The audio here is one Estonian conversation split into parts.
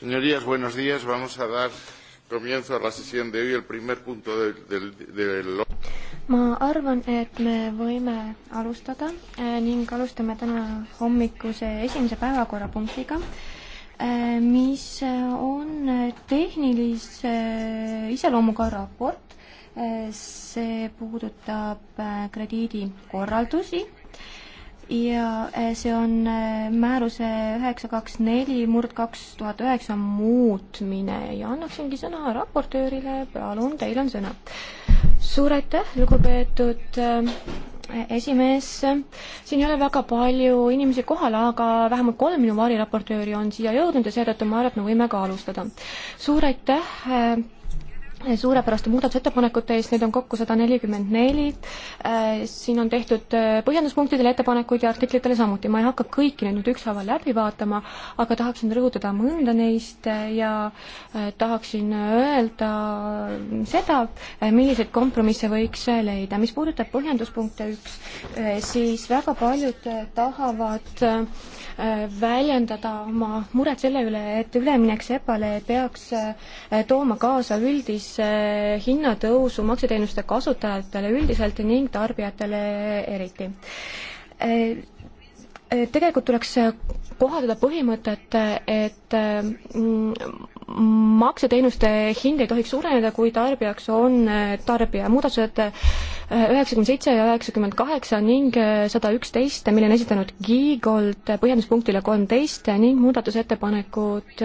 Señorías, buenos días. Vamos a dar comienzo a la sesión de hoy. El primer punto del. del, del... ma arvan, et me võime alustada eh, ning alustame täna hommikuse esimese päevakorrapunktiga, eh, mis on tehnilise eh, iseloomuga raport. see puudutab krediidikorraldusi ja eh, see on eh, määruse üheksa kaks neli murd kaks tuhat üheksa muutmine ja annaksingi sõna raportöörile, palun, teil on sõna. suur aitäh, lugupeetud eh, esimees, siin ei ole väga palju inimesi kohal, aga vähemalt kolm minu variraportööri on siia jõudnud ja seetõttu ma arvan, et me võime ka alustada. suur aitäh suurepäraste muudatusettepanekute eest, neid on kokku sada nelikümmend neli, äh, siin on tehtud äh, põhjenduspunktidele ettepanekuid ja artiklitele samuti, ma ei hakka kõiki neid nüüd ükshaaval läbi vaatama, aga tahaksin rõhutada mõnda neist äh, ja tahaksin öelda seda, milliseid kompromisse võiks leida. mis puudutab põhjenduspunkte üks, siis väga paljud tahavad väljendada oma muret selle üle, et üleminek sepale peaks tooma kaasa üldist sisse hinnatõusu makseteenuste kasutajatele üldiselt ning tarbijatele eriti äh, tegelikult tuleks kohaldada põhimõtet, et mm, makseteenuste hind ei tohiks suureneda, kui tarbijaks on äh, tarbija. muudatused äh, üheksakümmend seitse ja üheksakümmend kaheksa ning sada üksteist, mille on esitanud Kiigold põhjenduspunktile kolmteist ning muudatusettepanekud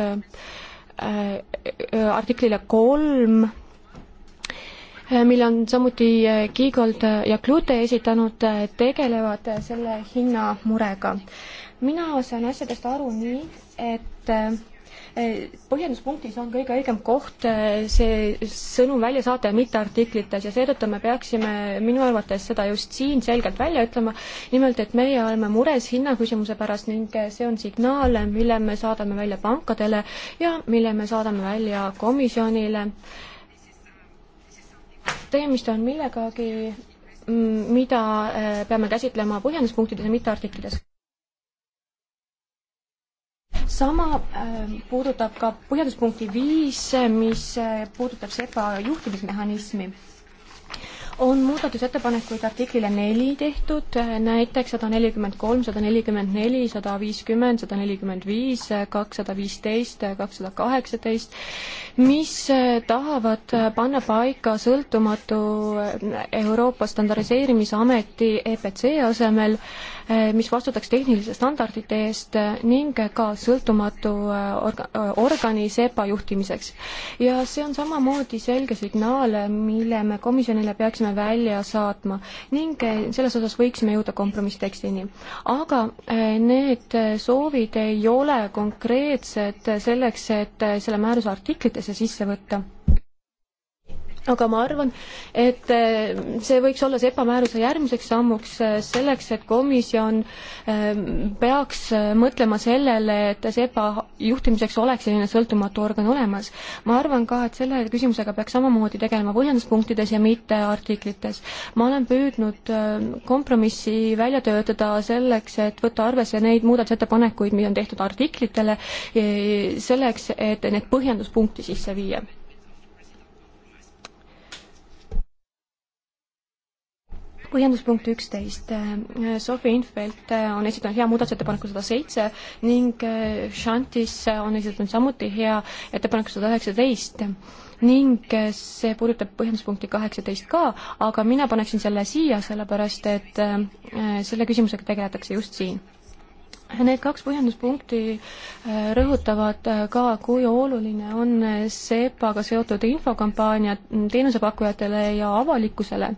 Äh, artiklile kolm, äh, mille on samuti äh, Kiigold ja Klute esitanud, tegelevad selle hinnamurega. mina saan asjadest aru nii, et põhjenduspunktis on kõige õigem koht äh, see sõnum välja saata ja mitte artiklites ja seetõttu me peaksime minu arvates seda just siin selgelt välja ütlema, nimelt et meie oleme mures hinnaküsimuse pärast ning äh, see on signaal, mille me saadame välja pankadele ja mille me saadame välja komisjonile. tegemist on millegagi, mida äh, peame käsitlema põhjenduspunktides ja mitte artiklites sama ähm, puudutab ka põhjenduspunkti viis, mis äh, puudutab SEPA juhtimismehhanismi. on muudatusettepanekuid artiklile neli tehtud, äh, näiteks sada nelikümmend kolm, sada nelikümmend neli, sada viiskümmend, sada nelikümmend viis, kakssada viisteist, kakssada kaheksateist, mis äh, tahavad panna paika sõltumatu Euroopa Standardiseerimisameti EPC asemel äh, Eh, mis vastutaks tehniliste standardite eest eh, ning ka sõltumatu eh, orga-, organi SEPA juhtimiseks. ja see on samamoodi selge signaal, mille me komisjonile peaksime välja saatma ning selles osas võiksime jõuda kompromisstekstini. aga need soovid ei ole konkreetsed selleks, et selle määruse artiklitesse sisse võtta aga ma arvan, et eh, see võiks olla see ebamääruse järgmiseks sammuks eh, selleks, et komisjon eh, peaks mõtlema sellele, et sepa juhtimiseks oleks selline sõltumatu organ olemas. ma arvan ka, et selle küsimusega peaks samamoodi tegelema põhjenduspunktides ja mitte artiklites. ma olen püüdnud kompromissi välja töötada selleks, et võtta arvesse neid muudatusettepanekuid, mida on tehtud artiklitele, selleks, et need põhjenduspunkti sisse viia põhjenduspunkt üksteist. Äh, Sofi Infeld äh, on esitanud hea muudatusettepaneku sada seitse ning äh, Shantis on esitanud samuti hea ettepaneku sada üheksateist ning see puudutab põhjenduspunkti kaheksateist ka, aga mina paneksin selle siia, sellepärast et selle küsimusega tegeletakse just siin. Need kaks põhjenduspunkti rõhutavad ka, kui oluline on SEPA-ga seotud infokampaania teenusepakkujatele ja avalikkusele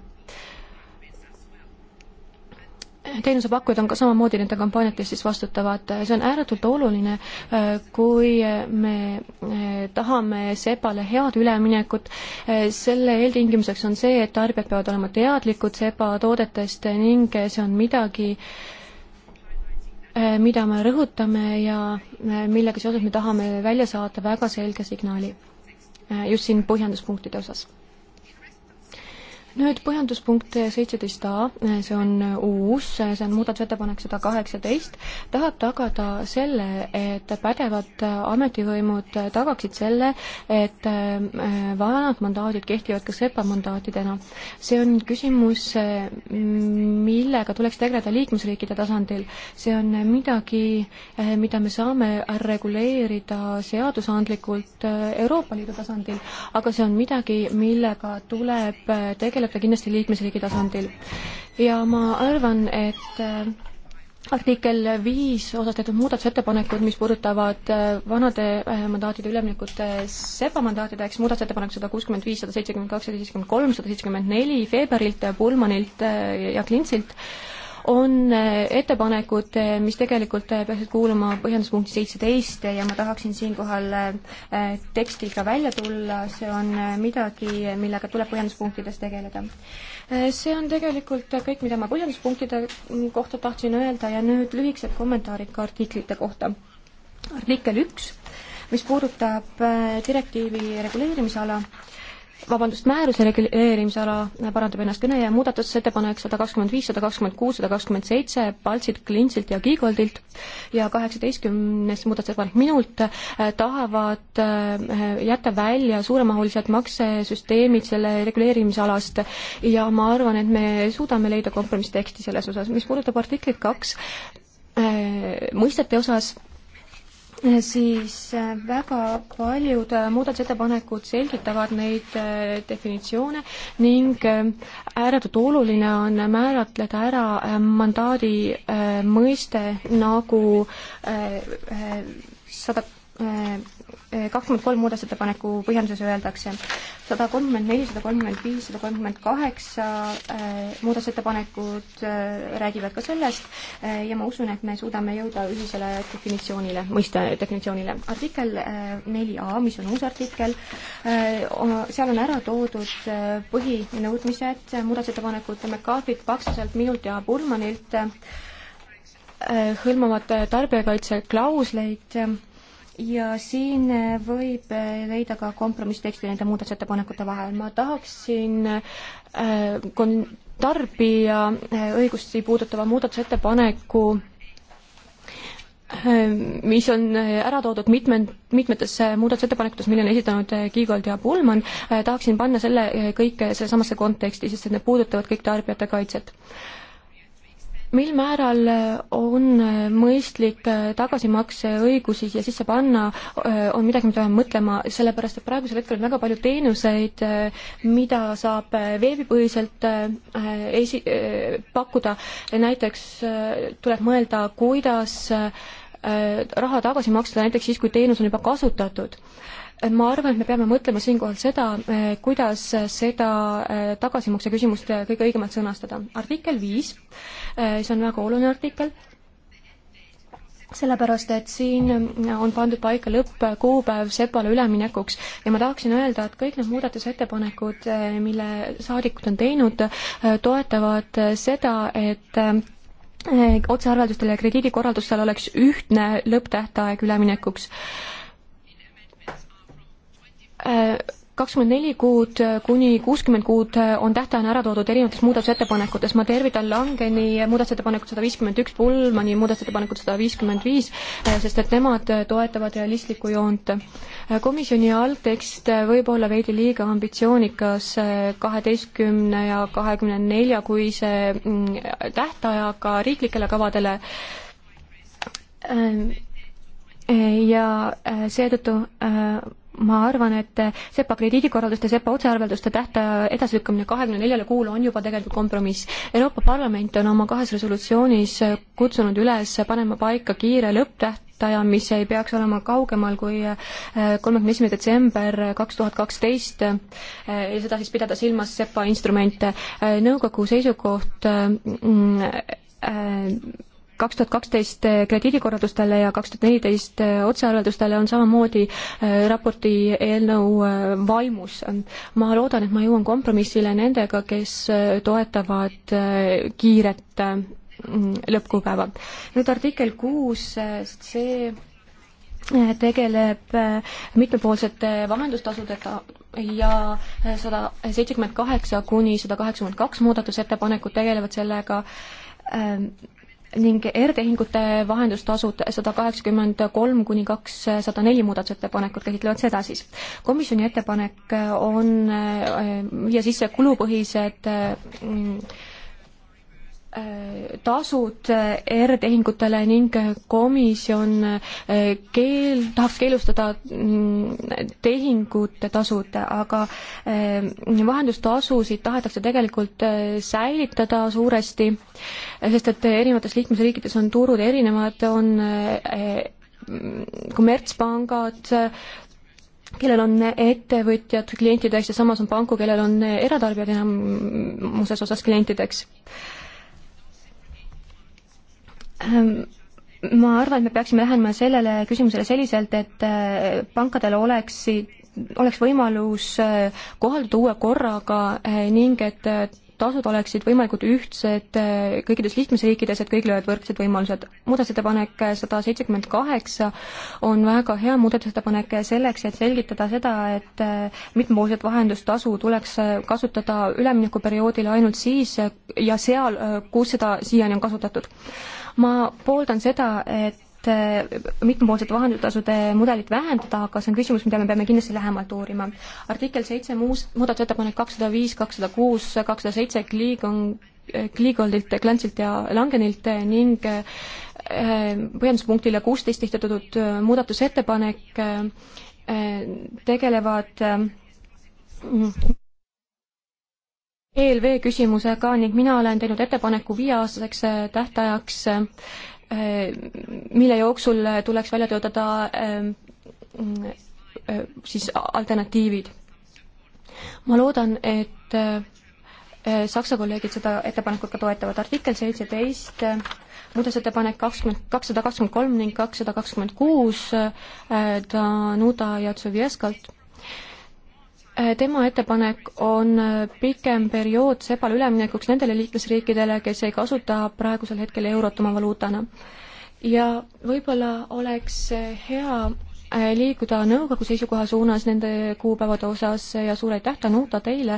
teenusepakkujad on ka samamoodi nende kampaaniate eest siis vastutavad, see on ääretult oluline, äh, kui me äh, tahame sebale head üleminekut, äh, selle eeltingimuseks on see, et tarbijad peavad olema teadlikud seba toodetest ning see on midagi, mida me rõhutame ja millega seoses me tahame välja saata väga selge signaali just siin põhjenduspunktide osas nüüd põhjenduspunkt seitseteist A, see on uus, see on muudatusettepanek sada kaheksateist, tahab tagada selle, et pädevad ametivõimud tagaksid selle, et äh, vanad mandaadid kehtivad ka SEPA mandaatidena. see on küsimus, millega tuleks tegeleda liikmesriikide tasandil. see on midagi, äh, mida me saame reguleerida seadusandlikult äh, Euroopa Liidu tasandil, aga see on midagi, millega tuleb tegeleda tegeleb ta kindlasti liikmesriigi tasandil. ja ma arvan, et äh, artikkel viis osas tehtud muudatusettepanekud, mis puudutavad äh, vanade äh, mandaatide üleminekut SEPA mandaatideks, muudatusettepanek sada kuuskümmend viis, sada seitsekümmend kaks, sada seitsekümmend kolm, sada seitsekümmend neli Feberilt, Pulmanilt ja Klintsilt, on äh, ettepanekud, äh, mis tegelikult äh, peaksid kuuluma põhjenduspunkti seitseteist ja ma tahaksin siinkohal tekstiga välja tulla, see on midagi, millega tuleb põhjenduspunktides tegeleda. see on tegelikult kõik, mida ma põhjenduspunktide kohta tahtsin öelda ja nüüd lühikesed kommentaarid ka artiklite kohta. artikkel üks, mis puudutab direktiivi reguleerimisala, vabandust, määruse reguleerimisala parandab ennast kõneja muudatusettepanek sada kakskümmend viis, sada kakskümmend kuus, sada kakskümmend seitse Paltsilt, Klintsilt ja Kiigoldilt ja kaheksateistkümnes muudatusettepanek minult eh, tahavad eh, jätta välja suuremahulised maksesüsteemid selle reguleerimisalast ja ma arvan, et me suudame leida kompromissteksti selles osas, mis puudutab artiklit kaks eh, mõistete osas siis äh, väga paljud äh, muudatusettepanekud selgitavad neid äh, definitsioone ning ääretult oluline on määratleda ära mandaadi mõiste nagu sada kakskümmend kolm muudatusettepaneku põhjenduses öeldakse sada kolmkümmend neli, sada kolmkümmend viis, sada kolmkümmend kaheksa äh, muudatusettepanekud äh, räägivad ka sellest äh, ja ma usun, et me suudame jõuda ühisele definitsioonile, mõiste definitsioonile. artikkel neli A, mis on uus artikkel, seal on ära toodud põhinõudmised, muudatusettepanekud McCarthy't, Paksuselt, minult ja Burmanilt hõlmavad tarbijakaitseklausleid ja siin võib leida ka kompromissteksti nende muudatusettepanekute vahel. ma tahaksin äh, kon-, tarbija äh, õigusi puudutava muudatusettepaneku äh, mis on äh, ära toodud mitmed, mitmetes muudatusettepanekutes, mille on esitanud Kiigold ja Pullmann, tahaksin panna selle kõik sellesamasse konteksti, sest need puudutavad kõik tarbijate kaitset mil määral äh, on äh, mõistlik äh, tagasimakseõigusi siia sisse panna, on midagi, mida peame mõtlema, sellepärast et praegusel hetkel on väga palju teenuseid, mida saab veebipõhiselt esi-, pakkuda, näiteks tuleb mõelda, kuidas raha tagasi maksta näiteks siis, kui teenus on juba kasutatud ma arvan, et me peame mõtlema siinkohal seda, eh, kuidas seda eh, tagasimakse küsimust eh, kõige õigemalt sõnastada. artikkel viis, see on väga oluline artikkel, sellepärast, et siin on pandud paika lõppkuupäev SEPA-le üleminekuks ja ma tahaksin öelda, et kõik need muudatusettepanekud, mille saadikud on teinud, toetavad seda, et otsearveldustel ja krediidikorraldustel oleks ühtne lõpptähtaeg üleminekuks kakskümmend neli kuud äh, kuni kuuskümmend kuud äh, on tähtajana ära toodud erinevates muudatusettepanekutes, ma tervitan Langeni muudatusettepanekut sada viiskümmend üks, Pullmani muudatusettepanekut sada viiskümmend viis, äh, sest et nemad toetavad realistlikku joont. komisjoni algtekst võib olla veidi liiga ambitsioonikas kaheteistkümne ja kahekümne nelja kuise mm, tähtajaga riiklikele kavadele ähm, ja seetõttu ma arvan, et SEPA krediidikorralduste, SEPA otsearvelduste tähtaja edasilükkamine kahekümne neljale kuule on juba tegelikult kompromiss. Euroopa Parlament on oma kahes resolutsioonis kutsunud üles panema paika kiire lõpptähtaja, mis ei peaks olema kaugemal kui äh, kolmekümne esimene detsember kaks tuhat kaksteist äh, ja seda siis pidada silmas SEPA instrumente. Äh, nõukogu seisukoht äh, kaks tuhat kaksteist eh, krediidikorraldustele ja kaks tuhat neliteist eh, otsearveldustele on samamoodi eh, raporti eelnõu vaimus. ma loodan, et ma jõuan kompromissile nendega, kes toetavad kiiret lõppkuupäeva. nüüd artikkel kuus, see tegeleb mitmepoolsete vahendustasudega ja sada seitsekümmend kaheksa kuni sada kaheksakümmend kaks muudatusettepanekut tegelevad sellega ning ertehingute vahendustasud sada kaheksakümmend kolm kuni kakssada neli muudatusettepanekut käsitlevad seda siis. komisjoni ettepanek on äh, viia sisse kulupõhised äh, tasud eh, R-tehingutele ning eh, komisjon eh, keel, tahaks keelustada mm, tehingute tasud, aga vahendustasusid tahetakse tegelikult säilitada suuresti, sest et erinevates liikmesriikides on turud erinevad, on kommertspangad, kellel on ettevõtjad klientideks ja samas on panku, kellel on eratarbijad enamuses osas klientideks Ähm, ma arvan, et me peaksime lähenema sellele küsimusele selliselt, et äh, pankadel oleksid, oleks võimalus äh, kohaldada uue korraga äh, ning et tasud oleksid võimalikult ühtsed kõikides liikmesriikides, et kõigil oleks võrdsed võimalused. muudatusettepanek sada seitsekümmend kaheksa on väga hea muudatusettepanek selleks, et selgitada seda, et mitmepoolset vahendustasu tuleks kasutada üleminekuperioodil ainult siis ja seal, kus seda siiani on kasutatud ma pooldan seda, et äh, mitmepoolsete vahenditasude mudelit vähendada, aga see on küsimus, mida me peame kindlasti lähemalt uurima. artikkel seitse muus, muudatusettepanek kakssada viis, kakssada kuus, kakssada seitse, Kliigon, äh, Kliigoldilt, Klantsilt ja Langenilt ning äh, põhjenduspunktile kuusteist tihtatud muudatusettepanek tegelevad ELV küsimusega ning mina olen teinud ettepaneku viieaastaseks äh, tähtajaks, äh, mille jooksul tuleks välja töötada äh, siis alternatiivid. ma loodan, et Saksa kolleegid seda ettepanekut ka toetavad. artikkel seitseteist muudatusettepanek kakskümmend, kakssada kakskümmend kolm ning kakssada kakskümmend kuus Danuta Jatsovjeskalt Äh, tema ettepanek on äh, pikem periood sepale üleminekuks nendele liikmesriikidele, kes ei kasuta praegusel hetkel eurot oma valuutana. ja võib-olla oleks äh, hea liikuda nõukogu seisukoha suunas nende kuupäevade osas ja suur aitäh, Danuta, teile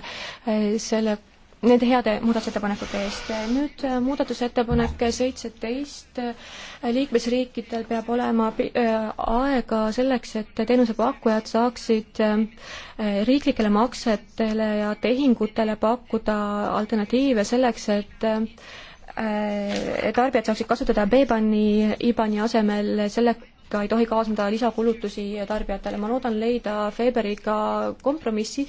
selle nende heade muudatusettepanekute eest. nüüd äh, muudatusettepanek seitseteist, liikmesriikidel peab olema äh, aega selleks, et teenusepakkujad saaksid äh, riiklikele maksetele ja tehingutele pakkuda alternatiive selleks, et tarbijad saaksid kasutada B-bani, IBAN-i asemel selle ka ei tohi kaasneda lisakulutusi tarbijatele. ma loodan leida Feberiga kompromissi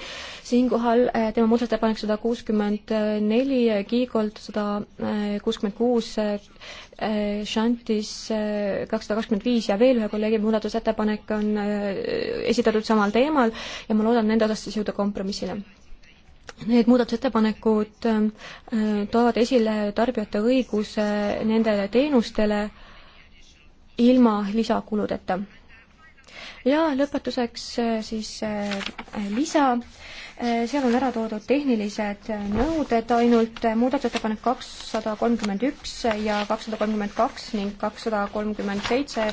siinkohal, eh, tema muudatusettepanek sada kuuskümmend neli, eh, Kiigolt sada kuuskümmend kuus, eh, Shantis kakssada kakskümmend viis ja veel ühe kolleegi muudatusettepanek on esitatud samal teemal ja ma loodan nende osas siis jõuda kompromissile Need muudatusettepanekud toovad esile tarbijate õiguse nendele teenustele äh, ilma lisakuludeta. ja lõpetuseks äh, siis äh, lisa, äh, seal on ära toodud tehnilised nõuded ainult, muudatusettepanek kakssada kolmkümmend üks ja kakssada kolmkümmend kaks ning kakssada kolmkümmend seitse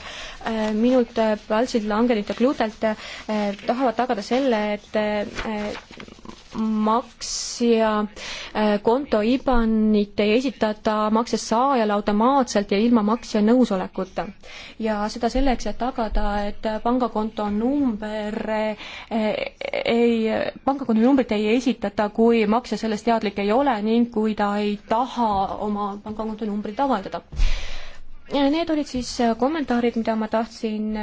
minult Paltsilt, Langelilt ja Klutelt tahavad tagada selle, et maksja äh, konto IBAN-it ei esitata makse saajale automaatselt ja ilma maksja nõusolekuta. ja seda selleks, et tagada, et pangakonto number äh, ei, pangakonto numbrit ei esitata, kui maksja sellest teadlik ei ole ning kui ta ei taha oma pangakonto numbrit avaldada. Need olid siis kommentaarid, mida ma tahtsin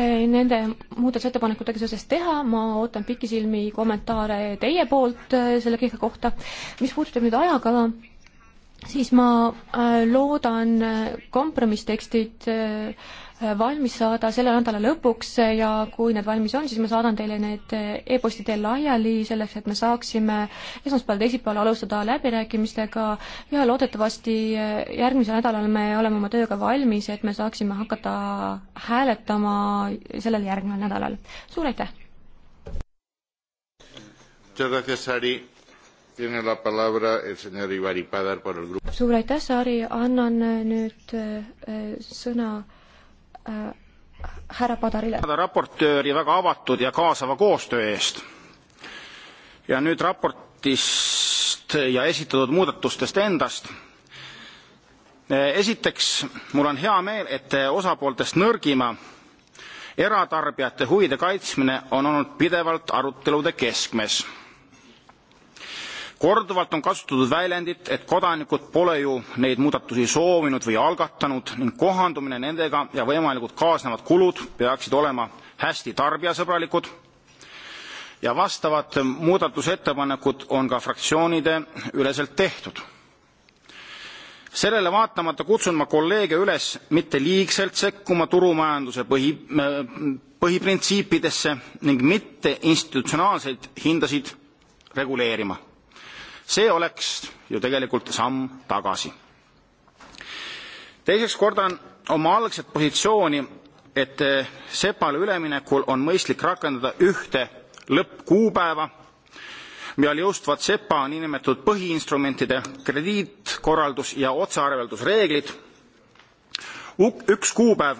nende muudatusettepanekutega seoses teha, ma ootan pikisilmi kommentaare teie poolt äh, selle kõige kohta. mis puudutab nüüd ajakava, siis ma äh, loodan äh, kompromisstekstid äh, valmis saada selle nädala lõpuks ja kui need valmis on, siis ma saadan teile need e-posti teel laiali, selleks et me saaksime esmaspäeval, teisipäeval alustada läbirääkimistega ja loodetavasti järgmisel nädalal me oleme oma tööga valmis, et me saaksime hakata hääletama sellel järgneval nädalal. suur aitäh! suur aitäh, Saari, annan nüüd eh, sõna Äh, härra Padarile. raportööri väga avatud ja kaasava koostöö eest. ja nüüd raportist ja esitatud muudatustest endast. Äh, esiteks, mul on hea meel, et osapooltest nõrgima eratarbijate huvide kaitsmine on olnud pidevalt arutelude keskmes korduvalt on kasutatud väljendit et kodanikud pole ju neid muudatusi soovinud või algatanud ning kohandumine nendega ja võimalikud kaasnevad kulud peaksid olema hästi tarbijasõbralikud ja vastavad muudatusettepanekud on ka fraktsioonide üleselt tehtud. sellele vaatamata kutsun ma kolleege üles mitte liigselt sekkuma turumajanduse põhi põhiprintsiipidesse ning mitte institutsionaalseid hindasid reguleerima see oleks ju tegelikult samm tagasi. teiseks kordan oma algset positsiooni et sepale üleminekul on mõistlik rakendada ühte lõppkuupäeva millal jõustuvad sepa niinimetatud põhiinstrumentide krediitkorraldus ja otsearveldusreeglid. üks kuupäev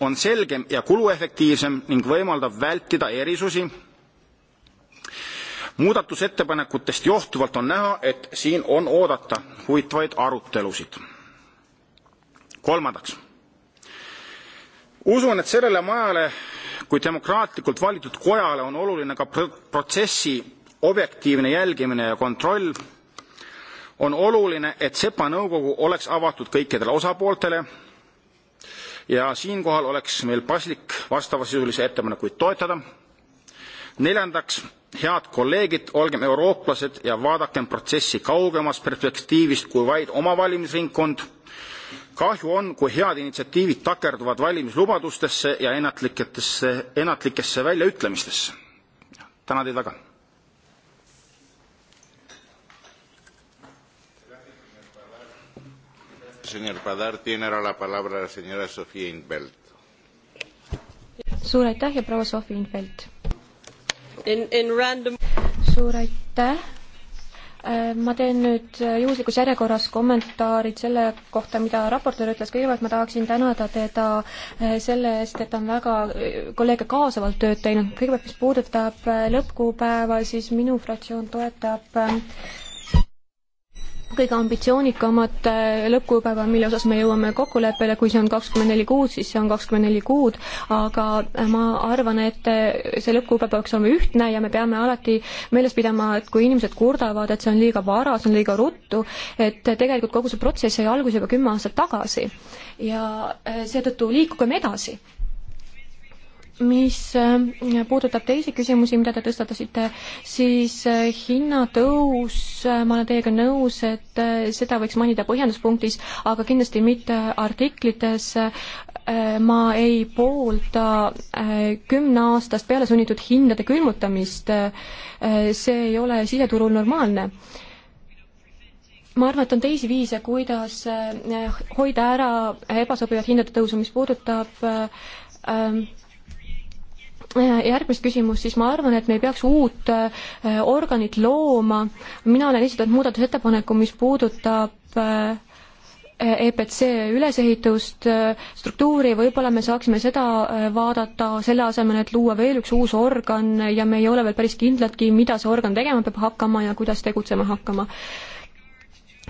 on selgem ja kuluefektiivsem ning võimaldab vältida erisusi muudatusettepanekutest johtuvalt on näha et siin on oodata huvitavaid arutelusid. kolmandaks usun et sellele majale kui demokraatlikult valitud kojale on oluline ka protsessi objektiivne jälgimine ja kontroll on oluline et sepa nõukogu oleks avatud kõikidele osapooltele ja siinkohal oleks meil paslik vastavasisulisi ettepanekuid toetada. neljandaks head kolleegid olgem eurooplased ja vaadakem protsessi kaugemast perspektiivist kui vaid oma valimisringkond kahju on kui head initsiatiivid takerduvad valimislubadustesse ja ennatlikesse ennatlikesse väljaütlemistesse tänan teid väga señor Padar, tiene ahora la palabra la señora Sofía Infeld. Suur aitäh ja proua Sofi Infeld In, in random... suur aitäh. Äh, ma teen nüüd äh, juhuslikus järjekorras kommentaarid selle kohta, mida raportöör ütles. kõigepealt ma tahaksin tänada teda äh, selle eest, et ta on väga kolleege kaasavalt tööd teinud. kõigepealt, mis puudutab lõppkuupäeva, siis minu fraktsioon toetab äh, kõige ambitsioonikamat äh, lõppkuupäeva, mille osas me jõuame kokkuleppele, kui see on kakskümmend neli kuud, siis see on kakskümmend neli kuud, aga äh, ma arvan, et äh, see lõppkuupäev peaks olema ühtne ja me peame alati meeles pidama, et kui inimesed kurdavad, et see on liiga vara, see on liiga ruttu, et tegelikult kogu see protsess sai alguse juba kümme aastat tagasi. ja seetõttu liikugem edasi mis äh, puudutab teisi küsimusi, mida te tõstatasite, siis äh, hinnatõus, äh, ma olen teiega nõus, et seda võiks mainida põhjenduspunktis, aga kindlasti mitte artiklites. ma ei poolda kümneaastast pealesunnitud hindade külmutamist. see ei ole siseturul normaalne ma arvan, et on teisi viise, kuidas hoida ära ebasobivat hindade tõusu, mis puudutab äh, ähm, Äh, järgmist küsimust, siis ma arvan, et me ei peaks uut äh, organit looma. mina olen esitanud muudatusettepaneku, mis puudutab äh, EPC ülesehitust, struktuuri, võib-olla me saaksime seda vaadata selle asemel, et luua veel üks uus organ ja me ei ole veel päris kindladki, mida see organ tegema peab hakkama ja kuidas tegutsema hakkama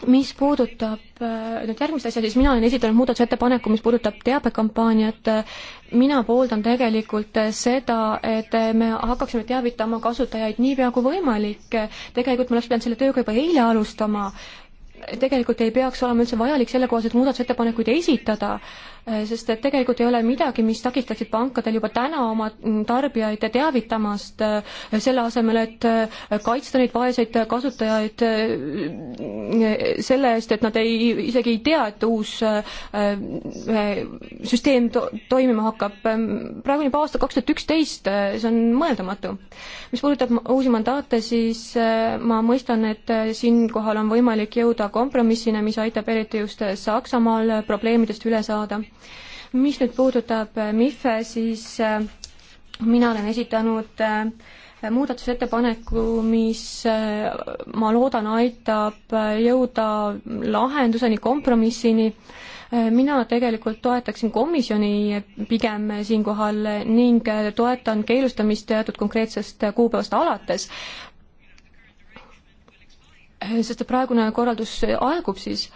mis puudutab nüüd järgmist asja, siis mina olen esitanud muudatusettepaneku, mis puudutab teabekampaaniat mina pooldan tegelikult seda, et me hakkaksime teavitama kasutajaid niipea kui võimalik. tegelikult me oleks pidanud selle tööga juba eile alustama. tegelikult ei peaks olema üldse vajalik sellekohaseid muudatusettepanekuid esitada Äh, sest et tegelikult ei ole midagi, mis takistaksid pankadel juba täna oma tarbijaid teavitamast, äh, selle asemel, et äh, kaitsta neid vaeseid kasutajaid selle eest, et nad ei, isegi ei tea, et uus süsteem to toimima hakkab. Ähm, praegu on juba aasta kaks tuhat üksteist, see on mõeldamatu. mis puudutab uusi mandaate, siis ma mõistan, et siinkohal on võimalik jõuda kompromissile, mis aitab eriti just Saksamaal probleemidest üle saada mis nüüd puudutab äh, MIFE, siis äh, mina olen esitanud äh, muudatusettepaneku, mis ma loodan, aitab jõuda lahenduseni, kompromissini. mina tegelikult toetaksin komisjoni pigem siinkohal ning toetan keelustamist teatud konkreetsest kuupäevast alates, sest et praegune korraldus aegub siis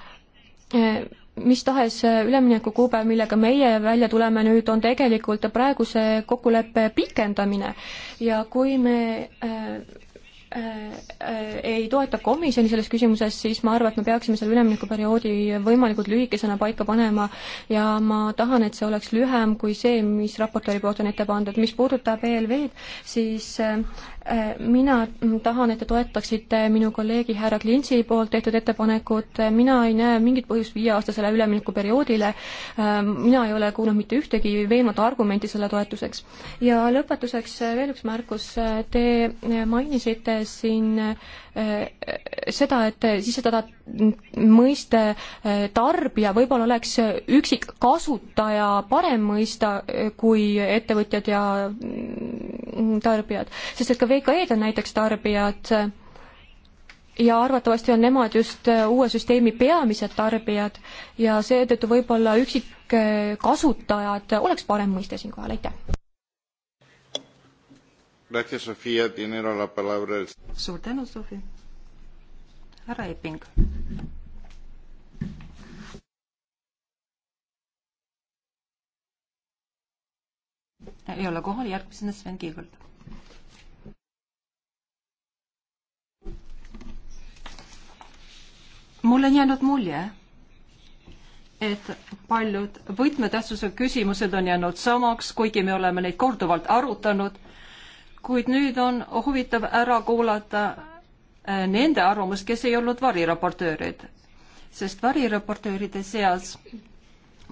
mis tahes äh, üleminekukuupäev, millega meie välja tuleme nüüd, on tegelikult praeguse kokkuleppe pikendamine ja kui me äh, äh, ei toeta komisjoni selles küsimuses, siis ma arvan, et me peaksime selle üleminekuperioodi võimalikult lühikesena paika panema ja ma tahan, et see oleks lühem kui see, mis raportööri poolt on ette pandud. mis puudutab ELV-d, siis mina tahan, et te toetaksite minu kolleegi härra Klintsi poolt tehtud ettepanekut, mina ei näe mingit põhjust viieaastasele üleminekuperioodile, ähm, mina ei ole kuulnud mitte ühtegi veenvat argumenti selle toetuseks. ja lõpetuseks veel üks märkus, te mainisite siin äh, seda, et sisestada mõiste äh, tarbija võib-olla oleks üksikkasutaja parem mõista äh, kui ettevõtjad ja mm, tarbijad, sest et ka VKE-d on näiteks tarbijad äh, ja arvatavasti on nemad just uue süsteemi peamised tarbijad ja seetõttu võib-olla üksikkasutajad oleks parem mõiste siinkohal, aitäh. suur tänu, Sofi härra Epping. ei ole kohal, järgmisena Sven Kiigold. mul on jäänud mulje, et paljud võtmetähtsusega küsimused on jäänud samaks, kuigi me oleme neid korduvalt arutanud, kuid nüüd on huvitav ära kuulata Äh, nende arvamust, kes ei olnud variraportöörid. sest variraportööride seas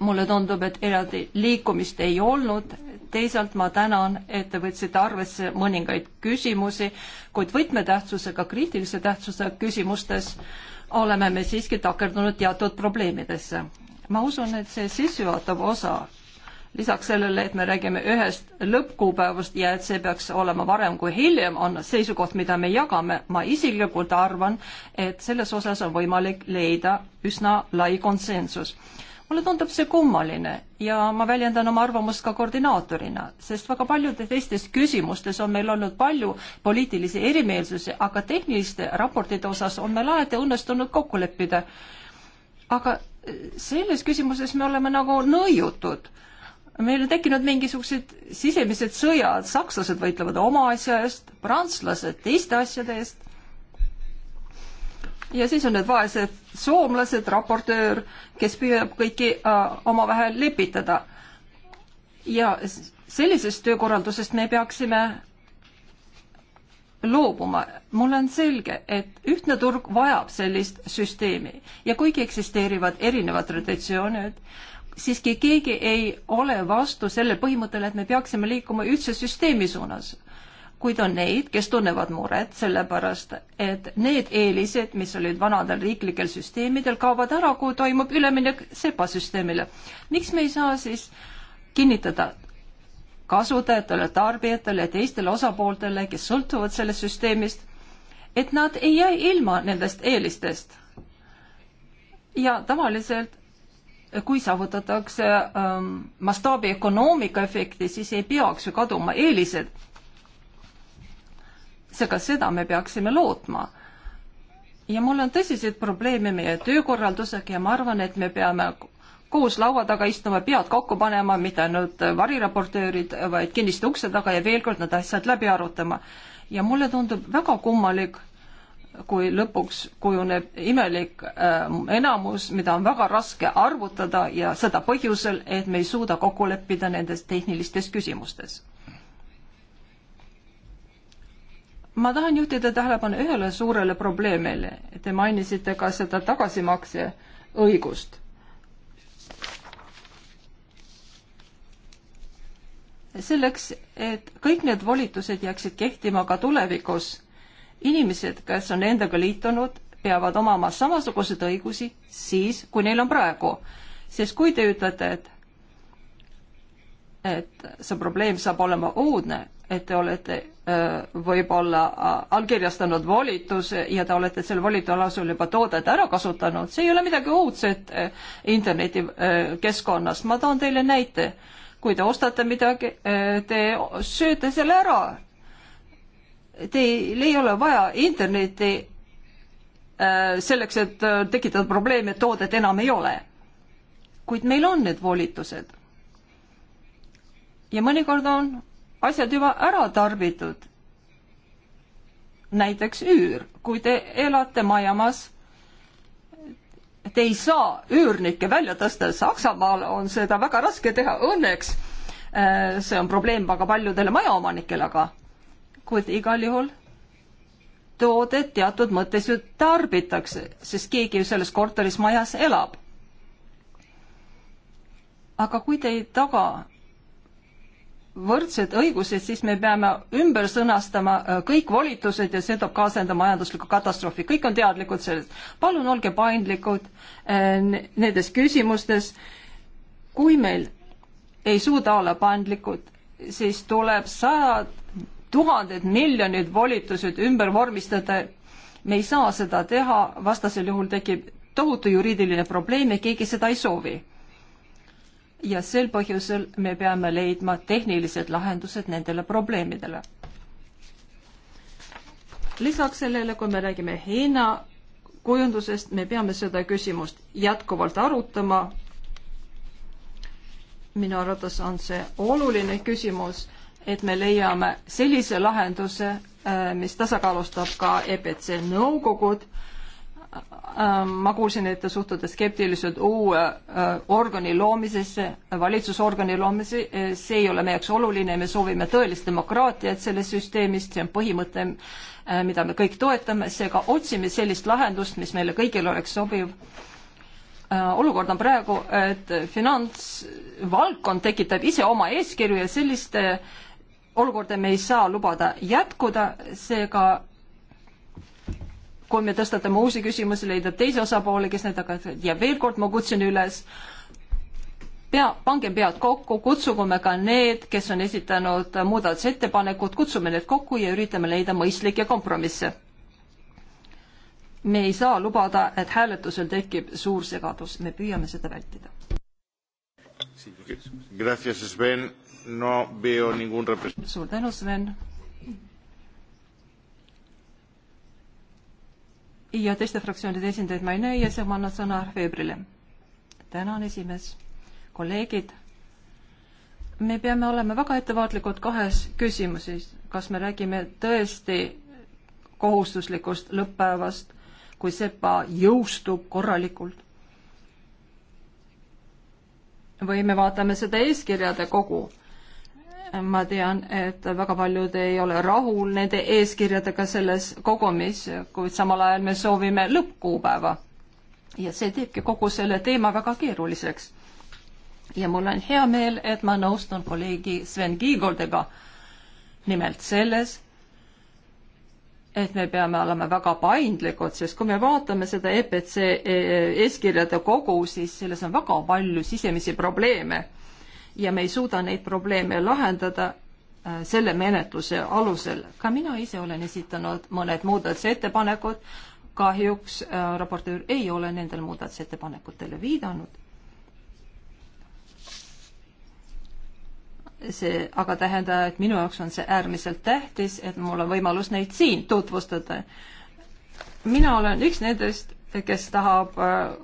mulle tundub, et eraldi liikumist ei olnud, teisalt ma tänan, et te võtsite arvesse mõningaid küsimusi, kuid võtmetähtsusega, kriitilise tähtsusega küsimustes oleme me siiski takerdunud teatud probleemidesse. ma usun, et see sissejuhatav osa lisaks sellele, et me räägime ühest lõppkuupäevast ja et see peaks olema varem kui hiljem, on seisukoht, mida me jagame. ma isiklikult arvan, et selles osas on võimalik leida üsna lai konsensus. mulle tundub see kummaline ja ma väljendan oma arvamust ka koordinaatorina, sest väga paljudes teistes küsimustes on meil olnud palju poliitilisi erimeelsusi, aga tehniliste raportide osas on meil alati õnnestunud kokku leppida. aga selles küsimuses me oleme nagu nõiutud meil on tekkinud mingisugused sisemised sõjad, sakslased võitlevad oma asja eest, prantslased teiste asjade eest. ja siis on need vaesed soomlased, raportöör, kes püüab kõiki äh, omavahel lepitada. ja sellisest töökorraldusest me peaksime loobuma. mul on selge, et ühtne turg vajab sellist süsteemi ja kuigi eksisteerivad erinevad traditsioonid, siiski keegi ei ole vastu sellele põhimõttele, et me peaksime liikuma ühtse süsteemi suunas. kuid on neid, kes tunnevad muret sellepärast, et need eelised, mis olid vanadel riiklikel süsteemidel, kaovad ära, kui toimub üleminek SEPA süsteemile. miks me ei saa siis kinnitada kasutajatele, tarbijatele ja teistele osapooltele, kes sõltuvad sellest süsteemist, et nad ei jää ilma nendest eelistest. ja tavaliselt kui saavutatakse ähm, mastaabi ökonoomika efekti, siis ei peaks ju kaduma eelised. seega seda me peaksime lootma. ja mul on tõsiseid probleeme meie töökorraldusega ja ma arvan, et me peame koos laua taga istuma, pead kokku panema, mitte ainult variraportöörid, vaid kinniste ukse taga ja veel kord need asjad läbi arutama. ja mulle tundub väga kummalik kui lõpuks kujuneb imelik äh, enamus, mida on väga raske arvutada ja seda põhjusel, et me ei suuda kokku leppida nendes tehnilistes küsimustes. ma tahan juhtida tähelepanu ühele suurele probleemile. Te mainisite ka seda tagasimakse õigust. selleks, et kõik need volitused jääksid kehtima ka tulevikus inimesed, kes on endaga liitunud, peavad omama samasuguseid õigusi siis, kui neil on praegu. sest kui te ütlete, et et see probleem saab olema uudne, et te olete äh, võib-olla äh, allkirjastanud volituse ja te olete selle volitualasul juba toodet ära kasutanud, see ei ole midagi uudset äh, internetikeskkonnas. ma toon teile näite. kui te ostate midagi, te sööte selle ära Teil ei ole vaja interneti äh, selleks, et äh, tekitada probleeme, et toodet enam ei ole. kuid meil on need volitused. ja mõnikord on asjad juba ära tarbitud. näiteks üür, kui te elate majamas, te ei saa üürnikke välja tõsta, Saksamaal on seda väga raske teha, õnneks äh, see on probleem väga paljudele majaomanikele, aga kuid igal juhul toodet teatud mõttes ju tarbitakse, sest keegi ju selles korteris majas elab. aga kui te ei taga võrdsed õigused, siis me peame ümber sõnastama äh, kõik volitused ja see toob kaasa enda majandusliku katastroofi, kõik on teadlikud sellest. palun olge paindlikud äh, nendes küsimustes. kui meil ei suuda olla paindlikud, siis tuleb sajad tuhanded miljonid volitused ümber vormistada. me ei saa seda teha, vastasel juhul tekib tohutu juriidiline probleem ja keegi seda ei soovi. ja sel põhjusel me peame leidma tehnilised lahendused nendele probleemidele. lisaks sellele, kui me räägime Hiina kujundusest, me peame seda küsimust jätkuvalt arutama. minu arvates on see oluline küsimus et me leiame sellise lahenduse, äh, mis tasakaalustab ka EPC nõukogud. Äh, ma kuulsin, et te suhtute skeptiliselt uue äh, organi loomisesse, valitsusorgani loomise, see ei ole meie jaoks oluline, me soovime tõelist demokraatiat selles süsteemis, see on põhimõte, mida me kõik toetame, seega otsime sellist lahendust, mis meile kõigile oleks sobiv olukord on praegu, et finantsvaldkond tekitab ise oma eeskirju ja selliste äh, olukorda me ei saa lubada jätkuda, seega kui me tõstatame uusi küsimusi, leida teisi osapooli, kes need aga, ja veel kord ma kutsun üles, pea, pange pead kokku, kutsugume ka need, kes on esitanud muudatusettepanekud, kutsume need kokku ja üritame leida mõistlikke kompromisse. me ei saa lubada, et hääletusel tekib suur segadus, me püüame seda vältida. Gracias, Sven no veo ningún representante. suur tänu, Sven. ja teiste fraktsioonide esindajaid ma ei näe ja siis ma annan sõna Veebrile. tänan, esimees. kolleegid, me peame olema väga ettevaatlikud kahes küsimuses, kas me räägime tõesti kohustuslikust lõpppäevast, kui SEPA jõustub korralikult või me vaatame seda eeskirjade kogu ma tean, et väga paljud ei ole rahul nende eeskirjadega selles kogumis, kuid samal ajal me soovime lõppkuupäeva. ja see teebki kogu selle teema väga keeruliseks. ja mul on hea meel, et ma nõustun kolleegi Sven Kiigoldega nimelt selles, et me peame olema väga paindlikud, sest kui me vaatame seda EPC e, e, eeskirjade kogu, siis selles on väga palju sisemisi probleeme ja me ei suuda neid probleeme lahendada äh, selle menetluse alusel. ka mina ise olen esitanud mõned muudatusettepanekud, kahjuks äh, raportöör ei ole nendele muudatusettepanekutele viidanud. see aga tähendab, et minu jaoks on see äärmiselt tähtis, et mul on võimalus neid siin tutvustada. mina olen üks nendest, kes tahab äh,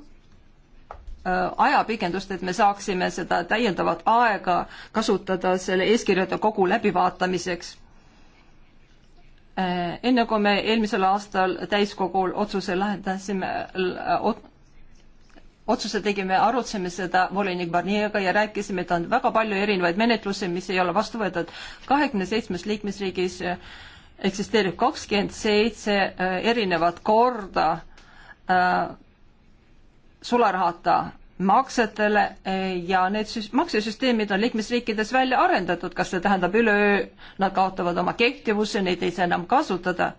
Äh, ajapikendust, et me saaksime seda täiendavat aega kasutada selle eeskirjade kogu läbivaatamiseks. Äh, enne kui me eelmisel aastal täiskogul otsuse lahendasime, äh, otsuse tegime, arutasime seda volinik Barnieriga ja rääkisime, et on väga palju erinevaid menetlusi, mis ei ole vastu võetud kahekümne seitsmes liikmesriigis eksisteerib kakskümmend seitse erinevat korda äh, sularahata maksetele e, ja need süs-, maksesüsteemid on liikmesriikides välja arendatud, kas see tähendab üleöö nad kaotavad oma kehtivuse, neid ei saa enam kasutada.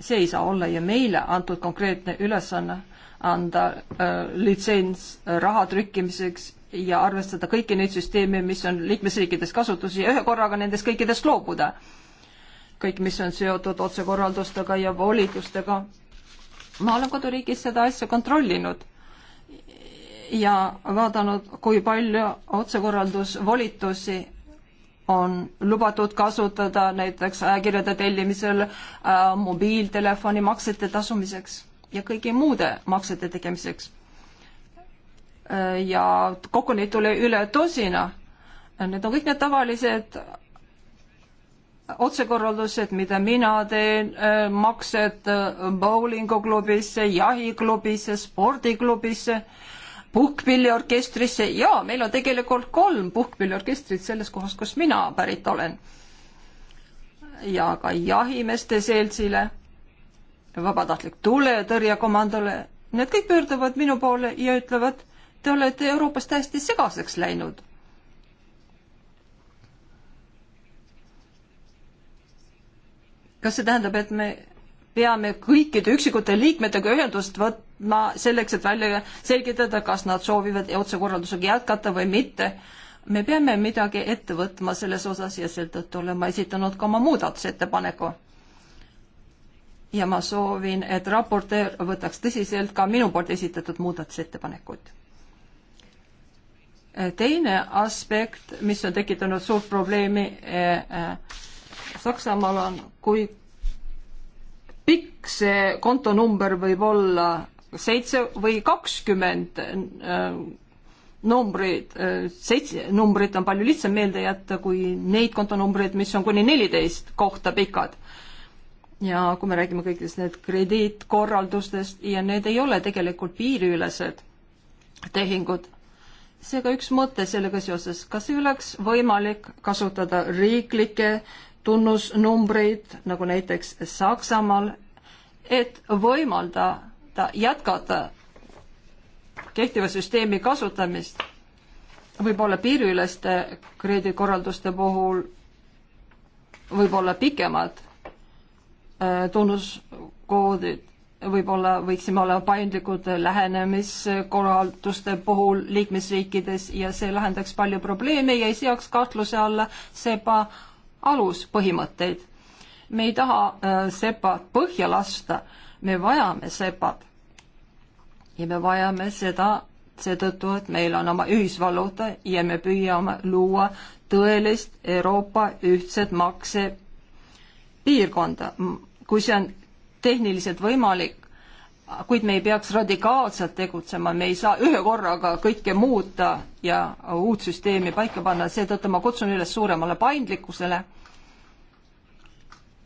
see ei saa olla ju meile antud konkreetne ülesanne anda äh, litsents raha trükkimiseks ja arvestada kõiki neid süsteeme, mis on liikmesriikides kasutus ja ühe korraga nendest kõikidest loobuda. kõik, mis on seotud otsekorraldustega ja volitustega ma olen koduriigis seda asja kontrollinud ja vaadanud, kui palju otsekorraldusvolitusi on lubatud kasutada näiteks ajakirjade tellimisel äh,, mobiiltelefoni maksete tasumiseks ja kõigi muude maksete tegemiseks äh,. ja kokku neid tuli üle tosina. Need on kõik need tavalised otsekorraldused, mida mina teen, äh, maksed äh, bowlinguklubisse, jahiklubisse, spordiklubisse, puhkpilliorkestrisse ja meil on tegelikult kolm puhkpilliorkestrit selles kohas, kus mina pärit olen. ja ka jahimeeste seltsile, vabatahtlik tuletõrjekomandole, need kõik pöörduvad minu poole ja ütlevad, te olete Euroopas täiesti segaseks läinud kas see tähendab, et me peame kõikide üksikute liikmetega ühendust võtma selleks, et välja selgitada, kas nad soovivad otsekorraldusega jätkata või mitte. me peame midagi ette võtma selles osas ja seetõttu olen ma esitanud ka oma muudatusettepaneku. ja ma soovin, et raportöör võtaks tõsiselt ka minu poolt esitatud muudatusettepanekuid. teine aspekt, mis on tekitanud suurt probleemi eh, eh, Saksamaal on kui pikk see kontonumber võib olla, seitse või kakskümmend äh, numbrid, äh, seitse numbrit on palju lihtsam meelde jätta kui neid kontonumbreid, mis on kuni neliteist kohta pikad. ja kui me räägime kõikidest need krediitkorraldustest ja need ei ole tegelikult piiriülesed tehingud, seega üks mõte sellega seoses, kas ei oleks võimalik kasutada riiklikke tunnusnumbreid, nagu näiteks Saksamaal, et võimaldada jätkata kehtiva süsteemi kasutamist võib-olla piiriüleste krediidikorralduste puhul võib-olla pikemad äh, tunnuskoodid, võib-olla võiksime olla paindlikud lähenemiskorralduste puhul liikmesriikides ja see lahendaks palju probleeme ja ei seaks kahtluse alla seba aluspõhimõtteid. me ei taha äh, sepat põhja lasta, me vajame sepat. ja me vajame seda seetõttu, et meil on oma ühisvaluuta ja me püüame luua tõelist Euroopa ühtset maksepiirkonda. kui see on tehniliselt võimalik, kuid me ei peaks radikaalselt tegutsema, me ei saa ühe korraga kõike muuta ja uut süsteemi paika panna, seetõttu ma kutsun üles suuremale paindlikkusele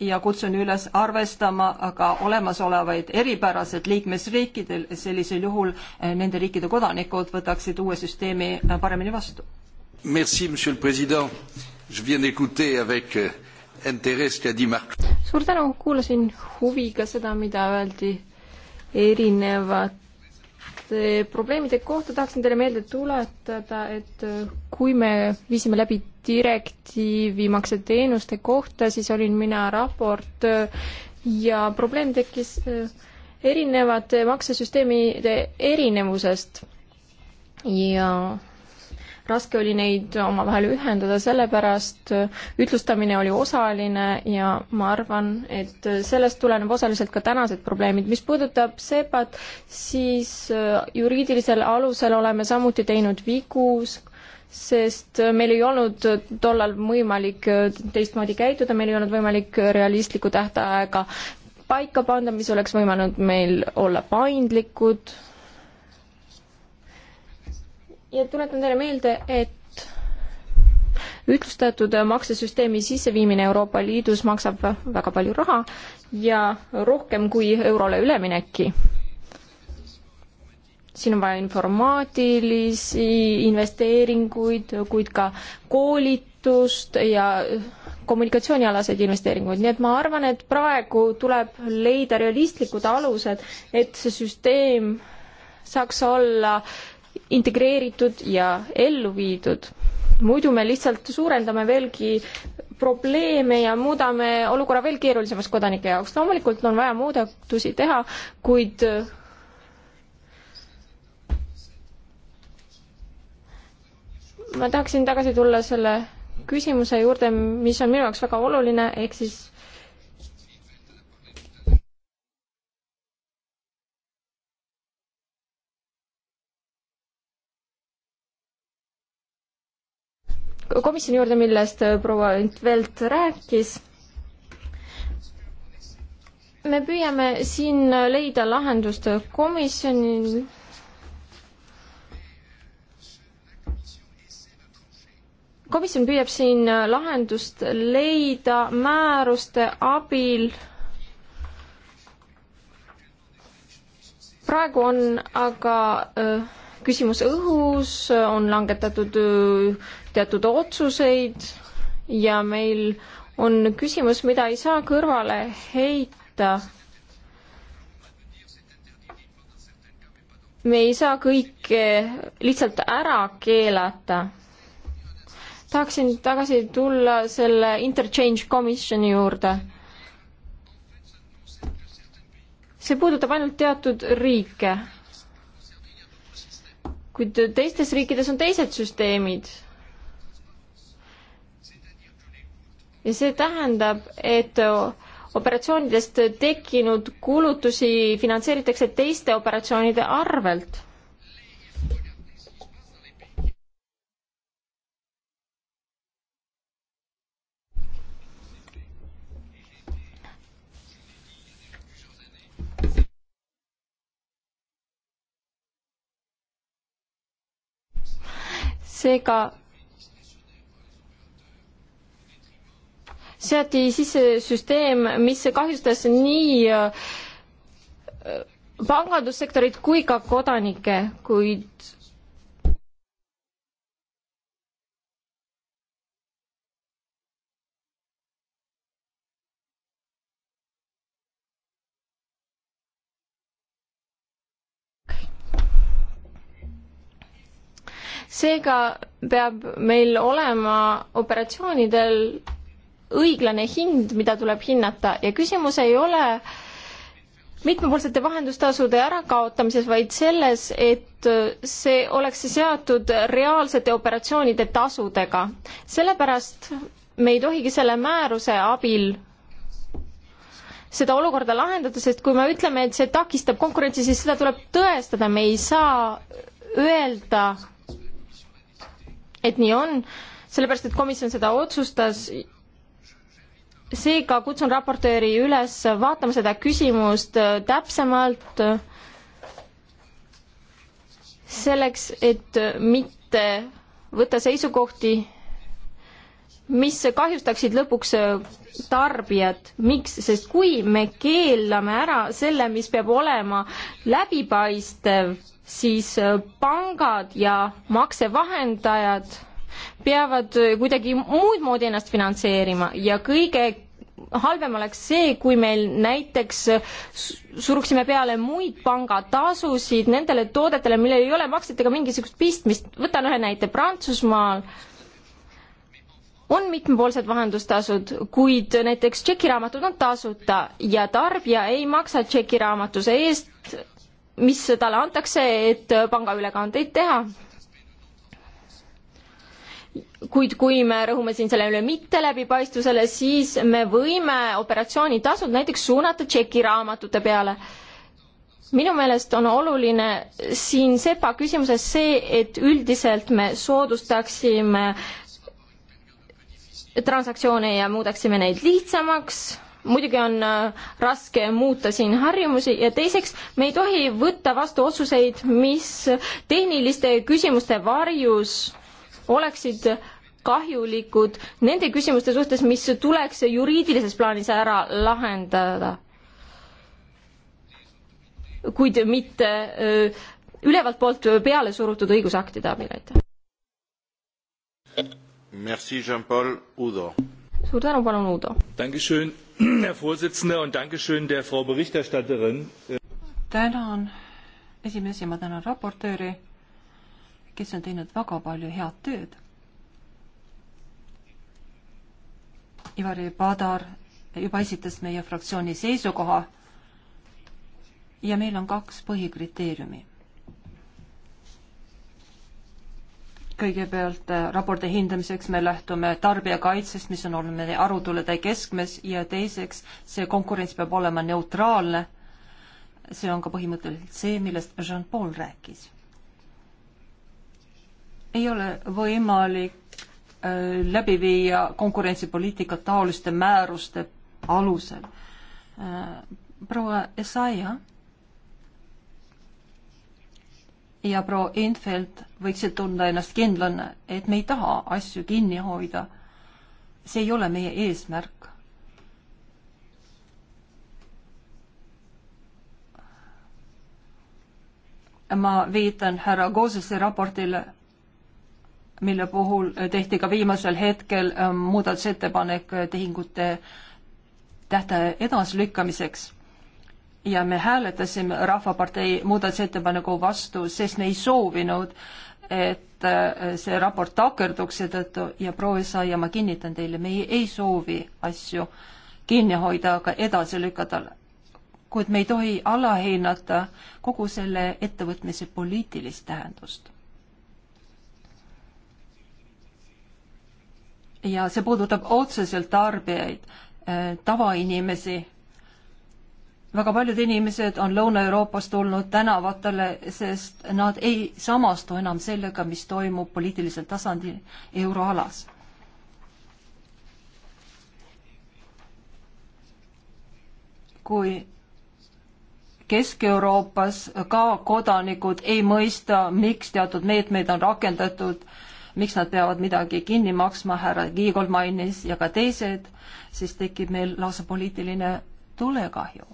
ja kutsun üles arvestama ka olemasolevaid eripärasid liikmesriikidel, sellisel juhul eh, nende riikide kodanikud võtaksid uue süsteemi eh, paremini vastu. Merci, monsieur le president, je viens d'écouter avec euh, intérêt ce qu'a dit Marc. suur tänu, kuulasin huviga seda, mida öeldi erinevate probleemide kohta tahaksin teile meelde tuletada, et kui me viisime läbi direktiivi makseteenuste kohta, siis olin mina raportöör ja probleem tekkis äh, erinevate maksesüsteemide erinevusest ja raske oli neid omavahel ühendada, sellepärast äh, ütlustamine oli osaline ja ma arvan, et äh, sellest tuleneb osaliselt ka tänased probleemid. mis puudutab SEPA-t, siis äh, juriidilisel alusel oleme samuti teinud vigu, sest meil ei olnud tollal võimalik teistmoodi käituda, meil ei olnud võimalik realistlikku tähtaega paika panna, mis oleks võimalnud meil olla paindlikud ja tuletan teile meelde, et ühtlustatud maksesüsteemi sisseviimine Euroopa Liidus maksab väga palju raha ja rohkem kui eurole üleminekki. siin on vaja informaatilisi investeeringuid, kuid ka koolitust ja kommunikatsioonialaseid investeeringuid, nii et ma arvan, et praegu tuleb leida realistlikud alused, et see süsteem saaks olla äh, integreeritud ja ellu viidud. muidu me lihtsalt suurendame veelgi probleeme ja muudame olukorra veel keerulisemaks kodanike jaoks. loomulikult on vaja muudatusi teha, kuid ma tahaksin tagasi tulla selle küsimuse juurde, mis on minu jaoks väga oluline, ehk siis komisjoni juurde, millest äh, proua Intvelt rääkis. me püüame siin leida lahendust komisjonil komisjon püüab siin lahendust leida määruste abil. praegu on aga öö, äh, küsimus õhus, on langetatud teatud otsuseid ja meil on küsimus, mida ei saa kõrvale heita. me ei saa kõike lihtsalt ära keelata. tahaksin tagasi tulla selle interchange komisjoni juurde see puudutab ainult teatud riike kuid teistes riikides on teised süsteemid. ja see tähendab, et operatsioonidest tekkinud kulutusi finantseeritakse teiste operatsioonide arvelt seega seati sisse süsteem, mis kahjustas nii äh, pangandussektorit kui ka kodanikke, kuid seega peab meil olema operatsioonidel õiglane hind, mida tuleb hinnata ja küsimus ei ole mitmepoolsete vahendustasude ärakaotamises, vaid selles, et see oleks seotud reaalsete operatsioonide tasudega. sellepärast me ei tohigi selle määruse abil seda olukorda lahendada, sest kui me ütleme, et see takistab konkurentsi, siis seda tuleb tõestada, me ei saa öelda et nii on, sellepärast et komisjon seda otsustas. seega kutsun raportööri üles vaatama seda küsimust äh, täpsemalt äh, selleks, et äh, mitte võtta seisukohti, mis kahjustaksid lõpuks tarbijat. miks, sest kui me keelame ära selle, mis peab olema läbipaistev siis äh, pangad ja maksevahendajad peavad äh, kuidagi muud moodi ennast finantseerima ja kõige halvem oleks see, kui meil näiteks äh, suruksime peale muid pangatasusid nendele toodetele, millel ei ole maksetega mingisugust pistmist. võtan ühe näite, Prantsusmaal on mitmepoolsed vahendustasud, kuid näiteks tšekiraamatud on tasuta ja tarbija ei maksa tšekiraamatuse eest mis talle antakse, et pangaülekandeid teha. kuid kui me rõhume siin selle üle mitte läbipaistvusele, siis me võime operatsioonitasud näiteks suunata tšekiraamatute peale minu meelest on oluline siin SEPA küsimuses see, et üldiselt me soodustaksime transaktsioone ja muudaksime neid lihtsamaks muidugi on äh, raske muuta siin harjumusi ja teiseks, me ei tohi võtta vastu otsuseid, mis tehniliste küsimuste varjus oleksid kahjulikud nende küsimuste suhtes, mis tuleks juriidilises plaanis ära lahendada. kuid mitte äh, ülevalt poolt peale surutud õigusaktide abil, aitäh. Merci, Jean-Paul Udo. suur tänu, palun, Udo. herr präsident und dankeschön der frau berichterstatterin. tänan esimees ja ma tänan raportööri kes on teinud väga palju head tööd. Ivari Padar juba esitas meie fraktsiooni seisukoha ja meil on kaks põhikriteeriumi. kõigepealt äh, raporti hindamiseks me lähtume tarbijakaitsest, mis on olnud meie arutulude keskmes ja teiseks see konkurents peab olema neutraalne. see on ka põhimõtteliselt see, millest Jean-Paul rääkis. ei ole võimalik äh, läbi viia konkurentsipoliitikat taoliste määruste alusel äh,. proua Esaia ja proua Infeld võiksid tunda ennast kindlana, et me ei taha asju kinni hoida. see ei ole meie eesmärk. ma viitan härra Koosese raportile, mille puhul tehti ka viimasel hetkel äh, muudatusettepanek äh, tehingute tähtaja edasilükkamiseks ja me hääletasime Rahvapartei muudatusettepaneku vastu, sest me ei soovinud, et äh, see raport takerduks seetõttu ja proua Saia, ma kinnitan teile, meie ei soovi asju kinni hoida, aga edasi lükata. kuid me ei tohi alahinnata kogu selle ettevõtmise poliitilist tähendust. ja see puudutab otseselt tarbijaid, äh, tavainimesi väga paljud inimesed on Lõuna-Euroopast tulnud tänavatele, sest nad ei samastu enam sellega, mis toimub poliitilisel tasandil euroalas. kui Kesk-Euroopas ka kodanikud ei mõista, miks teatud meetmeid on rakendatud, miks nad peavad midagi kinni maksma, härra Kiigold mainis, ja ka teised, siis tekib meil lausa poliitiline tulekahju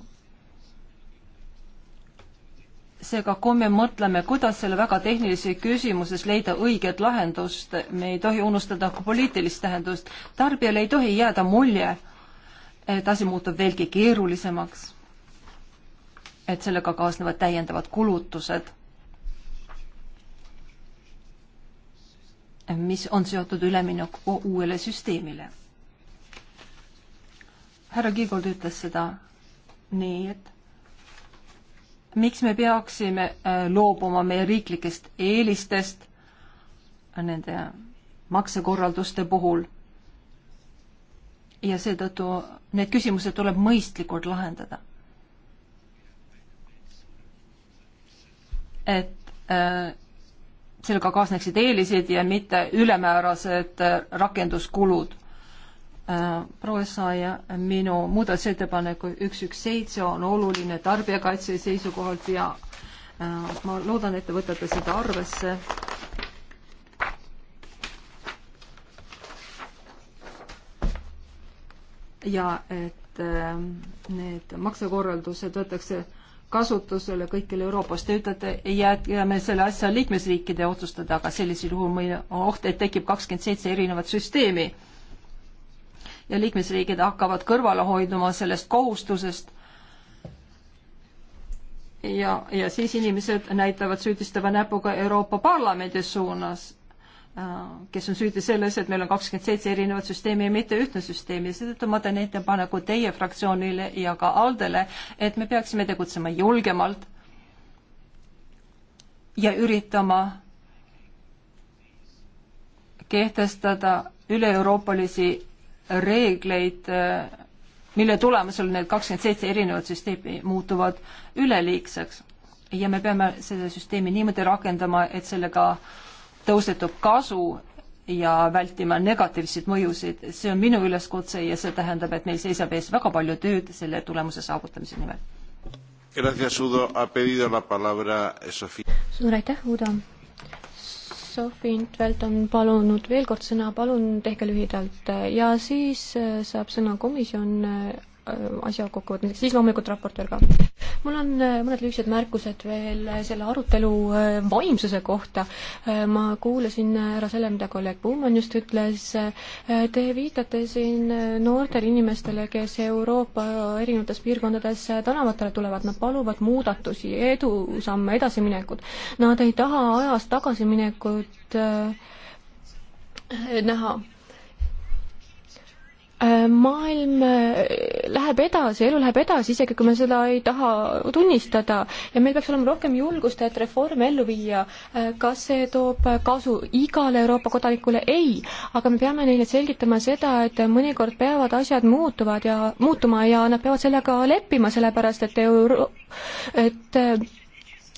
seega, kui me mõtleme, kuidas selle väga tehnilises küsimuses leida õiget lahendust, me ei tohi unustada ka poliitilist tähendust. tarbijale ei tohi jääda mulje, et asi muutub veelgi keerulisemaks, et sellega kaasnevad täiendavad kulutused, mis on seotud üleminekuga uuele süsteemile. härra Kiigold ütles seda nii, et miks me peaksime äh, loobuma meie riiklikest eelistest nende maksekorralduste puhul. ja seetõttu need küsimused tuleb mõistlikult lahendada. et äh, sellega kaasneksid eelised ja mitte ülemäärased äh, rakenduskulud Äh, proua Saaja, minu muudatusettepanek üks, üks, seitse on oluline tarbijakaitse seisukohalt ja äh, ma loodan, et te võtate seda arvesse. ja et äh, need maksekorraldused võetakse kasutusele kõikjal Euroopas. Te ütlete, jääme selle asja liikmesriikide otsustada, aga sellisel juhul meil on oht, et tekib kakskümmend seitse erinevat süsteemi ja liikmesriigid hakkavad kõrvale hoiduma sellest kohustusest. ja, ja siis inimesed näitavad süüdistava näpuga Euroopa Parlamendi suunas, äh, kes on süüdi selles, et meil on kakskümmend seitse erinevat süsteemi ja mitte ühtne süsteem ja seetõttu ma teen ettepaneku teie fraktsioonile ja ka Aldele, et me peaksime tegutsema julgemalt ja üritama kehtestada üle-euroopalisi reegleid, mille tulemusel need kakskümmend seitse erinevat süsteemi muutuvad üleliigseks. ja me peame seda süsteemi niimoodi rakendama, et sellega tõusetub kasu ja vältima negatiivseid mõjusid, see on minu üleskutse ja see tähendab, et meil seisab ees väga palju tööd selle tulemuse saavutamise nimel. suur aitäh, Udo. Sofi Intvelt on palunud veel kord sõna, palun tehke lühidalt ja siis äh, saab sõna komisjon, äh, Äh, asja kokkuvõtmiseks, siis loomulikult raportöör ka. mul on äh, mõned lühikesed märkused veel äh, selle arutelu vaimsuse kohta. ma kuulasin ära selle, mida kolleeg Puumann just ütles. Te viitate siin noortele inimestele, kes Euroopa erinevates piirkondades tänavatele tulevad, nad paluvad muudatusi, edusamme, edasiminekut. Nad ei taha ajas tagasiminekut näha Äh, maailm äh, läheb edasi, elu läheb edasi, isegi kui me seda ei taha tunnistada ja meil peaks olema rohkem julgust, et reforme ellu viia. Äh, kas see toob kasu igale Euroopa kodanikule? ei, aga me peame neile selgitama seda, et mõnikord peavad asjad muutuvad ja muutuma ja nad peavad sellega leppima, sellepärast et euro-, et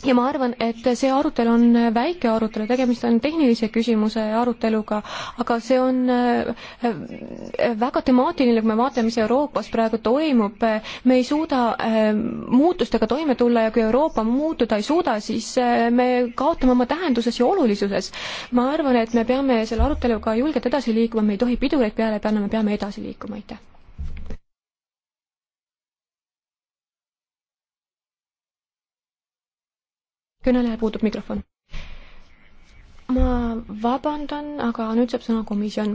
ja ma arvan, et see arutelu on väike arutelu, tegemist on tehnilise küsimuse aruteluga, aga see on äh, väga temaatiline, kui me vaatame, mis Euroopas praegu toimub. me ei suuda äh, muutustega toime tulla ja kui Euroopa muutuda ei suuda, siis äh, me kaotame oma tähenduses ja olulisuses. ma arvan, et me peame selle aruteluga julgelt edasi liikuma, me ei tohi pidureid peale panna, me peame edasi liikuma, aitäh. kõnelejal puudub mikrofon. ma vabandan, aga nüüd saab sõna komisjon.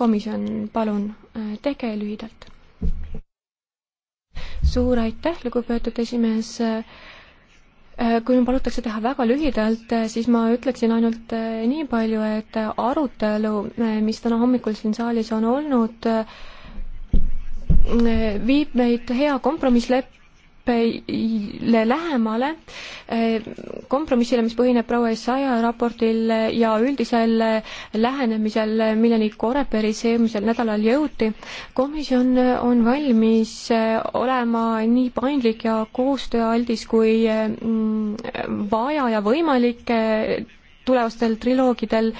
komisjon, palun, äh, tehke lühidalt. suur aitäh, lugupeetud esimees. Äh, kui mul palutakse teha väga lühidalt, äh, siis ma ütleksin ainult nii palju, et arutelu, mis täna hommikul siin saalis on olnud, viib meid hea kompromisslepp-, kokkuleppele lähemale, eh, kompromissile, mis põhineb proua Essaja raportil ja üldisel lähenemisel, milleni Koreperis eelmisel nädalal jõuti. komisjon on valmis eh, olema nii paindlik ja koostööaldis kui mm, vaja ja võimalik eh, tulevastel triloogidel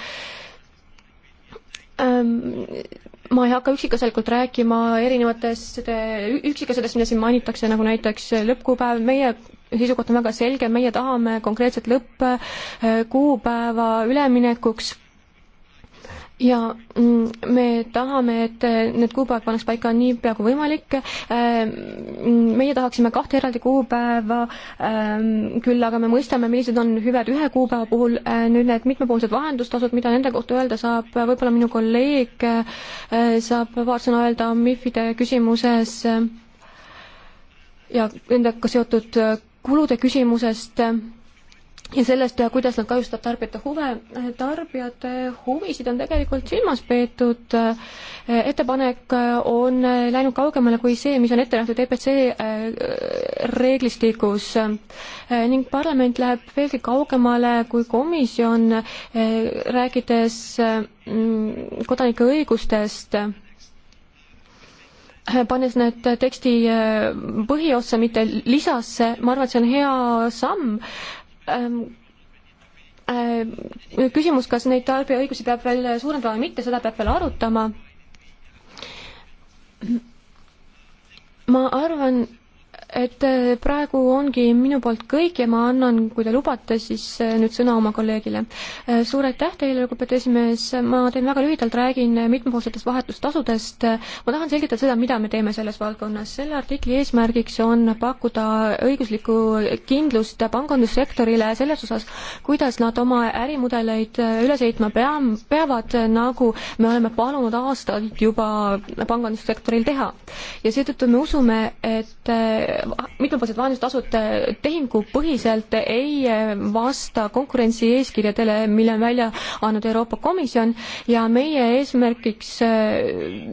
ehm, ma ei hakka üksikasjalikult rääkima erinevatest üksikasjadest, mida siin mainitakse, nagu näiteks lõppkuupäev, meie seisukoht on väga selge, meie tahame konkreetset lõppkuupäeva üleminekuks ja mm, me tahame, et äh, need kuupäevad pannakse paika niipea kui võimalik. Äh, mm, meie tahaksime kahte eraldi kuupäeva, ähm, küll aga me mõistame, millised on hüved ühe kuupäeva puhul. Äh, nüüd need mitmepoolsed vahendustasud, mida nende kohta öelda saab, võib-olla minu kolleeg saab paar sõna öelda MIFide küsimuses ja nendega seotud kulude küsimusest ja sellest, kuidas nad kahjustab tarbijate huve. tarbijate huvisid on tegelikult silmas peetud. ettepanek on läinud kaugemale kui see, mis on ette nähtud EPC äh, reeglistikus ning parlament läheb veelgi kaugemale kui komisjon, äh, rääkides mm, kodanike õigustest pannes need teksti äh, põhiossa, mitte lisasse, ma arvan, et see on hea samm, Ähm, äh, küsimus, kas neid tarbijaõigusi peab veel suurendama või mitte, seda peab veel arutama. ma arvan, et äh, praegu ongi minu poolt kõik ja ma annan, kui te lubate, siis äh, nüüd sõna oma kolleegile. Äh, suur aitäh teile, lugupeetud esimees, ma teen väga lühidalt, räägin mitmepoolsetest vahetustasudest. ma tahan selgitada seda, mida me teeme selles valdkonnas. selle artikli eesmärgiks on pakkuda õiguslikku kindlust pangandussektorile selles osas, kuidas nad oma ärimudeleid üles ehitama pea, peavad, nagu me oleme palunud aastaid juba pangandussektoril teha. ja seetõttu me usume, et mitmepoolsed laenutasud tehingupõhiselt ei vasta konkurentsieeskirjadele, mille on välja andnud Euroopa Komisjon ja meie eesmärgiks äh,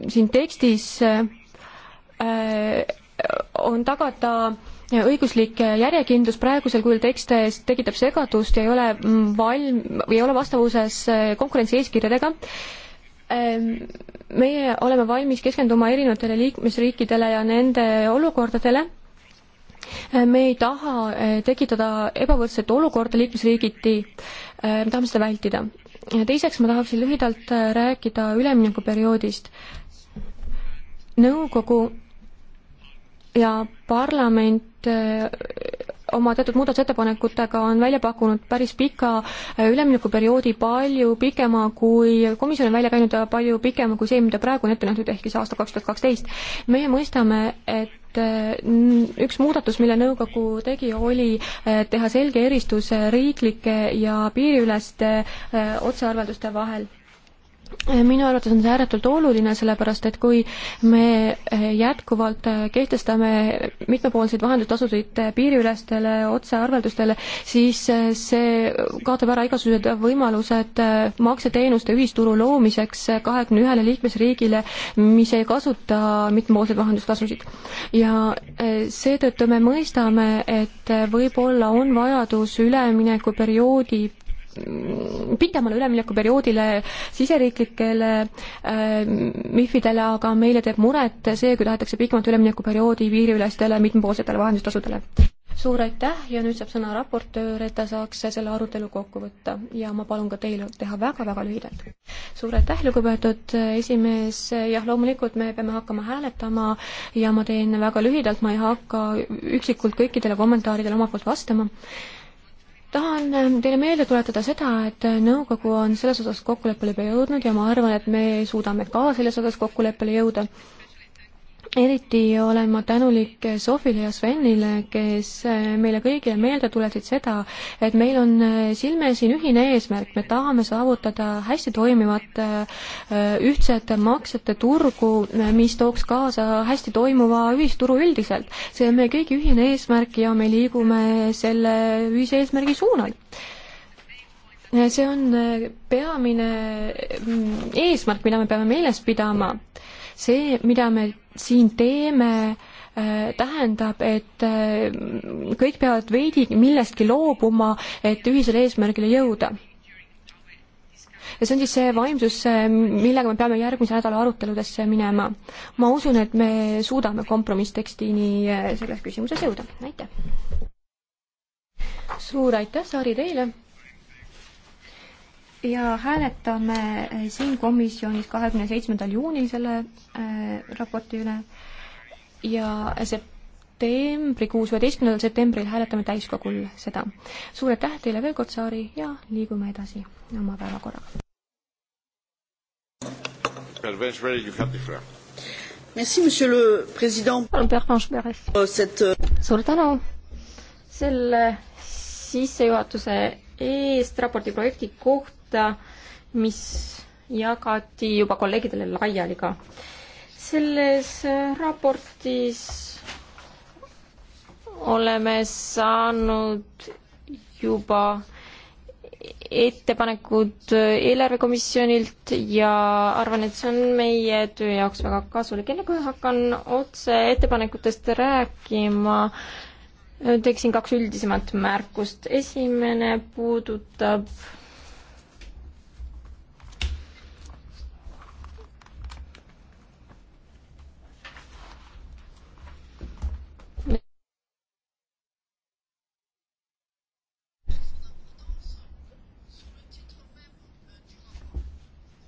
siin tekstis äh, on tagada õiguslik järjekindlus praegusel kujul tekste tekitab segadust ja ei ole valm-, ei ole vastavuses konkurentsieeskirjadega ähm, meie oleme valmis keskenduma erinevatele liikmesriikidele ja nende olukordadele Äh, me ei taha äh, tekitada ebavõrdset olukorda liikmesriigiti, äh, me tahame seda vältida. teiseks ma tahaksin lühidalt rääkida üleminekuperioodist. nõukogu ja parlament oma teatud muudatusettepanekutega on välja pakkunud päris pika üleminekuperioodi, palju pikema kui komisjon on välja käinud ja palju pikema kui see, mida praegu on ette nähtud, ehk siis aasta kaks tuhat kaksteist. meie mõistame, et et äh, üks muudatus, mille nõukogu tegi, oli äh, teha selge eristus äh, riiklike ja piiriüleste otsearvelduste vahel Äh, minu arvates on see ääretult oluline, sellepärast et kui me äh, jätkuvalt äh, kehtestame mitmepoolseid vahendustasusid piiriülestele otsearveldustele, siis see kaotab ära igasugused võimalused makseteenuste ühisturu loomiseks kahekümne ühele liikmesriigile, mis ei kasuta mitmepoolseid vahendustasusid. ja seetõttu me mõistame, et võib-olla on vajadus üleminekuperioodi pikemale üleminekuperioodile siseriiklikele äh, MIF-idele, aga meile teeb muret see, kui tahetakse pikemat üleminekuperioodi piiriülestele mitmepoolsetele vahendustasudele. suur aitäh ja nüüd saab sõna raportöör, et ta saaks selle arutelu kokku võtta ja ma palun ka teil teha väga-väga lühidalt. suur aitäh, lugupeetud esimees, jah, loomulikult me peame hakkama hääletama ja ma teen väga lühidalt, ma ei hakka üksikult kõikidele kommentaaridele omalt poolt vastama tahan ähm, teile meelde tuletada seda, et äh, nõukogu on selles osas kokkuleppele juba jõudnud ja ma arvan, et me suudame ka selles osas kokkuleppele jõuda eriti olen ma tänulik Sofile ja Svenile, kes eh, meile kõigile meelde tuletasid seda, et meil on eh, silme siin ühine eesmärk, me tahame saavutada hästi toimivat eh, ühtset maksete turgu, mis tooks kaasa hästi toimuva ühisturu üldiselt. see on meie kõigi ühine eesmärk ja me liigume selle ühise eesmärgi suunal see on peamine mm, eesmärk, mida me peame meeles pidama. see, mida me siin teeme, äh, tähendab, et äh, kõik peavad veidi millestki loobuma, et ühisele eesmärgile jõuda. ja see on siis see vaimsus, äh, millega me peame järgmise nädala aruteludesse minema. ma usun, et me suudame kompromisstekstini selles küsimuses jõuda, aitäh! suur aitäh, Saari, teile! ja hääletame siin komisjonis kahekümne seitsmendal juunil selle äh, raporti üle ja septembrikuus, üheteistkümnendal septembril hääletame täiskogul seda. suur aitäh teile veel kord, Saari, ja liigume edasi oma päevakorraga. palun, Pervenche Beres. Oh, euh, suur tänu selle sissejuhatuse eest raporti projekti kohta mis jagati juba kolleegidele laiali ka. selles äh, raportis oleme saanud juba ettepanekud äh, eelarvekomisjonilt ja arvan, et see on meie töö jaoks väga kasulik. enne kui hakkan otse ettepanekutest rääkima, äh, teeksin kaks üldisemat märkust. esimene puudutab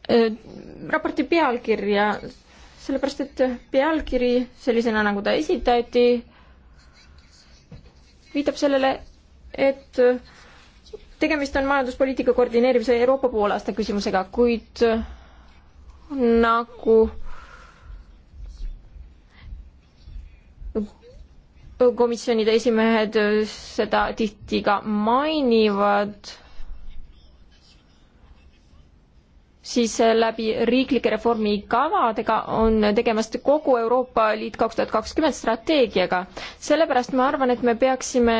Äh, raporti pealkirja, sellepärast et pealkiri sellisena, nagu ta esitati, viitab sellele, et tegemist on majanduspoliitika koordineerimise Euroopa poolaasta küsimusega, kuid nagu komisjonide esimehed seda tihti ka mainivad siis äh, läbi riiklike reformikavadega on tegemast kogu Euroopa Liit kaks tuhat kakskümmend strateegiaga. sellepärast ma arvan, et me peaksime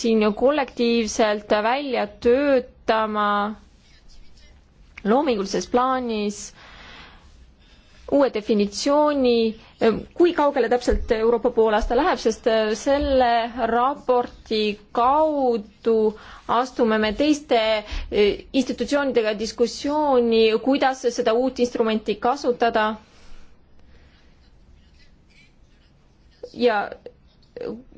siin kollektiivselt välja töötama loomingulises plaanis uue definitsiooni, eh, kui kaugele täpselt Euroopa poolaasta läheb, sest eh, selle raporti kaudu astume me teiste eh, institutsioonidega diskussiooni, kuidas seda uut instrumenti kasutada. ja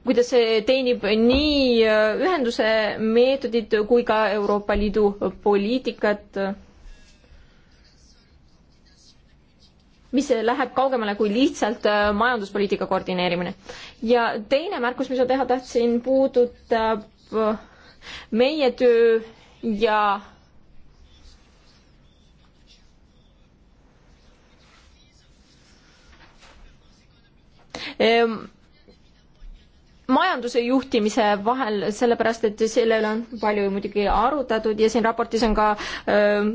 kuidas see teenib nii ühenduse meetodit kui ka Euroopa Liidu poliitikat mis läheb kaugemale kui lihtsalt äh, majanduspoliitika koordineerimine. ja teine märkus, mis ma teha tahtsin, puudutab äh, meie töö ja ehm, majanduse juhtimise vahel, sellepärast et selle üle on palju muidugi arutatud ja siin raportis on ka öö, ehm,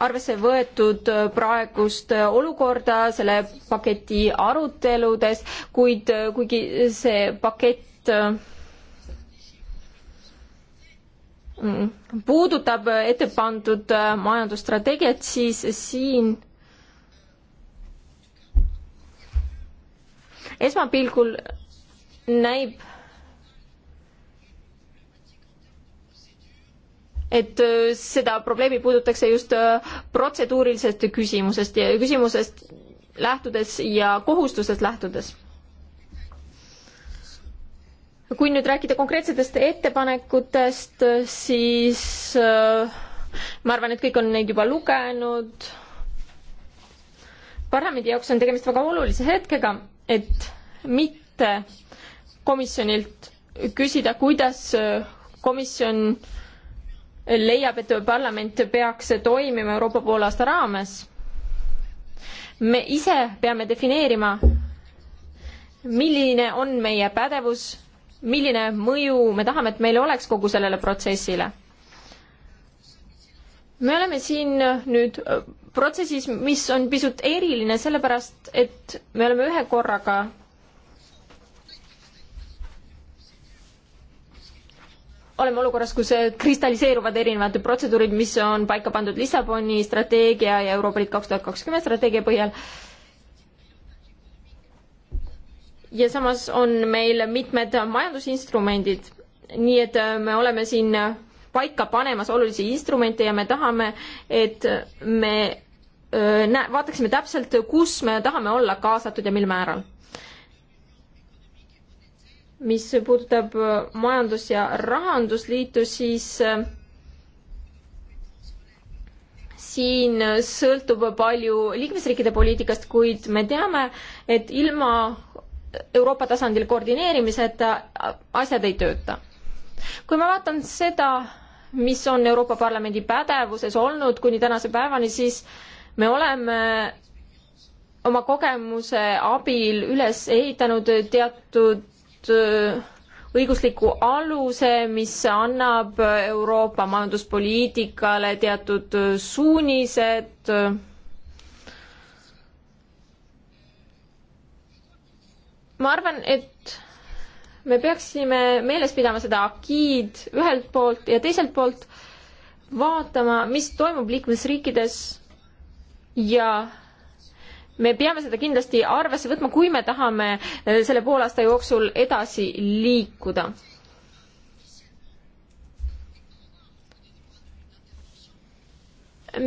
arvesse võetud praegust olukorda selle paketi aruteludes, kuid äh, kuigi see pakett äh, mm, puudutab ette pandud äh, majandusstrateegiat, siis siin esmapilgul näib et äh, seda probleemi puudutakse just äh, protseduurilisest küsimusest ja küsimusest lähtudes ja kohustusest lähtudes. kui nüüd rääkida konkreetsetest ettepanekutest, siis äh, ma arvan, et kõik on neid juba lugenud. parlamendi jaoks on tegemist väga olulise hetkega, et mitte komisjonilt küsida, kuidas komisjon äh, leiab, et parlament peaks toimima Euroopa poolaasta raames. me ise peame defineerima, milline on meie pädevus, milline mõju me tahame, et meil oleks kogu sellele protsessile. me oleme siin nüüd protsessis, mis on pisut eriline, sellepärast et me oleme ühe korraga oleme olukorras, kus äh, kristalliseeruvad erinevad protseduurid, mis on paika pandud Lissaboni strateegia ja Euroopa Liit kaks tuhat kakskümmend strateegia põhjal. ja samas on meil mitmed majandusinstrumendid, nii et äh, me oleme siin äh, paika panemas olulisi instrumente ja me tahame, et me nä-, vaataksime täpselt, kus me tahame olla kaasatud ja mil määral mis puudutab äh, Majandus- ja Rahandusliitu, siis äh, siin äh, sõltub palju liikmesriikide poliitikast, kuid me teame, et ilma Euroopa tasandil koordineerimiseta asjad ei tööta. kui ma vaatan seda, mis on Euroopa Parlamendi pädevuses olnud kuni tänase päevani, siis me oleme oma kogemuse abil üles ehitanud teatud Äh, õigusliku aluse, mis annab Euroopa majanduspoliitikale teatud äh, suunised. Äh. ma arvan, et me peaksime meeles pidama seda akiid ühelt poolt ja teiselt poolt vaatama, mis toimub liikmesriikides ja me peame seda kindlasti arvesse võtma, kui me tahame eh, selle poolaasta jooksul edasi liikuda.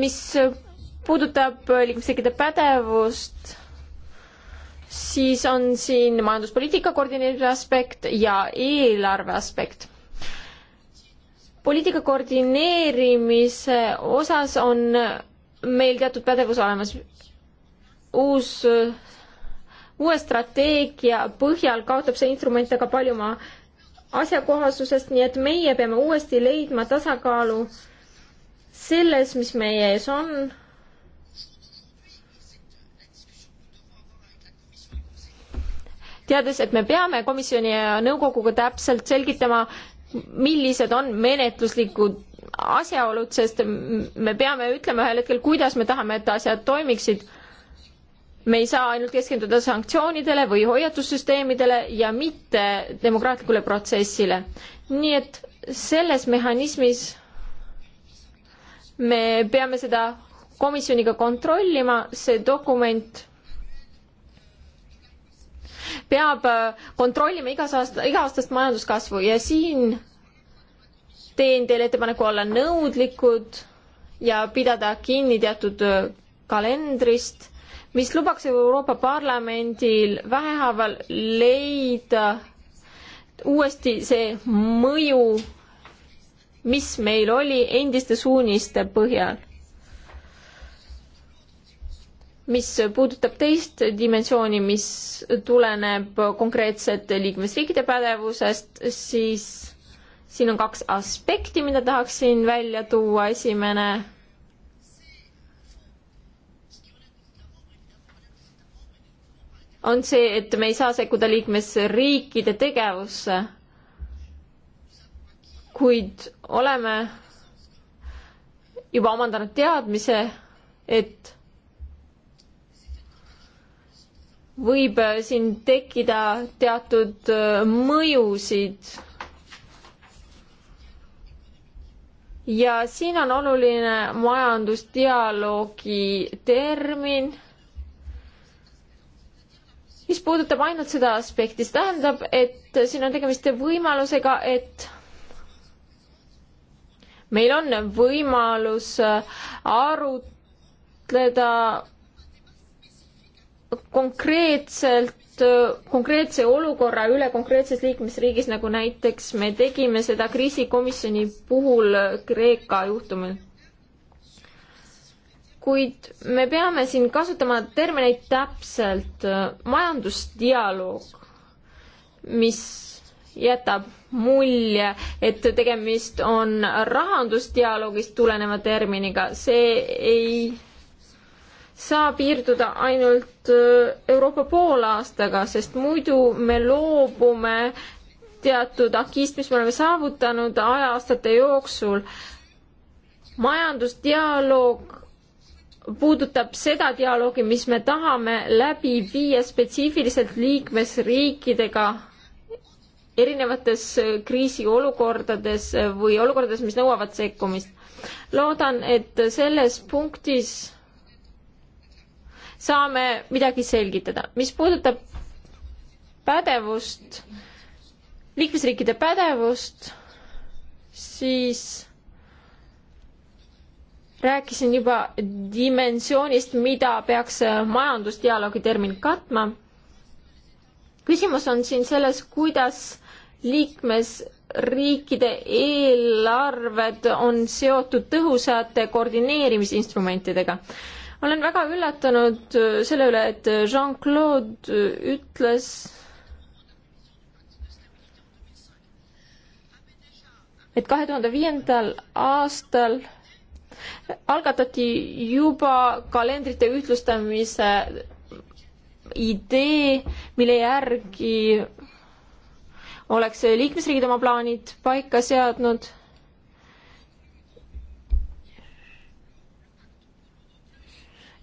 mis puudutab liikmesriikide pädevust, siis on siin majanduspoliitika koordineeriv aspekt ja eelarve aspekt poliitika koordineerimise osas on meil teatud pädevus olemas uus, uue strateegia põhjal kaotab see instrument aga palju oma asjakohasusest, nii et meie peame uuesti leidma tasakaalu selles, mis meie ees on. teades, et me peame komisjoni ja nõukoguga täpselt selgitama, millised on menetluslikud asjaolud, sest me peame ütlema ühel hetkel, kuidas me tahame, et asjad toimiksid me ei saa ainult keskenduda sanktsioonidele või hoiatussüsteemidele ja mitte demokraatlikule protsessile. nii et selles mehhanismis me peame seda komisjoniga kontrollima, see dokument peab äh, kontrollima igas aasta, iga-aastast majanduskasvu ja siin teen teile ettepaneku olla nõudlikud ja pidada kinni teatud äh, kalendrist mis lubaks Euroopa Parlamendil vähehaaval leida uuesti see mõju, mis meil oli endiste suuniste põhjal. mis puudutab teist dimensiooni, mis tuleneb konkreetsete liikmesriikide pädevusest, siis siin on kaks aspekti, mida tahaksin välja tuua. esimene on see, et me ei saa sekkuda liikmesriikide tegevusse, kuid oleme juba omandanud teadmise, et võib siin tekkida teatud mõjusid. ja siin on oluline majandusdialoogi termin mis puudutab ainult seda aspekti, see tähendab, et siin on tegemist võimalusega, et meil on võimalus äh, arutleda konkreetselt, äh, konkreetse olukorra üle konkreetses liikmesriigis, nagu näiteks me tegime seda kriisikomisjoni puhul äh, Kreeka juhtumil kuid me peame siin kasutama termineid täpselt. Äh, majandusdialoog, mis jätab mulje, et tegemist on rahandusdialoogist tuleneva terminiga, see ei saa piirduda ainult äh, Euroopa poolaastaga, sest muidu me loobume teatud akist, mis me oleme saavutanud aja-aastate jooksul. majandusdialoog puudutab seda dialoogi, mis me tahame läbi viia spetsiifiliselt liikmesriikidega erinevates kriisiolukordades või olukordades, mis nõuavad sekkumist. loodan, et selles punktis saame midagi selgitada. mis puudutab pädevust, liikmesriikide pädevust, siis rääkisin juba dimensioonist, mida peaks majandusdialoogi termin katma. küsimus on siin selles, kuidas liikmesriikide eelarved on seotud tõhusate koordineerimisinstrumentidega. olen väga üllatunud selle üle, et Jean-Claude ütles et kahe tuhande viiendal aastal algatati juba kalendrite ühtlustamise idee, mille järgi oleks liikmesriigid oma plaanid paika seadnud.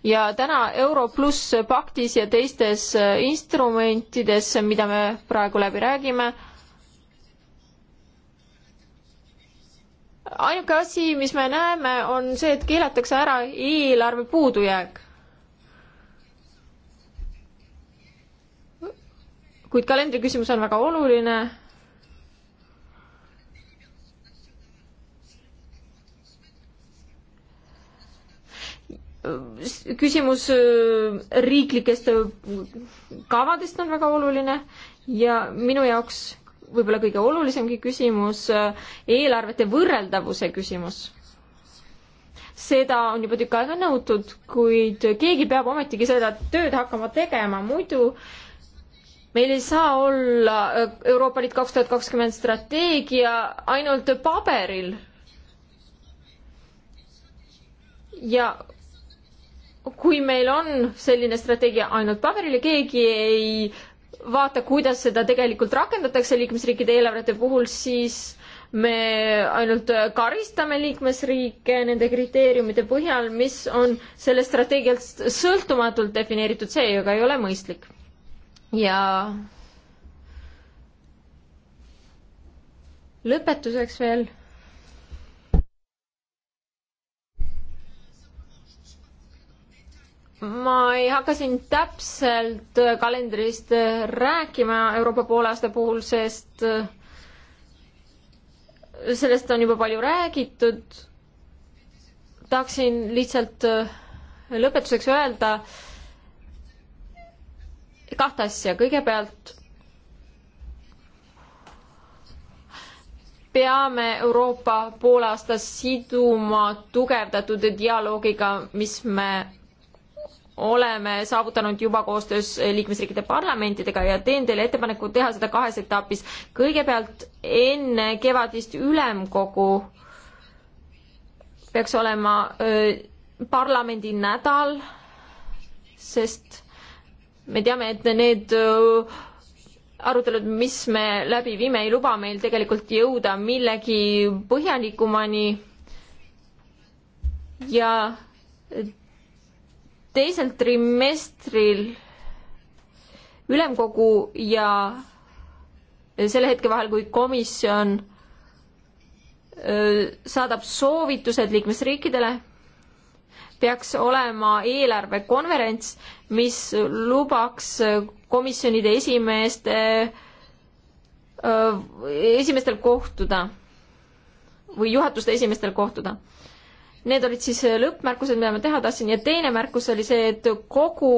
ja täna Euro pluss paktis ja teistes instrumentides, mida me praegu läbi räägime ainuke asi, mis me näeme, on see, et keelatakse ära eelarve puudujääk. kuid kalendri küsimus on väga oluline küsimus äh, riiklikest äh, kavadest on väga oluline ja minu jaoks võib-olla kõige olulisemgi küsimus, äh, eelarvete võrreldavuse küsimus. seda on juba tükk aega nõutud, kuid keegi peab ometigi seda tööd hakkama tegema, muidu meil ei saa olla äh, Euroopa Liit kaks tuhat kakskümmend strateegia ainult paberil. ja kui meil on selline strateegia ainult paberil ja keegi ei vaata, kuidas seda tegelikult rakendatakse liikmesriikide eelarvete puhul, siis me ainult karistame liikmesriike nende kriteeriumide põhjal, mis on sellest strateegiast sõltumatult defineeritud, see ju ka ei ole mõistlik. ja lõpetuseks veel ma ei hakka siin täpselt äh, kalendrist äh, rääkima Euroopa poolaasta puhul, sest äh, sellest on juba palju räägitud. tahaksin lihtsalt lõpetuseks öelda kahte asja. kõigepealt peame Euroopa poolaasta siduma tugevdatud dialoogiga, mis me oleme saavutanud juba koostöös liikmesriikide parlamentidega ja teen teile ettepaneku teha seda kahes etapis. kõigepealt enne kevadist ülemkogu peaks olema öö, parlamendi nädal, sest me teame, et need öö, arutelud, mis me läbi viime, ei luba meil tegelikult jõuda millegi põhjalikumani ja teisel trimestril ülemkogu ja selle hetke vahel, kui komisjon saadab soovitused liikmesriikidele, peaks olema eelarvekonverents, mis lubaks komisjonide esimeeste, esimeestel kohtuda või juhatuste esimeestel kohtuda Need olid siis äh, lõppmärkused, mida ma teha tahtsin ja teine märkus oli see, et kogu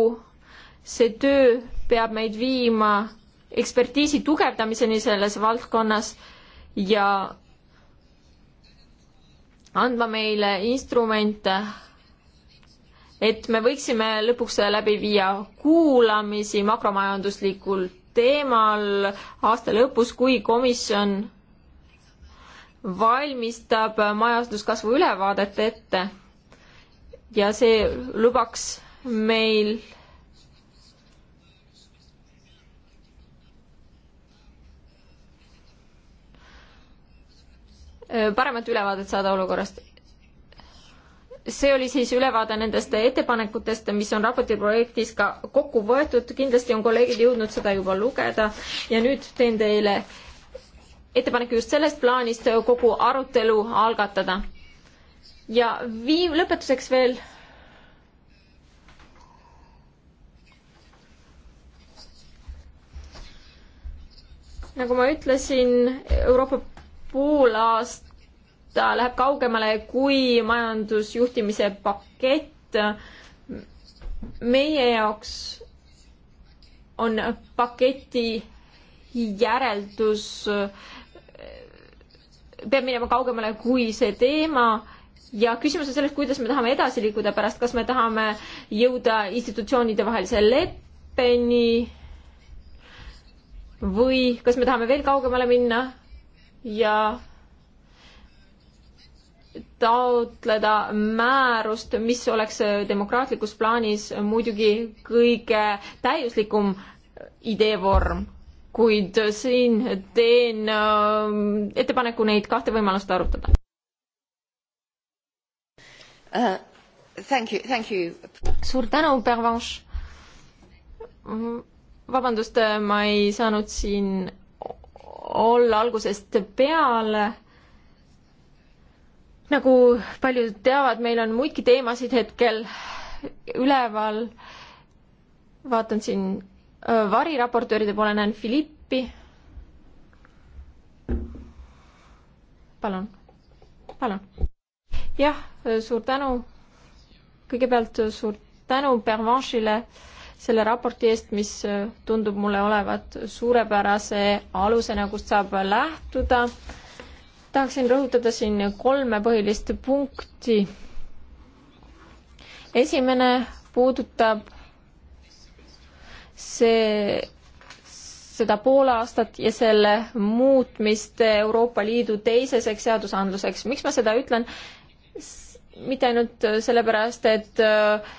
see töö peab meid viima ekspertiisi tugevdamiseni selles valdkonnas ja andma meile instrumente, et me võiksime lõpuks läbi viia kuulamisi makromajanduslikul teemal aasta lõpus, kui komisjon valmistab majanduskasvu ülevaadet ette ja see lubaks meil paremat ülevaadet saada olukorrast. see oli siis ülevaade nendest ettepanekutest, mis on raporti projektis ka kokku võetud, kindlasti on kolleegid jõudnud seda juba lugeda ja nüüd teen teile ettepaneku just sellest plaanist kogu arutelu algatada. ja vii-, lõpetuseks veel nagu ma ütlesin, Euroopa poolaasta läheb kaugemale kui majandusjuhtimise pakett. meie jaoks on paketi järeldus peab minema kaugemale kui see teema ja küsimus on selles, kuidas me tahame edasi liikuda pärast, kas me tahame jõuda institutsioonide vahelise leppeni või kas me tahame veel kaugemale minna ja taotleda määrust, mis oleks demokraatlikus plaanis muidugi kõige täiuslikum ideevorm kuid siin teen ähm, ettepaneku neid kahte võimalust arutada uh,. Thank you, thank you. suur tänu, Pervanche. Mm, vabandust, ma ei saanud siin olla algusest peale nagu paljud teavad, meil on muidki teemasid hetkel üleval. vaatan siin variraportööride poole näen Philippi. palun, palun. jah, suur tänu. kõigepealt suur tänu Pervanchile selle raporti eest, mis tundub mulle olevat suurepärase alusena, kust saab lähtuda. tahaksin rõhutada siin kolme põhilist punkti. esimene puudutab see, seda poole aastat ja selle muutmist Euroopa Liidu teiseseks seadusandluseks. miks ma seda ütlen? mitte ainult sellepärast, et äh,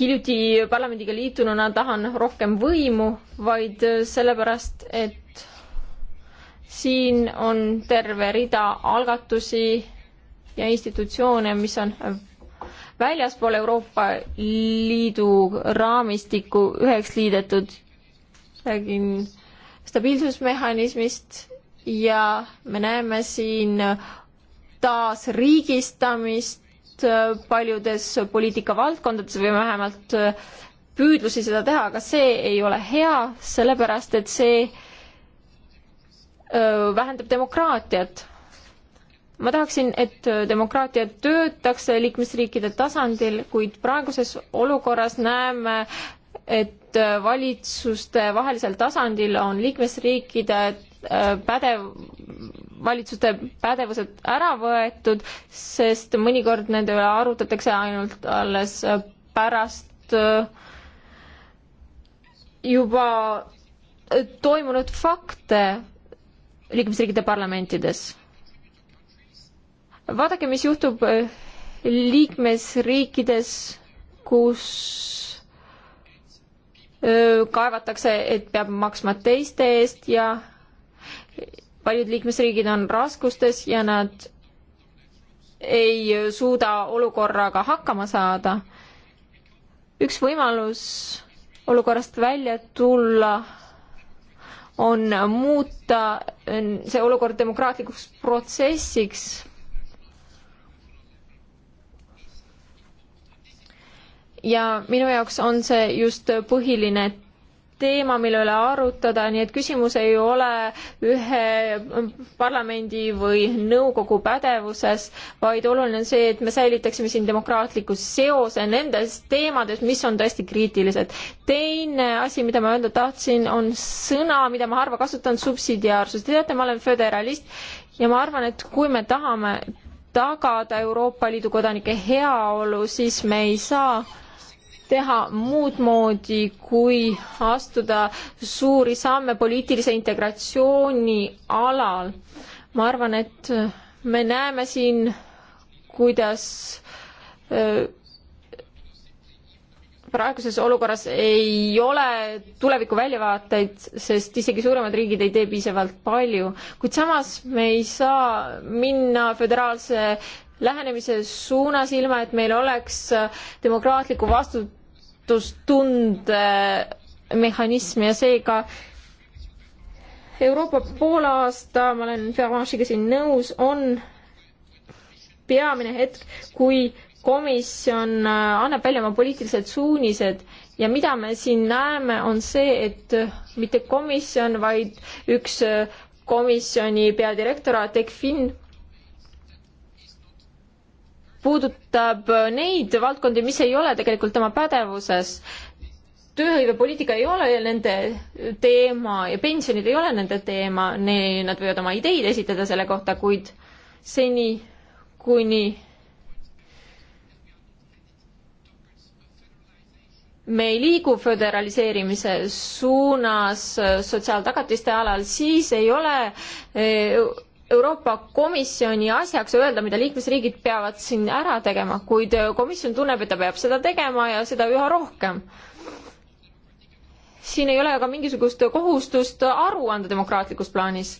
hiljuti parlamendiga liitununa tahan rohkem võimu, vaid sellepärast, et siin on terve rida algatusi ja institutsioone, mis on väljaspool Euroopa Liidu raamistikku üheks liidetud, räägin stabiilsusmehhanismist ja me näeme siin taas riigistamist paljudes poliitikavaldkondades või vähemalt püüdlusi seda teha, aga see ei ole hea, sellepärast et see vähendab demokraatiat ma tahaksin, et äh, demokraatia töötaks liikmesriikide tasandil, kuid praeguses olukorras näeme, et äh, valitsuste vahelisel tasandil on liikmesriikide äh, pädev, valitsuste pädevused ära võetud, sest mõnikord nende üle arutatakse ainult alles pärast juba toimunud fakte liikmesriikide parlamentides vaadake, mis juhtub äh, liikmesriikides, kus äh, kaevatakse, et peab maksma teiste eest ja paljud liikmesriigid on raskustes ja nad ei suuda olukorraga hakkama saada. üks võimalus olukorrast välja tulla on muuta äh, see olukord demokraatlikuks protsessiks ja minu jaoks on see just põhiline teema, mille üle arutada, nii et küsimus ei ole ühe parlamendi või nõukogu pädevuses, vaid oluline on see, et me säilitaksime siin demokraatliku seose nendes teemades, mis on tõesti kriitilised. teine asi, mida ma öelda tahtsin, on sõna, mida ma harva kasutan, subsidiaarsus. Te teate, ma olen föderalist ja ma arvan, et kui me tahame tagada Euroopa Liidu kodanike heaolu, siis me ei saa teha muud moodi, kui astuda suuri samme poliitilise integratsiooni alal. ma arvan, et me näeme siin, kuidas äh, praeguses olukorras ei ole tuleviku väljavaateid, sest isegi suuremad riigid ei tee piisavalt palju, kuid samas me ei saa minna föderaalse lähenemise suunas, ilma et meil oleks demokraatlikku vastu-, vastutustunde mehhanismi ja seega Euroopa poolaasta, ma olen Ferranchiga siin nõus, on peamine hetk, kui komisjon äh, annab välja oma poliitilised suunised ja mida me siin näeme, on see, et mitte komisjon, vaid üks äh, komisjoni peadirektoraat ECFIN puudutab neid valdkondi, mis ei ole tegelikult tema pädevuses. tööhõivepoliitika ei ole nende teema ja pensionid ei ole nende teema, nad võivad oma ideid esitada selle kohta, kuid seni, kuni me ei liigu föderaliseerimise suunas sotsiaaltagatiste alal, siis ei ole eh, Euroopa Komisjoni asjaks öelda, mida liikmesriigid peavad siin ära tegema, kuid komisjon tunneb, et ta peab seda tegema ja seda üha rohkem. siin ei ole ka mingisugust kohustust aru anda demokraatlikus plaanis.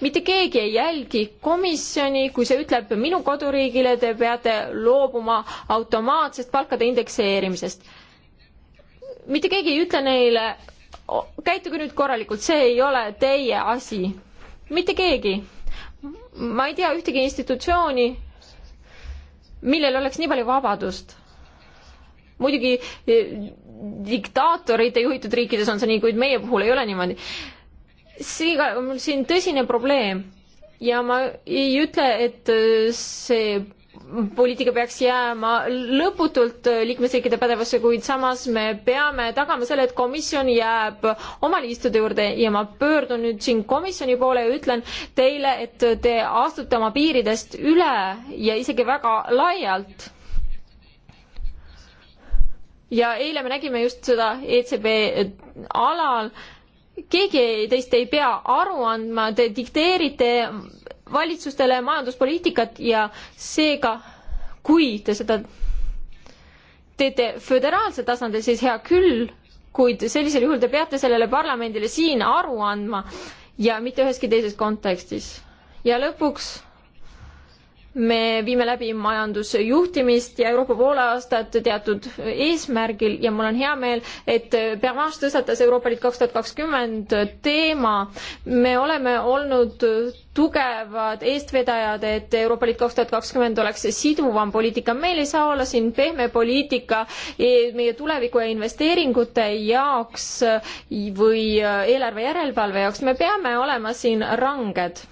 mitte keegi ei jälgi komisjoni, kui see ütleb minu koduriigile, te peate loobuma automaatsest palkade indekseerimisest. mitte keegi ei ütle neile, käituge nüüd korralikult, see ei ole teie asi. mitte keegi ma ei tea ühtegi institutsiooni, millel oleks nii palju vabadust. muidugi eh, diktaatorite juhitud riikides on see nii, kuid meie puhul ei ole niimoodi. seega on mul siin tõsine probleem ja ma ei ütle, et eh, see poliitika peaks jääma lõputult liikmesriikide pädevusse, kuid samas me peame tagama selle, et komisjon jääb oma liistude juurde ja ma pöördun nüüd siin komisjoni poole ja ütlen teile, et te astute oma piiridest üle ja isegi väga laialt. ja eile me nägime just seda ECB alal, keegi teist ei pea aru andma, te dikteerite valitsustele majanduspoliitikat ja seega, kui te seda teete föderaalsel tasandil, siis hea küll, kuid sellisel juhul te peate sellele parlamendile siin aru andma ja mitte üheski teises kontekstis. ja lõpuks me viime läbi majandusjuhtimist ja Euroopa poolaastat teatud eesmärgil ja mul on hea meel, et Pervanche tõstatas Euroopa Liit kaks tuhat kakskümmend teema. me oleme olnud tugevad eestvedajad, et Euroopa Liit kaks tuhat kakskümmend oleks siduvam poliitika. meil ei saa olla siin pehme poliitika e, meie tuleviku ja investeeringute jaoks või eelarve järelevalve jaoks. me peame olema siin ranged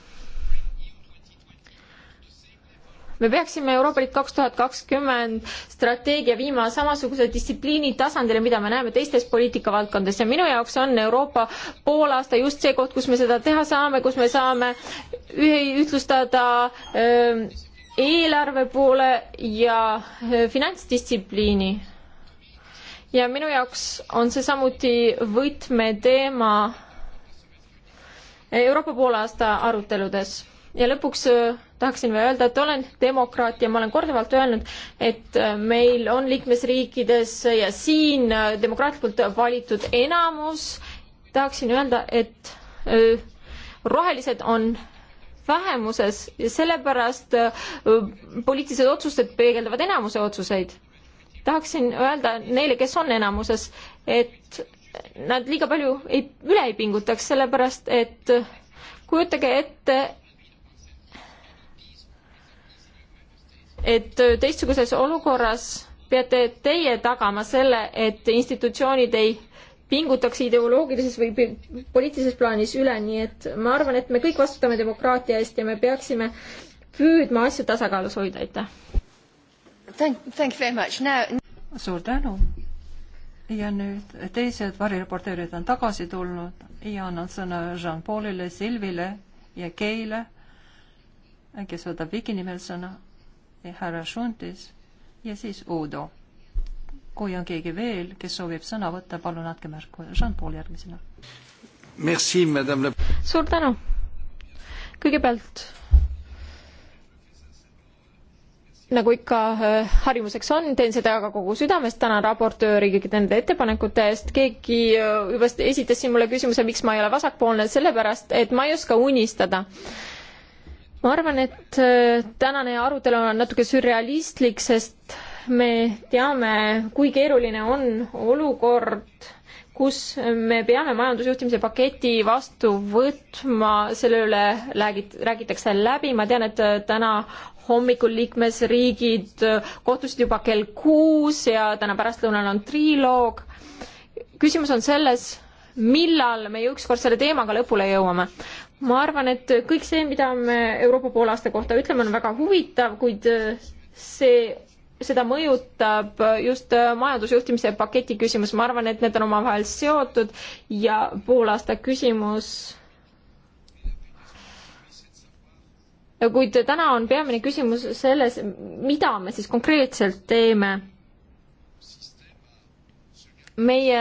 me peaksime Euroopa Liit kaks tuhat kakskümmend strateegia viima samasuguse distsipliini tasandile, mida me näeme teistes poliitikavaldkondades ja minu jaoks on Euroopa poolaasta just see koht, kus me seda teha saame, kus me saame ühtlustada ähm, eelarve poole ja äh, finantsdistsipliini. ja minu jaoks on see samuti võtmeteema Euroopa poolaasta aruteludes ja lõpuks äh, tahaksin veel öelda, et olen demokraat ja ma olen korduvalt öelnud, et äh, meil on liikmesriikides ja siin äh, demokraatlikult valitud enamus. tahaksin öelda, et äh, rohelised on vähemuses ja sellepärast poliitilised otsused peegeldavad enamuse otsuseid. tahaksin öelda neile, kes on enamuses, et nad liiga palju ei, üle ei pingutaks, sellepärast et kujutage ette, et äh, teistsuguses olukorras peate teie tagama selle, et institutsioonid ei pingutaks ideoloogilises või poliitilises plaanis üle, nii et ma arvan, et me kõik vastutame demokraatia eest ja me peaksime püüdma asju tasakaalus hoida, aitäh. Now... suur tänu. ja nüüd teised varireporteerid on tagasi tulnud ja annan sõna Jean-Paulile, Silvile ja Keile, kes võtab Viki nimel sõna Eh, härra Šuntis ja siis Uudo. kui on keegi veel, kes soovib sõna võtta, palun andke märku. Jean-Paul järgmisena. suur tänu. kõigepealt nagu ikka eh, harjumuseks on, teen seda ka kogu südamest, tänan raportööri kõigi nende ettepanekute eest, keegi eh, juba esitas siin mulle küsimuse, miks ma ei ole vasakpoolne, sellepärast et ma ei oska unistada ma arvan, et äh, tänane arutelu on natuke sürrealistlik, sest me teame, kui keeruline on olukord, kus me peame majandusjuhtimise paketi vastu võtma, selle üle räägit-, räägitakse läbi, ma tean, et äh, täna hommikul liikmesriigid äh, kohtusid juba kell kuus ja täna pärastlõunal on triloog. küsimus on selles, millal me ükskord selle teemaga lõpule jõuame ma arvan, et kõik see, mida me Euroopa poolaasta kohta ütleme, on väga huvitav, kuid äh, see, seda mõjutab just äh, majandusjuhtimise paketi küsimus, ma arvan, et need on omavahel seotud ja poolaasta küsimus kuid täna on peamine küsimus selles, mida me siis konkreetselt teeme. meie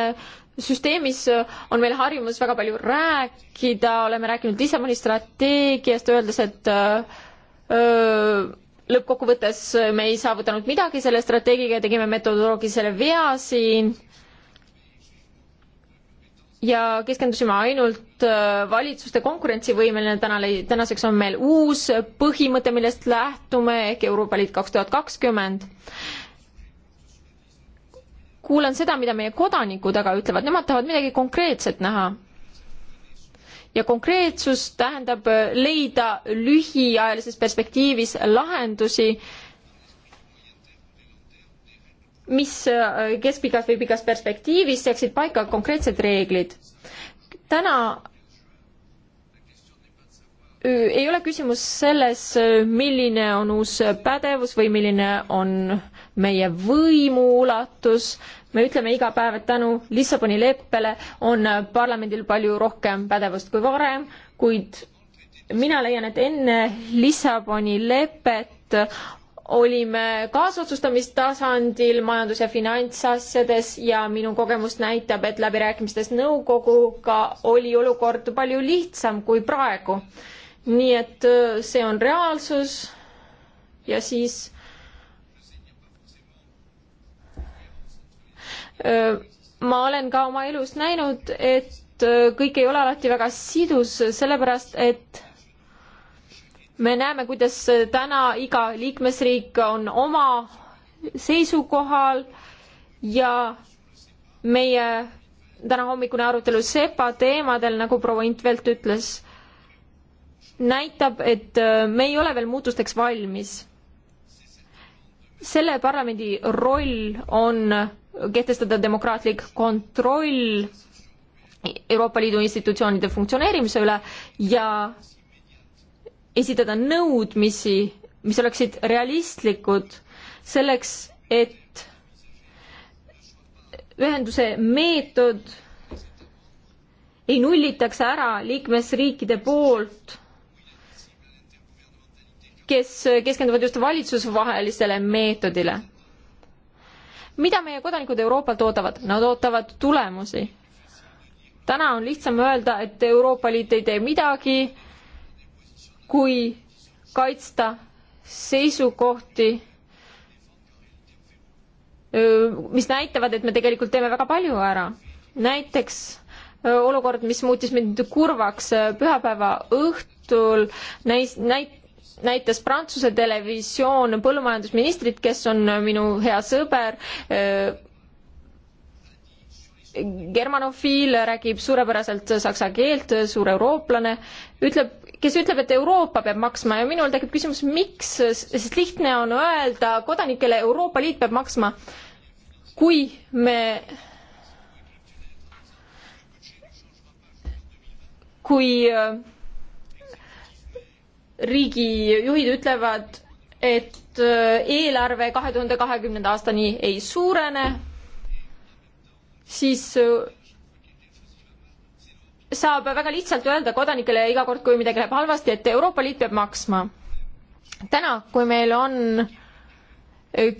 süsteemis äh, on meil harjumus väga palju rääkida, oleme rääkinud Lissaboni strateegiast, öeldes, et öö, äh, äh, lõppkokkuvõttes me ei saavutanud midagi selle strateegiaga ja tegime metodoloogilisele vea siin ja keskendusime ainult valitsuste konkurentsivõimeline, tänale, tänaseks on meil uus põhimõte, millest lähtume ehk Euroopa Liit kaks tuhat kakskümmend kuulan seda, mida meie kodanikud aga ütlevad, nemad tahavad midagi konkreetset näha. ja konkreetsus tähendab leida lühiajalises perspektiivis lahendusi, mis äh, keskpikas või pikas perspektiivis seaksid paika konkreetsed reeglid. täna äh, ei ole küsimus selles, milline on uus pädevus või milline on äh, meie võimu ulatus, me ütleme iga päev, et tänu Lissaboni leppele on parlamendil palju rohkem pädevust kui varem, kuid mina leian, et enne Lissaboni lepet olime kaasotsustamistasandil majandus- ja finantsasjades ja minu kogemus näitab, et läbirääkimistes nõukoguga oli olukord palju lihtsam kui praegu. nii et äh, see on reaalsus ja siis ma olen ka oma elus näinud, et kõik ei ole alati väga sidus, sellepärast et me näeme, kuidas täna iga liikmesriik on oma seisukohal ja meie tänahommikune arutelu SEPA teemadel, nagu proua Intvelt ütles, näitab, et me ei ole veel muutusteks valmis. selle parlamendi roll on kehtestada demokraatlik kontroll Euroopa Liidu institutsioonide funktsioneerimise üle ja esitada nõudmisi, mis oleksid realistlikud selleks, et ühenduse meetod ei nullitaks ära liikmesriikide poolt, kes keskenduvad just valitsusvahelisele meetodile mida meie kodanikud Euroopalt ootavad? Nad ootavad tulemusi. täna on lihtsam öelda, et Euroopa Liit ei tee midagi, kui kaitsta seisukohti, mis näitavad, et me tegelikult teeme väga palju ära. näiteks olukord, mis muutis mind kurvaks pühapäeva õhtul, näis, näit-, näitas Prantsuse televisioon põllumajandusministrit, kes on minu hea sõber, äh, germanofiil, räägib suurepäraselt saksa keelt, suur eurooplane, ütleb, kes ütleb, et Euroopa peab maksma ja minul tekib küsimus, miks, sest lihtne on öelda kodanikele, Euroopa Liit peab maksma, kui me kui äh, riigijuhid ütlevad, et äh, eelarve kahe tuhande kahekümnenda aastani ei suurene, siis äh, saab väga lihtsalt öelda kodanikele iga kord, kui midagi läheb halvasti, et Euroopa Liit peab maksma. täna, kui meil on äh,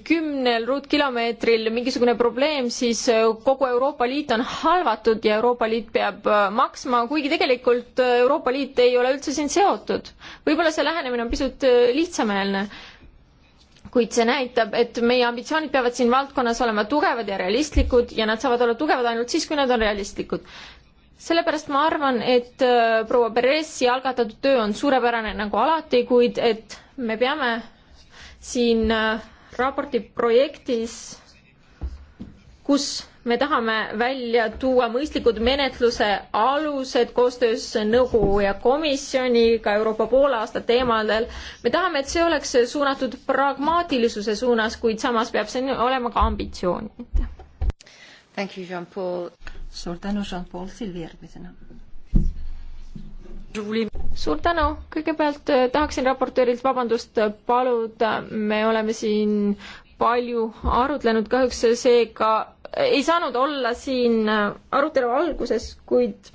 kümnel ruutkilomeetril mingisugune probleem, siis äh, kogu Euroopa Liit on halvatud ja Euroopa Liit peab äh, maksma, kuigi tegelikult äh, Euroopa Liit ei ole üldse siin seotud. võib-olla see lähenemine on pisut lihtsameelne, kuid see näitab, et meie ambitsioonid peavad siin valdkonnas olema tugevad ja realistlikud ja nad saavad olla tugevad ainult siis, kui nad on realistlikud sellepärast ma arvan, et proua Peressi algatatud töö on suurepärane nagu alati, kuid et me peame siin äh, raporti projektis, kus me tahame välja tuua mõistlikud menetluse alused koostöös nõukogu ja komisjoniga Euroopa poolaasta teemadel. me tahame, et see oleks suunatud pragmaatilisuse suunas, kuid samas peab see olema ka ambitsioon. suur tänu, Jean-Paul, Silvi järgmisena suur tänu, kõigepealt eh, tahaksin raportöörilt vabandust paluda, me oleme siin palju arutlenud, kahjuks seega ei saanud olla siin eh, arutelu alguses, kuid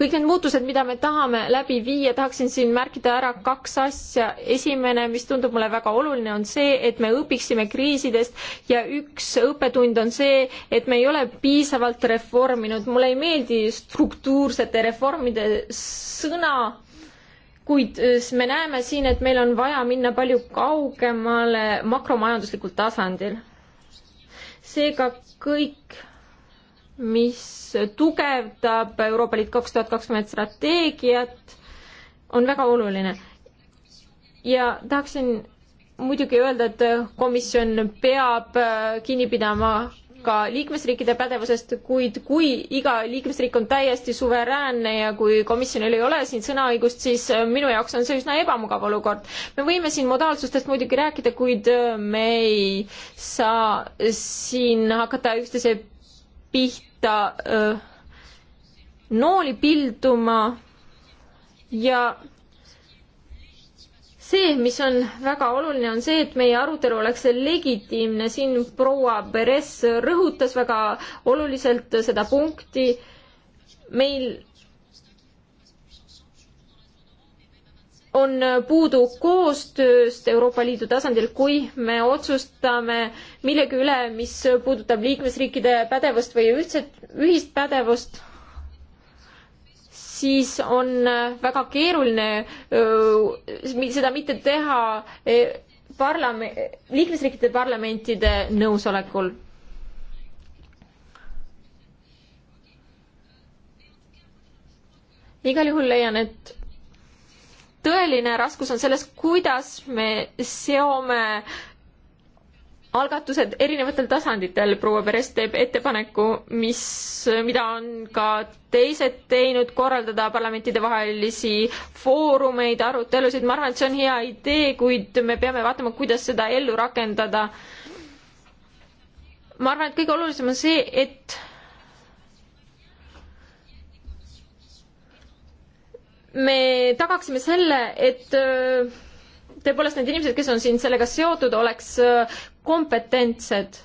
kõik need muutused, mida me tahame läbi viia, tahaksin siin märkida ära kaks asja. esimene, mis tundub mulle väga oluline, on see, et me õpiksime kriisidest ja üks õppetund on see, et me ei ole piisavalt reforminud. mulle ei meeldi struktuursete reformide sõna, kuid äh, me näeme siin, et meil on vaja minna palju kaugemale makromajanduslikul tasandil. seega kõik mis tugevdab Euroopa Liit kaks tuhat kakskümmend strateegiat, on väga oluline. ja tahaksin muidugi öelda, et komisjon peab äh, kinni pidama ka liikmesriikide pädevusest, kuid kui iga liikmesriik on täiesti suveräänne ja kui komisjonil ei ole siin sõnaõigust, siis äh, minu jaoks on see üsna ebamugav olukord. me võime siin modaalsustest muidugi rääkida, kuid äh, me ei saa siin hakata üksteise pihta hakata nooli pilduma ja see, mis on väga oluline, on see, et meie arutelu oleks legitiimne, siin proua Peres rõhutas väga oluliselt seda punkti, meil on puudu koostööst Euroopa Liidu tasandil, kui me otsustame millegi üle, mis puudutab liikmesriikide pädevust või ühtset, ühist pädevust, siis on väga keeruline seda mitte teha e, parlame-, liikmesriikide parlamentide nõusolekul igal juhul leian, et tõeline raskus on selles, kuidas me seome algatused erinevatel tasanditel, proua Peres teeb ettepaneku, mis, mida on ka teised teinud, korraldada parlamentidevahelisi foorumeid, arutelusid, ma arvan, et see on hea idee, kuid me peame vaatama, kuidas seda ellu rakendada. ma arvan, et kõige olulisem on see, et me tagaksime selle, et äh, tõepoolest need inimesed, kes on siin sellega seotud, oleks äh, kompetentsed.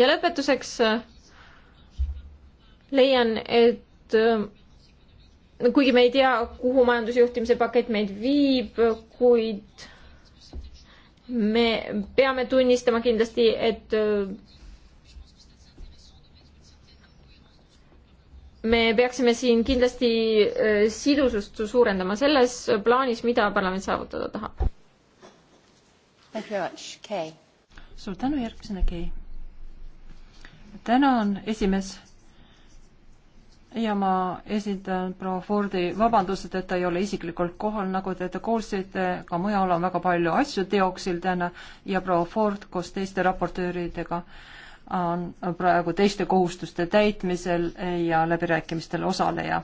ja lõpetuseks äh, leian, et kuigi me ei tea, kuhu majandusjuhtimise pakett meid viib, kuid me peame tunnistama kindlasti, et me peaksime siin kindlasti äh, sidusust suurendama selles plaanis, mida parlament saavutada tahab. suur tänu, järgmisena Kei. tänan, esimees. ja ma esindan proua Fordi vabandused, et ta ei ole isiklikult kohal, nagu te, te kuulsite, ka mujal on väga palju asju teoksil täna ja proua Ford koos teiste raportööridega äh, on praegu teiste kohustuste täitmisel ja läbirääkimistel osaleja.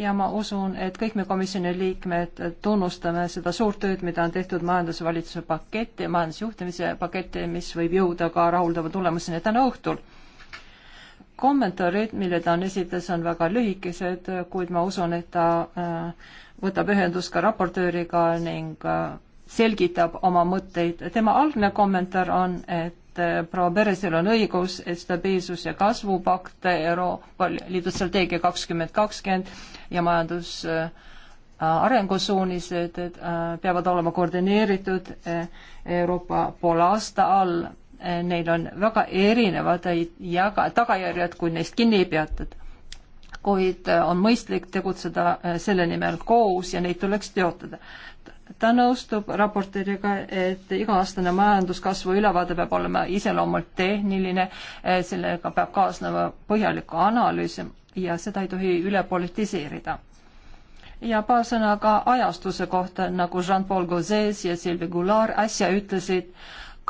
ja ma usun, et kõik me komisjoni liikmed tunnustame seda suurt tööd, mida on tehtud majandusvalitsuse paketti, majandusjuhtimise paketti, mis võib jõuda ka rahuldava tulemuseni täna õhtul. kommentaarid, mille ta on esitas, on väga lühikesed, kuid ma usun, et ta äh, võtab ühendust ka raportööriga ning äh, selgitab oma mõtteid. tema algne kommentaar on, et Äh, proua Peresel on õigus, et stabiilsus- ja kasvupakt Euroopa Liidu strateegia kakskümmend kakskümmend ja majandus äh, arengusuunised äh, peavad olema koordineeritud Euroopa poole aasta all. Neil on väga erinevad jaga-, tagajärjed, kui neist kinni ei peatud. kuid on mõistlik tegutseda selle nimel koos ja neid tuleks teotada ta nõustub raportööriga, et iga-aastane majanduskasvu ülevaade peab olema iseloomult tehniline, eh, sellega peab kaasnema põhjalik analüüs ja seda ei tohi üle politiseerida. ja paar sõna ka ajastuse kohta, nagu Jean-Paul Gauzes ja Sylvie Goulart äsja ütlesid,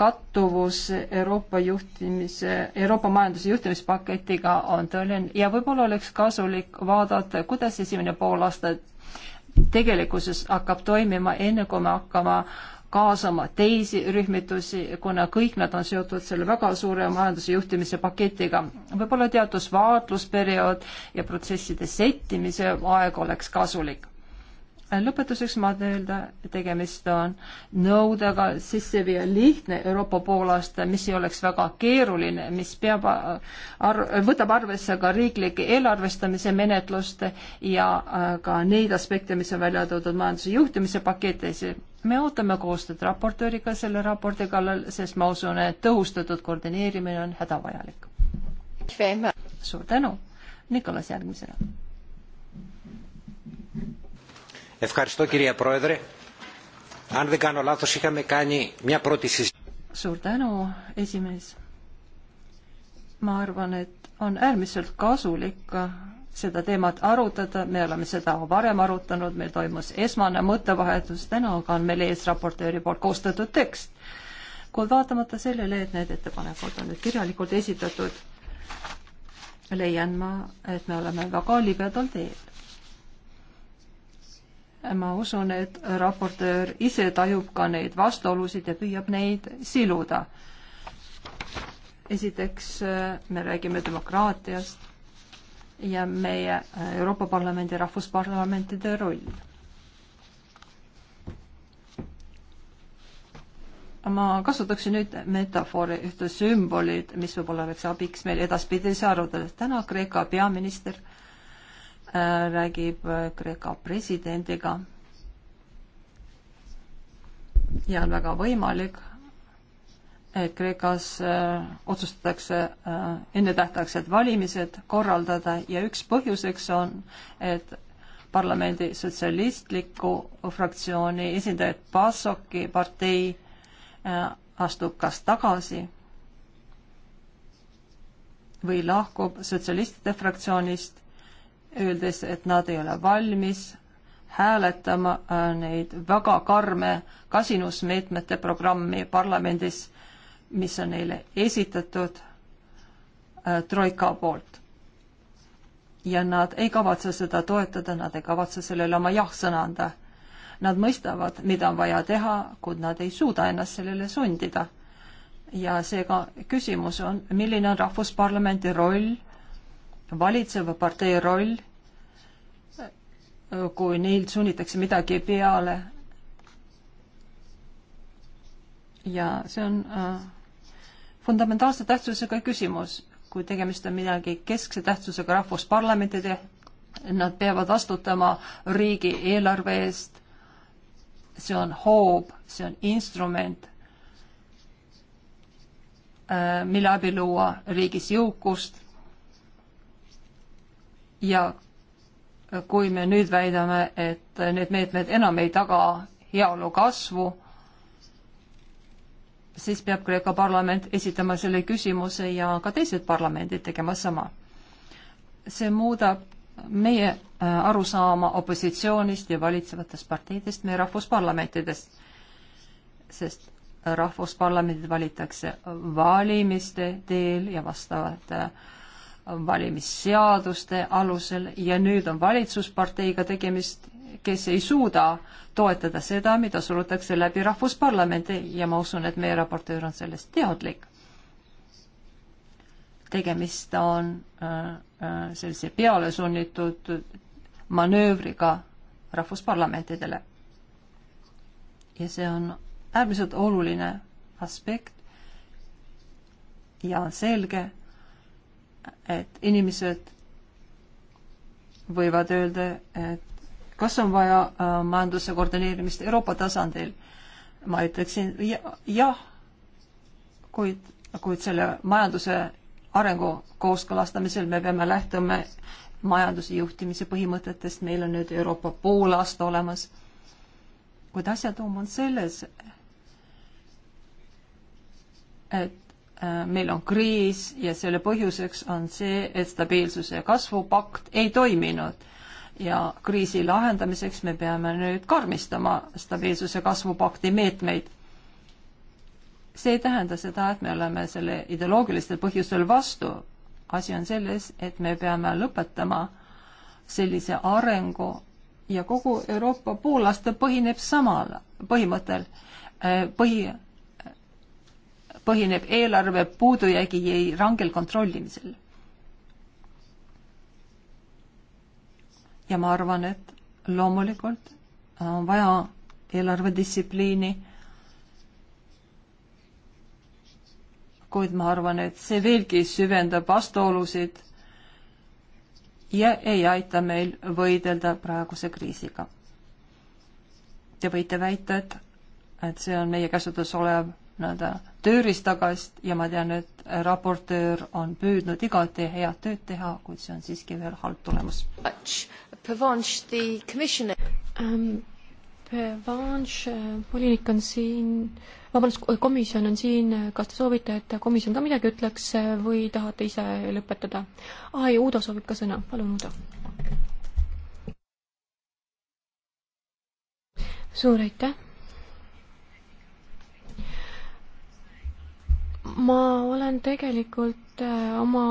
kattuvus Euroopa juhtimise, Euroopa majanduse juhtimispaketiga on tõeline ja võib-olla oleks kasulik vaadata, kuidas esimene poolaasta tegelikkuses hakkab toimima, enne kui me hakkame kaasama teisi rühmitusi, kuna kõik nad on seotud selle väga suure majanduse juhtimise paketiga. võib-olla teatud vaatlusperiood ja protsesside settimise aeg oleks kasulik lõpetuseks ma tahan öelda, tegemist on nõudega sisse viia lihtne Euroopa poolaasta, mis ei oleks väga keeruline, mis peab ar-, võtab arvesse ka riiklike eelarvestamise menetlust ja äh, ka neid aspekte, mis on välja toodud majanduse juhtimise paketis. me ootame koostööd raportööriga selle raporti kallal, sest ma usun, et tõhustatud koordineerimine on hädavajalik. suur tänu, Nikolas järgmisena Ευχαριστώ κυρία Πρόεδρε. Αν δεν κάνω λάθος είχαμε κάνει μια πρώτη συζήτηση. Suur tänu, esimees. Ma arvan, et on äärmiselt kasulik seda teemat arutada. Me oleme seda varem arutanud. Meil toimus esmane mõttevahetus. Täna aga on meil ees raportööri poolt koostatud tekst. Kuid vaatamata sellele, et need ettepanekud on nüüd kirjalikult esitatud, leian ma, et me oleme väga libedal teel ma usun, et raportöör ise tajub ka neid vastuolusid ja püüab neid siluda. esiteks me räägime demokraatiast ja meie Euroopa Parlamendi ja rahvusparlamentide roll. ma kasutaksin nüüd metafoori, ühte sümbolit, mis võib-olla oleks abiks meil edaspidise arutelu. täna Kreeka peaminister Äh, räägib äh, Kreeka presidendiga. ja on väga võimalik, et Kreekas äh, otsustatakse ennetähtaegsed valimised korraldada ja üks põhjuseks on, et parlamendi sotsialistliku fraktsiooni esindajad PASOK-i partei astub kas tagasi või lahkub sotsialistide fraktsioonist öeldes, et nad ei ole valmis hääletama äh, neid väga karme kasinusmeetmete programmi parlamendis, mis on neile esitatud äh, troika poolt. ja nad ei kavatse seda toetada, nad ei kavatse sellele oma jah-sõna anda. Nad mõistavad, mida on vaja teha, kuid nad ei suuda ennast sellele sundida. ja seega küsimus on, milline on Rahvusparlamendi roll valitseva partei roll, kui neil sunnitakse midagi peale. ja see on äh, fundamentaalse tähtsusega küsimus, kui tegemist on midagi keskse tähtsusega rahvusparlamentide, nad peavad vastutama riigi eelarve eest, see on hoob, see on instrument, äh, mille abil luua riigis jõukust, ja äh, kui me nüüd väidame, et need meetmed enam ei taga heaolu kasvu, siis peab Kreeka parlament esitama selle küsimuse ja ka teised parlamendid tegema sama. see muudab meie äh, arusaama opositsioonist ja valitsevatest parteidest, meie rahvusparlamentidest, sest rahvusparlamendid valitakse valimiste teel ja vastavate äh, valimisseaduste alusel ja nüüd on valitsusparteiga tegemist, kes ei suuda toetada seda, mida surutakse läbi Rahvusparlamendi ja ma usun, et meie raportöör on sellest teadlik. tegemist on äh, äh, sellise pealesunnitud manöövriga rahvusparlamentidele. ja see on äärmiselt oluline aspekt ja on selge, et inimesed võivad öelda, et kas on vaja äh, majanduse koordineerimist Euroopa tasandil. ma ütleksin jah ja,, kuid, kuid selle majanduse arengu kooskõlastamisel me peame lähtuma majanduse juhtimise põhimõtetest, meil on nüüd Euroopa poolaasta olemas. kuid asja tuum on selles, et meil on kriis ja selle põhjuseks on see, et stabiilsuse ja kasvupakt ei toiminud. ja kriisi lahendamiseks me peame nüüd karmistama stabiilsuse kasvupakti meetmeid. see ei tähenda seda, et me oleme selle ideoloogilistel põhjustel vastu. asi on selles, et me peame lõpetama sellise arengu ja kogu Euroopa poolaasta põhineb samal põhimõttel, põhi põhineb eelarve puudujäägi rangel kontrollimisel. ja ma arvan, et loomulikult äh, on vaja eelarvedistsipliini, kuid ma arvan, et see veelgi süvendab vastuolusid ja ei aita meil võidelda praeguse kriisiga. Te võite väita, et, et see on meie käsutuses olev nii-öelda tööriistakast ja ma tean, et raportöör on püüdnud igati head tööd teha, kuid see on siiski veel halb tulemus. Prevanche, ähm, äh, volinik on siin, vabandust, komisjon on siin, äh, kas te soovite, et komisjon ka midagi ütleks äh, või tahate ise lõpetada? aa ah, ei, Uudo soovib ka sõna, palun Uudo. suur aitäh ma olen tegelikult äh, oma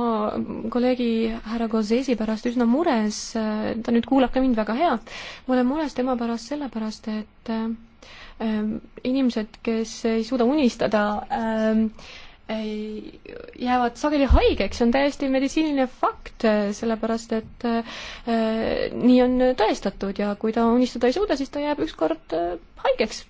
kolleegi härra Gozesi pärast üsna mures, äh, ta nüüd kuulab ka mind väga hea, ma olen mures tema pärast sellepärast, et äh, inimesed, kes ei suuda unistada, jäävad sageli haigeks, see on täiesti meditsiiniline fakt, sellepärast et nii on tõestatud ja kui ta unistada ei suuda, siis ta jääb ükskord haigeks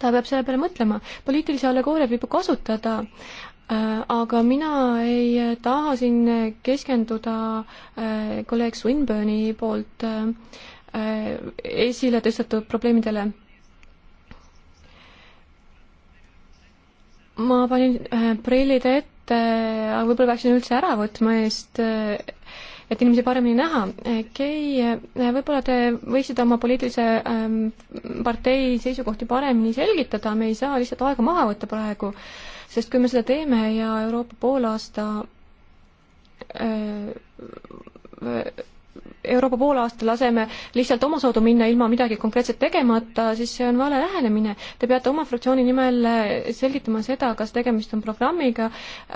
ta peab selle peale mõtlema. poliitilise allegooria võib ju kasutada, äh, aga mina ei taha siin keskenduda äh, kolleeg Swinburne'i poolt äh, esile tõstetud probleemidele. ma panin prillid ette, aga võib-olla peaksin üldse ära võtma eest et inimesi paremini näha. Kei, võib-olla te võiksite oma poliitilise ähm, partei seisukohti paremini selgitada, me ei saa lihtsalt aega maha võtta praegu, sest kui me seda teeme ja Euroopa poolaasta äh, Euroopa poolaasta laseme lihtsalt omasoodu minna ilma midagi konkreetset tegemata, siis see on vale lähenemine. Te peate oma fraktsiooni nimel selgitama seda, kas tegemist on programmiga,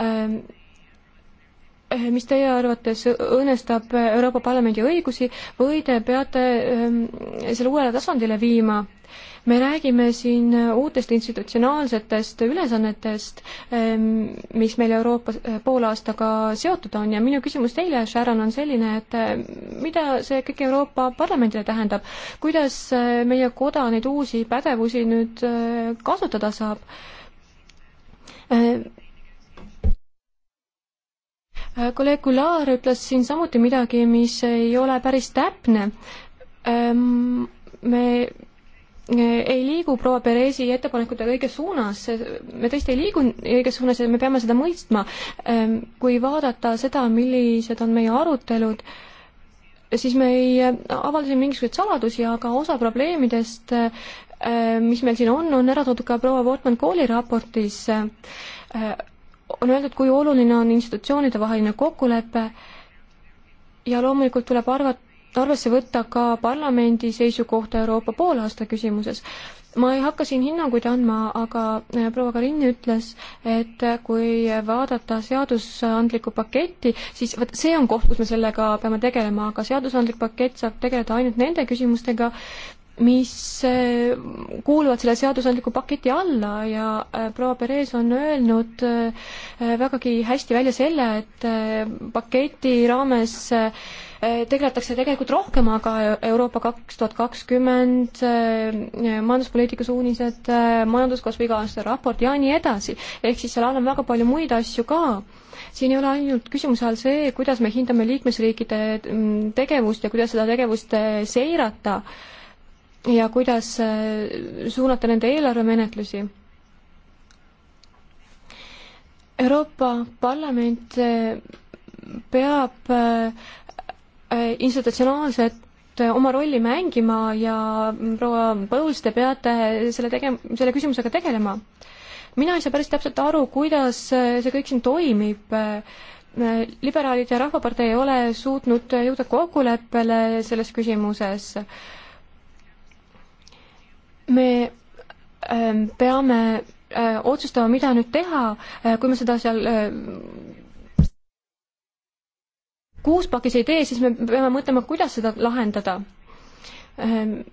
ähm, Eh, mis teie arvates õõnestab Euroopa Parlamendi õigusi või te peate ehm, selle uuele tasandile viima? me räägime siin uutest institutsionaalsetest ülesannetest, ehm, mis meil Euroopas eh, poole aastaga seotud on ja minu küsimus teile, Sharon, on selline, et eh, mida see kõik Euroopa Parlamendile tähendab, kuidas meie koda neid uusi pädevusi nüüd kasutada saab? Äh, kolleeg Goulart ütles siin samuti midagi, mis ei ole päris täpne. Ähm, me äh, ei liigu proua Perezi ettepanekute õiges suunas, me tõesti ei liigu õiges suunas ja me peame seda mõistma. Ähm, kui vaadata seda, millised on meie arutelud, siis me ei äh, avalda siin mingisuguseid saladusi, aga osa probleemidest, mis meil siin on, on ära toodud ka proua Wortmann kooli raportis on öeldud, kui oluline on institutsioonide vaheline kokkulepe ja loomulikult tuleb arvata, arvesse võtta ka parlamendi seisukohta Euroopa poolaasta küsimuses. ma ei hakka siin hinnanguid andma, aga äh, proua Karin ütles, et kui vaadata seadusandlikku paketti, siis vot see on koht, kus me sellega peame tegelema, aga seadusandlik pakett saab tegeleda ainult nende küsimustega, mis äh, kuuluvad selle seadusandliku paketi alla ja äh, proua Perez on öelnud äh, vägagi hästi välja selle, et paketi raames tegeletakse tegelikult rohkem, aga Euroopa kaks tuhat kakskümmend, majanduspoliitika suunised, majanduskasvu iga-aastane raport ja nii edasi. ehk siis seal all on väga palju muid asju ka siin ei ole ainult küsimuse all see, kuidas me hindame liikmesriikide mm, tegevust ja kuidas seda tegevust seirata äh,, ja kuidas äh, suunata nende eelarvemenetlusi. Euroopa Parlament äh, peab äh, institutsionaalset oma rolli mängima ja mm, proua Põus, te peate selle tege-, selle küsimusega tegelema. mina ei saa päris täpselt aru, kuidas see kõik siin toimib liberaalid ja Rahvapartei ei ole suutnud jõuda kokkuleppele selles küsimuses me ähm, peame äh, otsustama, mida nüüd teha, äh, kui me seda seal äh, kuus pakis ei tee, siis me peame mõtlema, kuidas seda lahendada. Ähm,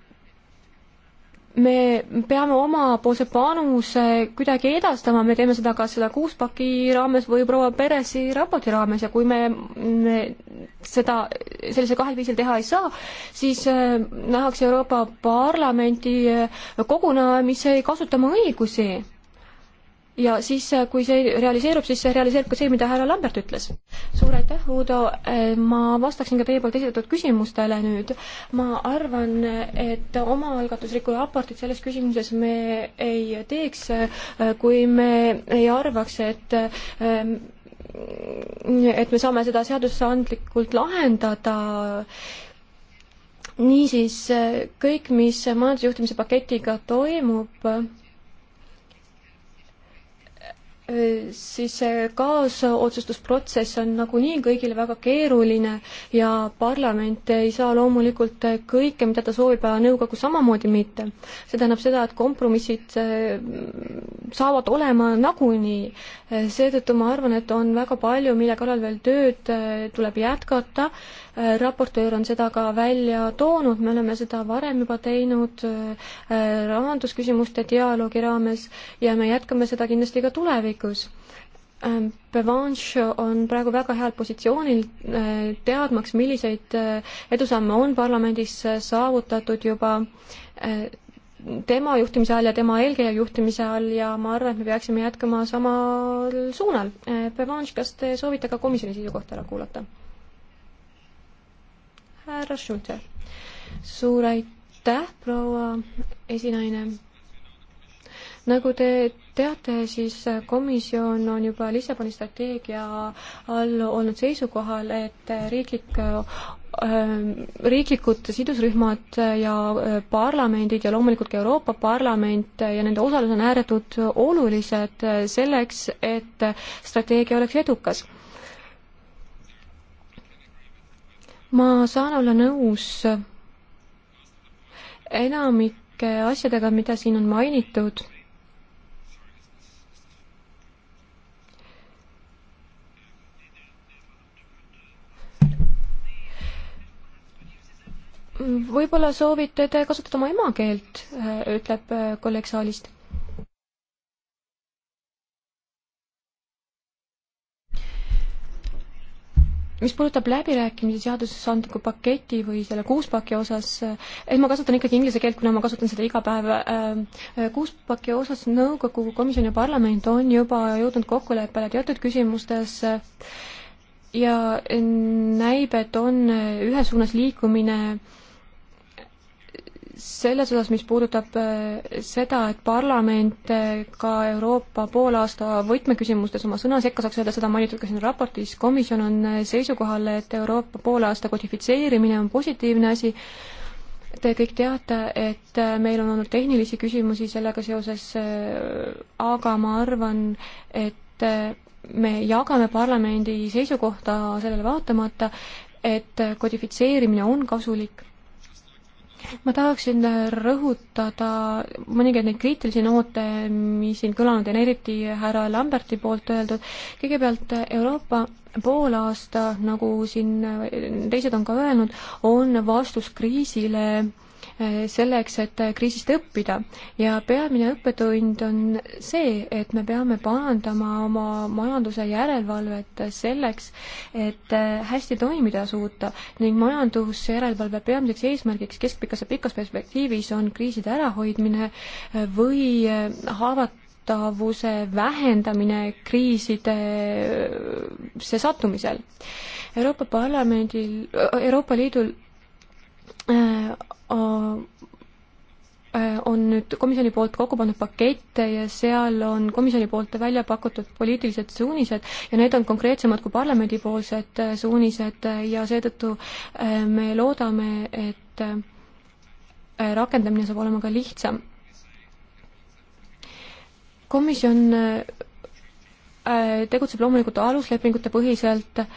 me peame omapoolse panuse kuidagi edastama, me teeme seda kas seda kuuspaki raames või proua Peresi raporti raames ja kui me, me seda sellisel kahel viisil teha ei saa, siis äh, nähakse Euroopa Parlamenti äh, koguna, mis ei kasuta oma õigusi ja siis, äh, kui see realiseerub, siis realiseerub ka see, mida härra Lambert ütles. suur aitäh, Uudo, äh, ma vastaksin ka teie poolt esitatud küsimustele nüüd. ma arvan, et omaalgatuslikku raportit selles küsimuses me ei teeks, äh, kui me ei arvaks, et et me saame seda seadusandlikult lahendada niisiis kõik, mis majandusjuhtimise paketiga toimub, siis see kaasotsustusprotsess on nagunii kõigile väga keeruline ja parlament ei saa loomulikult kõike, mida ta soovib, ja nõukogu samamoodi mitte. see tähendab seda, et kompromissid mm, saavad olema nagunii. seetõttu ma arvan, et on väga palju, mille kallal veel tööd eh, tuleb jätkata Äh, raportöör on seda ka välja toonud, me oleme seda varem juba teinud äh, rahandusküsimuste dialoogi raames ja me jätkame seda kindlasti ka tulevikus. Bevanche äh, on praegu väga heal positsioonil, teadmaks, milliseid edusamme on parlamendis saavutatud juba tema juhtimise all ja tema eelkäija juhtimise all ja ma arvan, et me peaksime jätkama samal suunal. Bevanche, kas te soovite ka komisjoni seisukohta ära kuulata? härra Schulter. suur aitäh, proua esinaine. nagu te teate, siis komisjon on juba Lissaboni strateegia all olnud seisukohal, et riiklik ähm, riiklikud sidusrühmad ja äh, parlamendid ja loomulikult ka Euroopa Parlament ja nende osalus on ääretult olulised selleks, et strateegia oleks edukas ma saan olla nõus enamike asjadega, mida siin on mainitud. võib-olla soovite te kasutada oma emakeelt, ütleb kolleeg saalist mis puudutab läbirääkimisi seadusandliku paketi või selle kuuspaki osas, ei, eh, ma kasutan ikkagi inglise keelt, kuna ma kasutan seda iga päev. Eh, kuuspaki osas nõukogu, komisjon ja parlament on juba jõudnud kokkuleppele teatud küsimustes eh, ja näib, et on ühesuunas liikumine selles osas, mis puudutab eh, seda, et parlament eh, ka Euroopa poolaasta võtmeküsimustes oma sõna sekka saaks öelda, seda mainitud ka siin raportis, komisjon on eh, seisukohal, et Euroopa poolaasta kodifitseerimine on positiivne asi, Te kõik teate, et meil on olnud tehnilisi küsimusi sellega seoses, aga ma arvan, et me jagame parlamendi seisukohta sellele vaatamata, et kodifitseerimine on kasulik ma tahaksin rõhutada mõningaid neid kriitilisi noote, mis siin kõlanud on, eriti härra Lamberti poolt öeldud. kõigepealt Euroopa poolaasta, nagu siin teised on ka öelnud, on vastus kriisile selleks, et kriisist õppida. ja peamine õppetund on see, et me peame parandama oma majanduse järelevalvet selleks, et hästi toimida suuta ning majandusjärelevalve peamiseks eesmärgiks keskpikas ja pikas perspektiivis on kriiside ärahoidmine või haavat-, haavatavuse vähendamine kriisidesse sattumisel. Euroopa Parlamendil, Euroopa Liidul Äh, äh, on nüüd komisjoni poolt kokku pandud pakett ja seal on komisjoni poolt välja pakutud poliitilised suunised ja need on konkreetsemad kui parlamendipoolsed äh, suunised ja seetõttu me loodame, et rakendamine saab olema ka lihtsam. komisjon tegutseb loomulikult aluslepingute põhiselt äh,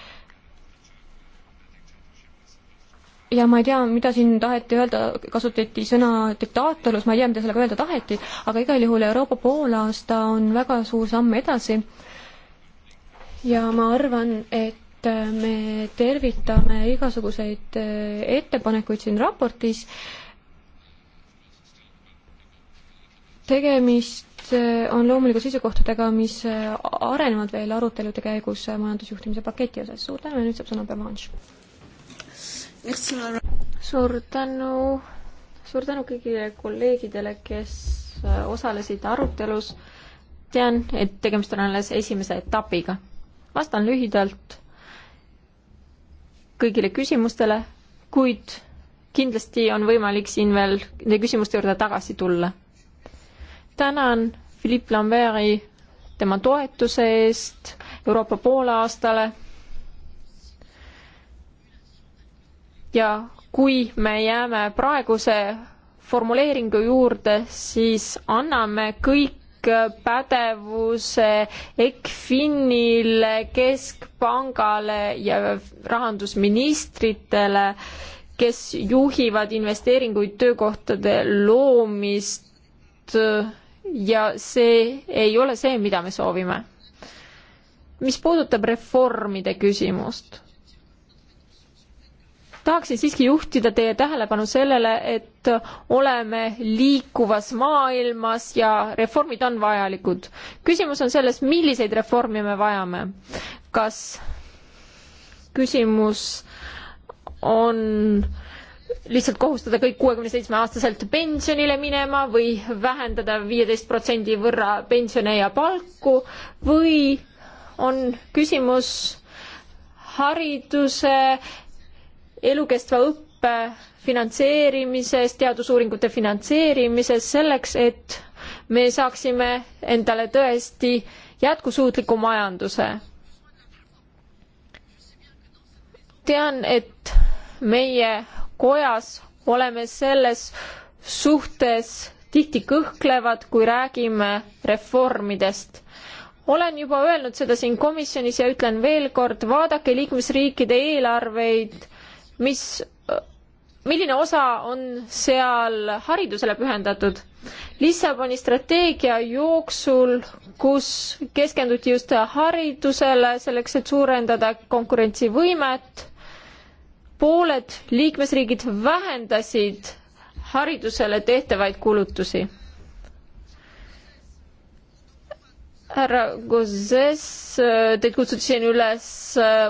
ja ma ei tea, mida siin taheti öelda, kasutati sõna diktaatorlus, ma ei tea, mida sellega öelda taheti, aga igal juhul Euroopa poolaasta on väga suur samm edasi. ja ma arvan, et me tervitame igasuguseid äh, ettepanekuid siin raportis. tegemist äh, on loomulikult seisukohtadega, mis äh, arenevad veel arutelude käigus majandusjuhtimise paketi osas. suur tänu ja nüüd saab sõna Bermanš suur tänu, suur tänu kõigile kolleegidele, kes äh, osalesid arutelus. tean, et tegemist on alles esimese etapiga. vastan lühidalt kõigile küsimustele, kuid kindlasti on võimalik siin veel nende küsimuste juurde tagasi tulla. tänan Philippe Lambert'i tema toetuse eest Euroopa poolaastale ja kui me jääme praeguse formuleeringu juurde, siis anname kõik pädevuse ECFIN-ile, Keskpangale ja rahandusministritele, kes juhivad investeeringuid, töökohtade loomist ja see ei ole see, mida me soovime. mis puudutab reformide küsimust tahaksin siiski juhtida teie tähelepanu sellele, et oleme liikuvas maailmas ja reformid on vajalikud. küsimus on selles, milliseid reforme me vajame. kas küsimus on lihtsalt kohustada kõik kuuekümne seitsme aastaselt pensionile minema või vähendada viieteist protsendi võrra pensione ja palku või on küsimus hariduse elukestva õppe finantseerimises, teadusuuringute finantseerimises, selleks et me saaksime endale tõesti jätkusuutliku majanduse. tean, et meie kojas oleme selles suhtes tihti kõhklevad, kui räägime reformidest. olen juba öelnud seda siin komisjonis ja ütlen veel kord, vaadake liikmesriikide eelarveid mis, milline osa on seal haridusele pühendatud? Lissaboni strateegia jooksul, kus keskenduti just haridusele selleks, et suurendada konkurentsivõimet, pooled liikmesriigid vähendasid haridusele tehtavaid kulutusi. härra Gozes, teid kutsuti siin üles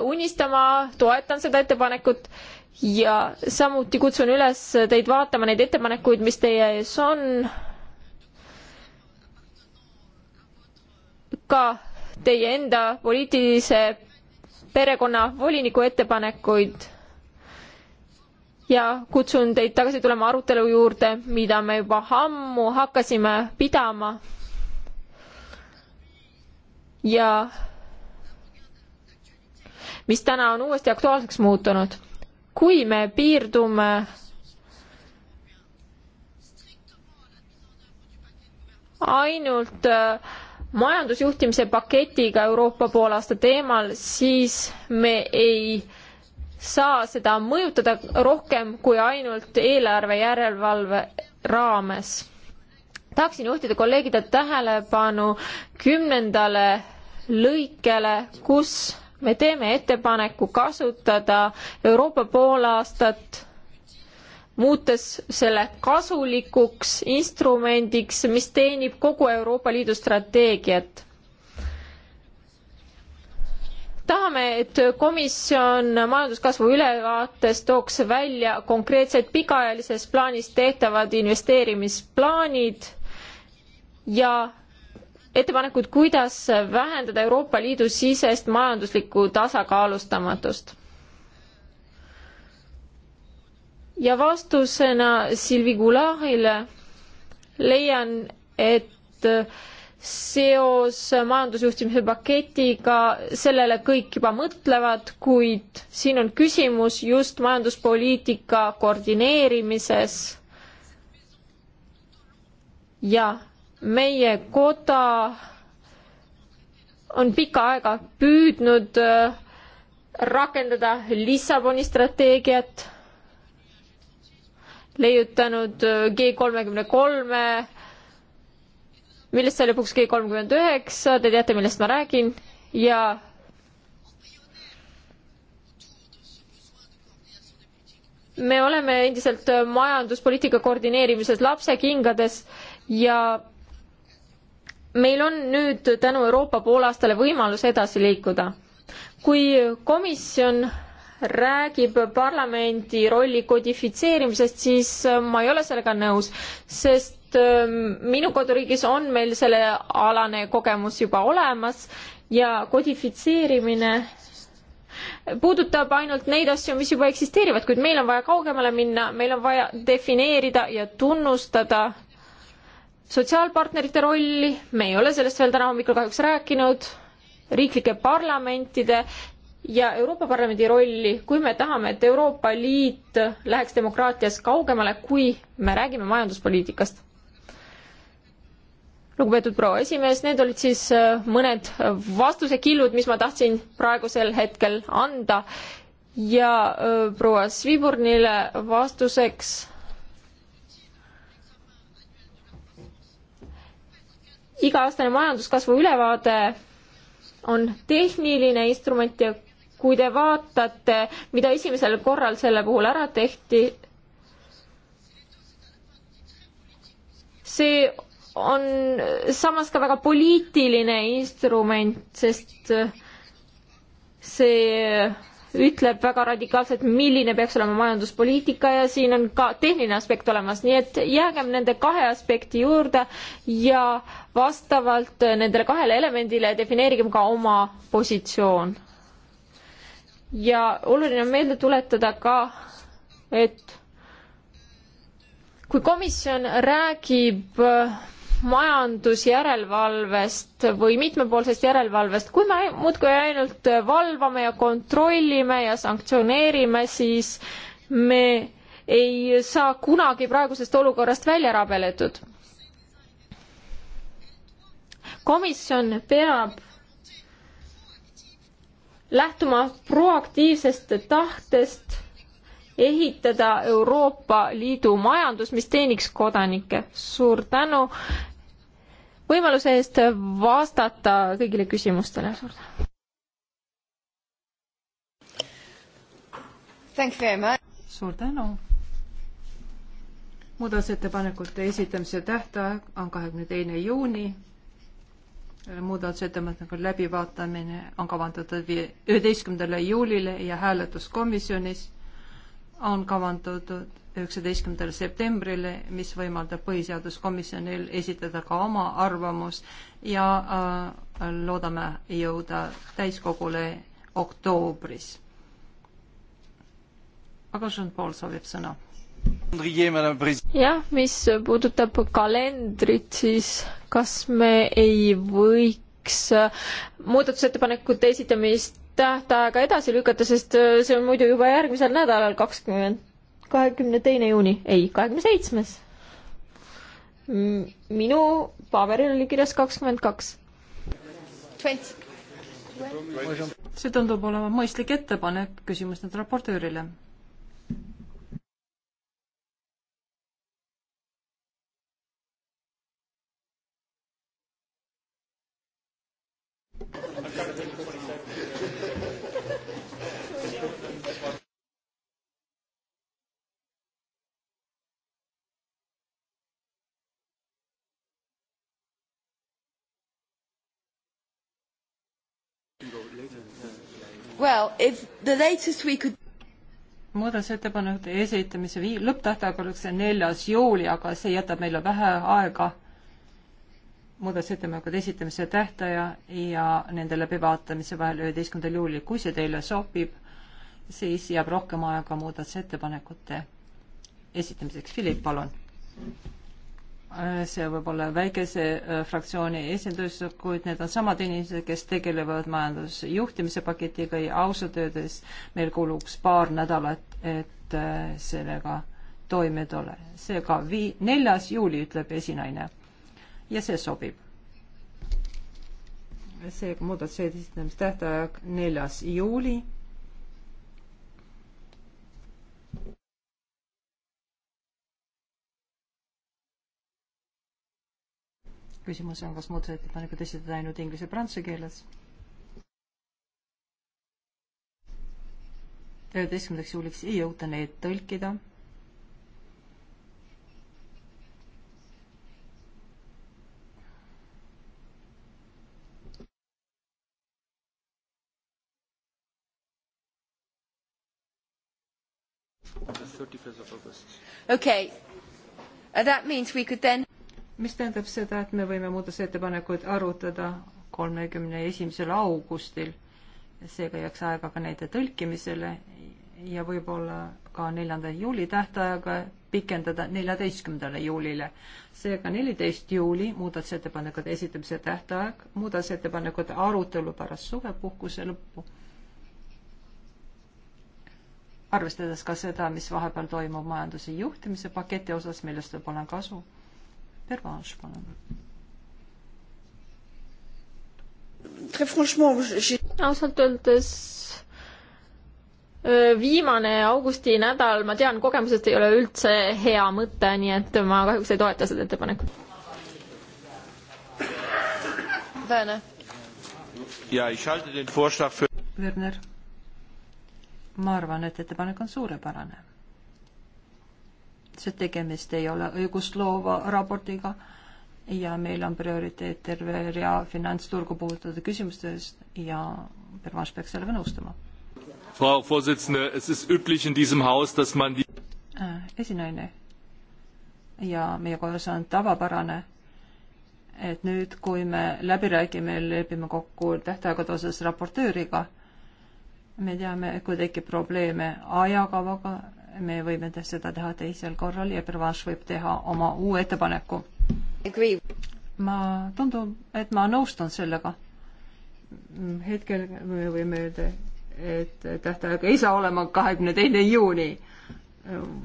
unistama, toetan seda ettepanekut ja samuti kutsun üles teid vaatama neid ettepanekuid, mis teie ees on. ka teie enda poliitilise perekonna voliniku ettepanekuid. ja kutsun teid tagasi tulema arutelu juurde, mida me juba ammu hakkasime pidama. ja mis täna on uuesti aktuaalseks muutunud kui me piirdume ainult äh, majandusjuhtimise paketiga Euroopa poolaasta teemal, siis me ei saa seda mõjutada rohkem kui ainult eelarve järelevalve raames. tahaksin juhtida kolleegide tähelepanu kümnendale lõikele, kus me teeme ettepaneku kasutada Euroopa poolaastat muutes selle kasulikuks instrumendiks, mis teenib kogu Euroopa Liidu strateegiat. tahame, et komisjon majanduskasvu ülevaates tooks välja konkreetsed pikaajalises plaanis tehtavad investeerimisplaanid ja ettepanekud, kuidas vähendada Euroopa Liidu sisest majanduslikku tasakaalustamatust. ja vastusena Silvi Gularile leian, et seos majandusjuhtimise paketiga, sellele kõik juba mõtlevad, kuid siin on küsimus just majanduspoliitika koordineerimises ja meie koda on pikka aega püüdnud äh, rakendada Lissaboni strateegiat, leiutanud äh, G kolmekümne kolme, millest sai lõpuks G kolmkümmend üheksa, te teate, millest ma räägin, ja me oleme endiselt äh, majanduspoliitika koordineerimises lapsekingades ja meil on nüüd tänu Euroopa poolaastale võimalus edasi liikuda. kui komisjon räägib parlamendi rolli kodifitseerimisest, siis äh, ma ei ole sellega nõus, sest ähm, minu koduriigis on meil sellealane kogemus juba olemas ja kodifitseerimine puudutab ainult neid asju, mis juba eksisteerivad, kuid meil on vaja kaugemale minna, meil on vaja defineerida ja tunnustada sotsiaalpartnerite rolli, me ei ole sellest veel täna hommikul kahjuks rääkinud, riiklike parlamentide ja Euroopa Parlamendi rolli, kui me tahame, et Euroopa Liit läheks demokraatias kaugemale, kui me räägime majanduspoliitikast. lugupeetud proua esimees, need olid siis äh, mõned vastusekillud, mis ma tahtsin praegusel hetkel anda ja äh, proua Sviburnile vastuseks iga-aastane majanduskasvu ülevaade on tehniline instrument ja kui te vaatate, mida esimesel korral selle puhul ära tehti, see on samas ka väga poliitiline instrument, sest see ütleb väga radikaalselt, milline peaks olema majanduspoliitika ja siin on ka tehniline aspekt olemas, nii et jäägem nende kahe aspekti juurde ja vastavalt nendele kahele elemendile defineerigem ka oma positsioon. ja oluline on meelde tuletada ka, et kui komisjon räägib majandusjärelevalvest või mitmepoolsest järelevalvest, kui me muudkui ainult valvame ja kontrollime ja sanktsioneerime, siis me ei saa kunagi praegusest olukorrast välja rabeletud. komisjon peab lähtuma proaktiivsest tahtest ehitada Euroopa Liidu majandus, mis teeniks kodanikke. suur tänu võimaluse eest vastata kõigile küsimustele. suur tänu. suur tänu. muudatusettepanekute esitamise tähtaeg on kahekümne teine juuni muudatusettepaneku läbivaatamine on kavandatud üheteistkümnendale juulile ja hääletus komisjonis on kavandatud üheksateistkümnendale septembrile, mis võimaldab põhiseaduskomisjonil esitada ka oma arvamus ja äh, loodame jõuda täiskogule oktoobris. aga Jean-Paul soovib sõna. jah, mis puudutab kalendrit, siis kas me ei võiks äh, muudatusettepanekute esitamist tähtaega edasi lükata, sest äh, see on muidu juba järgmisel nädalal kakskümmend, kahekümne teine juuni, ei, kahekümne seitsmes. minu paberil oli kirjas kakskümmend kaks. see tundub olema mõistlik ettepanek, küsimus nüüd raportöörile. Thank you. Well, if the latest we could muudatusettepanekute esitamise vii-, lõpptähtaeg oleks neljas juuli, aga see jätab meile vähe aega muudatusettepanekute esitamise tähtaja ja nende läbivaatamise vahel üheteistkümnendal juulil. kui see teile sobib, siis jääb rohkem aega muudatusettepanekute esitamiseks. Philipp, palun! Äh, see võib olla väikese äh, fraktsiooni esindus, kuid need on samad inimesed, kes tegelevad majandusjuhtimise paketiga ja ausalt öeldes meil kuluks paar nädalat, et äh, sellega toime tulla. seega vii-, neljas juuli, ütleb esinaine. ja see sobib. see muudatusettepaneku tähtaeg neljas juuli küsimus on, kas muudatusettepanekud esitada ainult inglise, prantsuse keeles? üheteistkümnendaks juuliks ei jõuta neid tõlkida. Okay, uh, that means we could then mis tähendab seda, et me võime muudatusettepanekuid arutada kolmekümne esimesel augustil. seega jääks aega ka nende tõlkimisele ja võib-olla ka neljanda juuli tähtaega pikendada neljateistkümnendale juulile. seega neliteist juuli muudatusettepanekute esitamise tähtaeg, muudatusettepanekute arutelu pärast suvepuhkuse lõppu. arvestades ka seda, mis vahepeal toimub majanduse juhtimise paketi osas, millest võib-olla on kasu Pervanš, palun. ausalt öeldes viimane augusti nädal, ma tean, kogemusest ei ole üldse hea mõte, nii et ma kahjuks ei toeta seda ettepanekut. Werner. ma arvan, et ettepanek on suurepärane see tegemist ei ole õigustloova raportiga ja meil on prioriteet terve rea finantsturgu puudutada küsimustest ja Pervanš peaks sellega nõustuma. Frau Vorsitzende, es ist üblich in diesem Haus, dass man die äh, esinaine ja meie kojas on tavapärane, et nüüd, kui me läbi räägime, lepime kokku tähtaegade osas raportööriga, me teame, kui tekib probleeme ajakavaga, me võime seda teha teisel korral ja Pervanš võib teha oma uue ettepaneku. ma, tundub, et ma nõustun sellega. hetkel me võime öelda, et tähtaeg ei saa olema kahekümne teine juuni,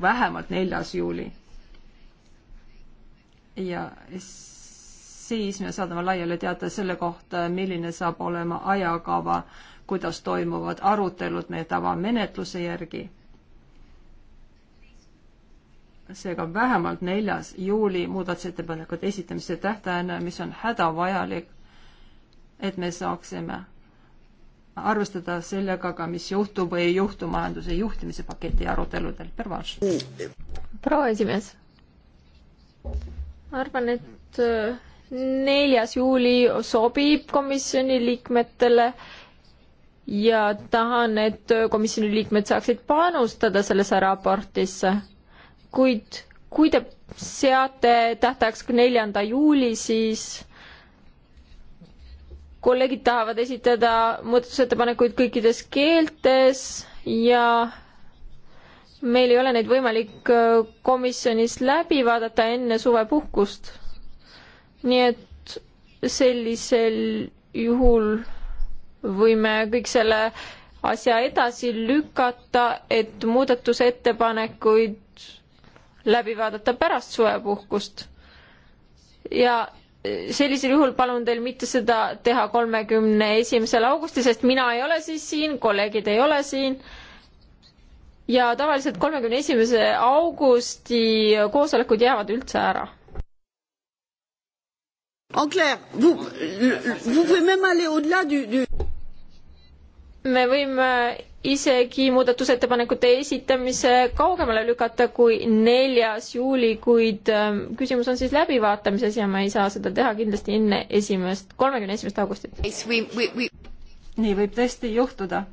vähemalt neljas juuli. ja siis me saadame laiali teate selle kohta, milline saab olema ajakava, kuidas toimuvad arutelud meie tavamenetluse järgi seega vähemalt neljas juuli muudatusettepanekute esitamise tähtajana, mis on hädavajalik, et me saaksime arvestada sellega ka, mis juhtub või ei juhtu majanduse juhtimise paketi aruteludel. proua esimees, ma arvan, et äh, neljas juuli sobib komisjoni liikmetele ja tahan, et äh, komisjoni liikmed saaksid panustada sellesse raportisse kuid kui te seate tähtajaks neljanda juuli, siis kolleegid tahavad esitada muudatusettepanekuid kõikides keeltes ja meil ei ole neid võimalik äh, komisjonis läbi vaadata enne suvepuhkust. nii et sellisel juhul võime kõik selle asja edasi lükata, et muudatusettepanekuid läbi vaadata pärast suvepuhkust. ja sellisel juhul palun teil mitte seda teha kolmekümne esimesel augustil, sest mina ei ole siis siin, kolleegid ei ole siin. ja tavaliselt kolmekümne esimese augusti koosolekud jäävad üldse ära. En clair, vous, vous pouvez même aller au-delà du, du me võime isegi muudatusettepanekute esitamise kaugemale lükata kui neljas juuli, kuid ähm, küsimus on siis läbivaatamises ja ma ei saa seda teha kindlasti enne esimest, kolmekümne esimest augustit. nii võib tõesti juhtuda.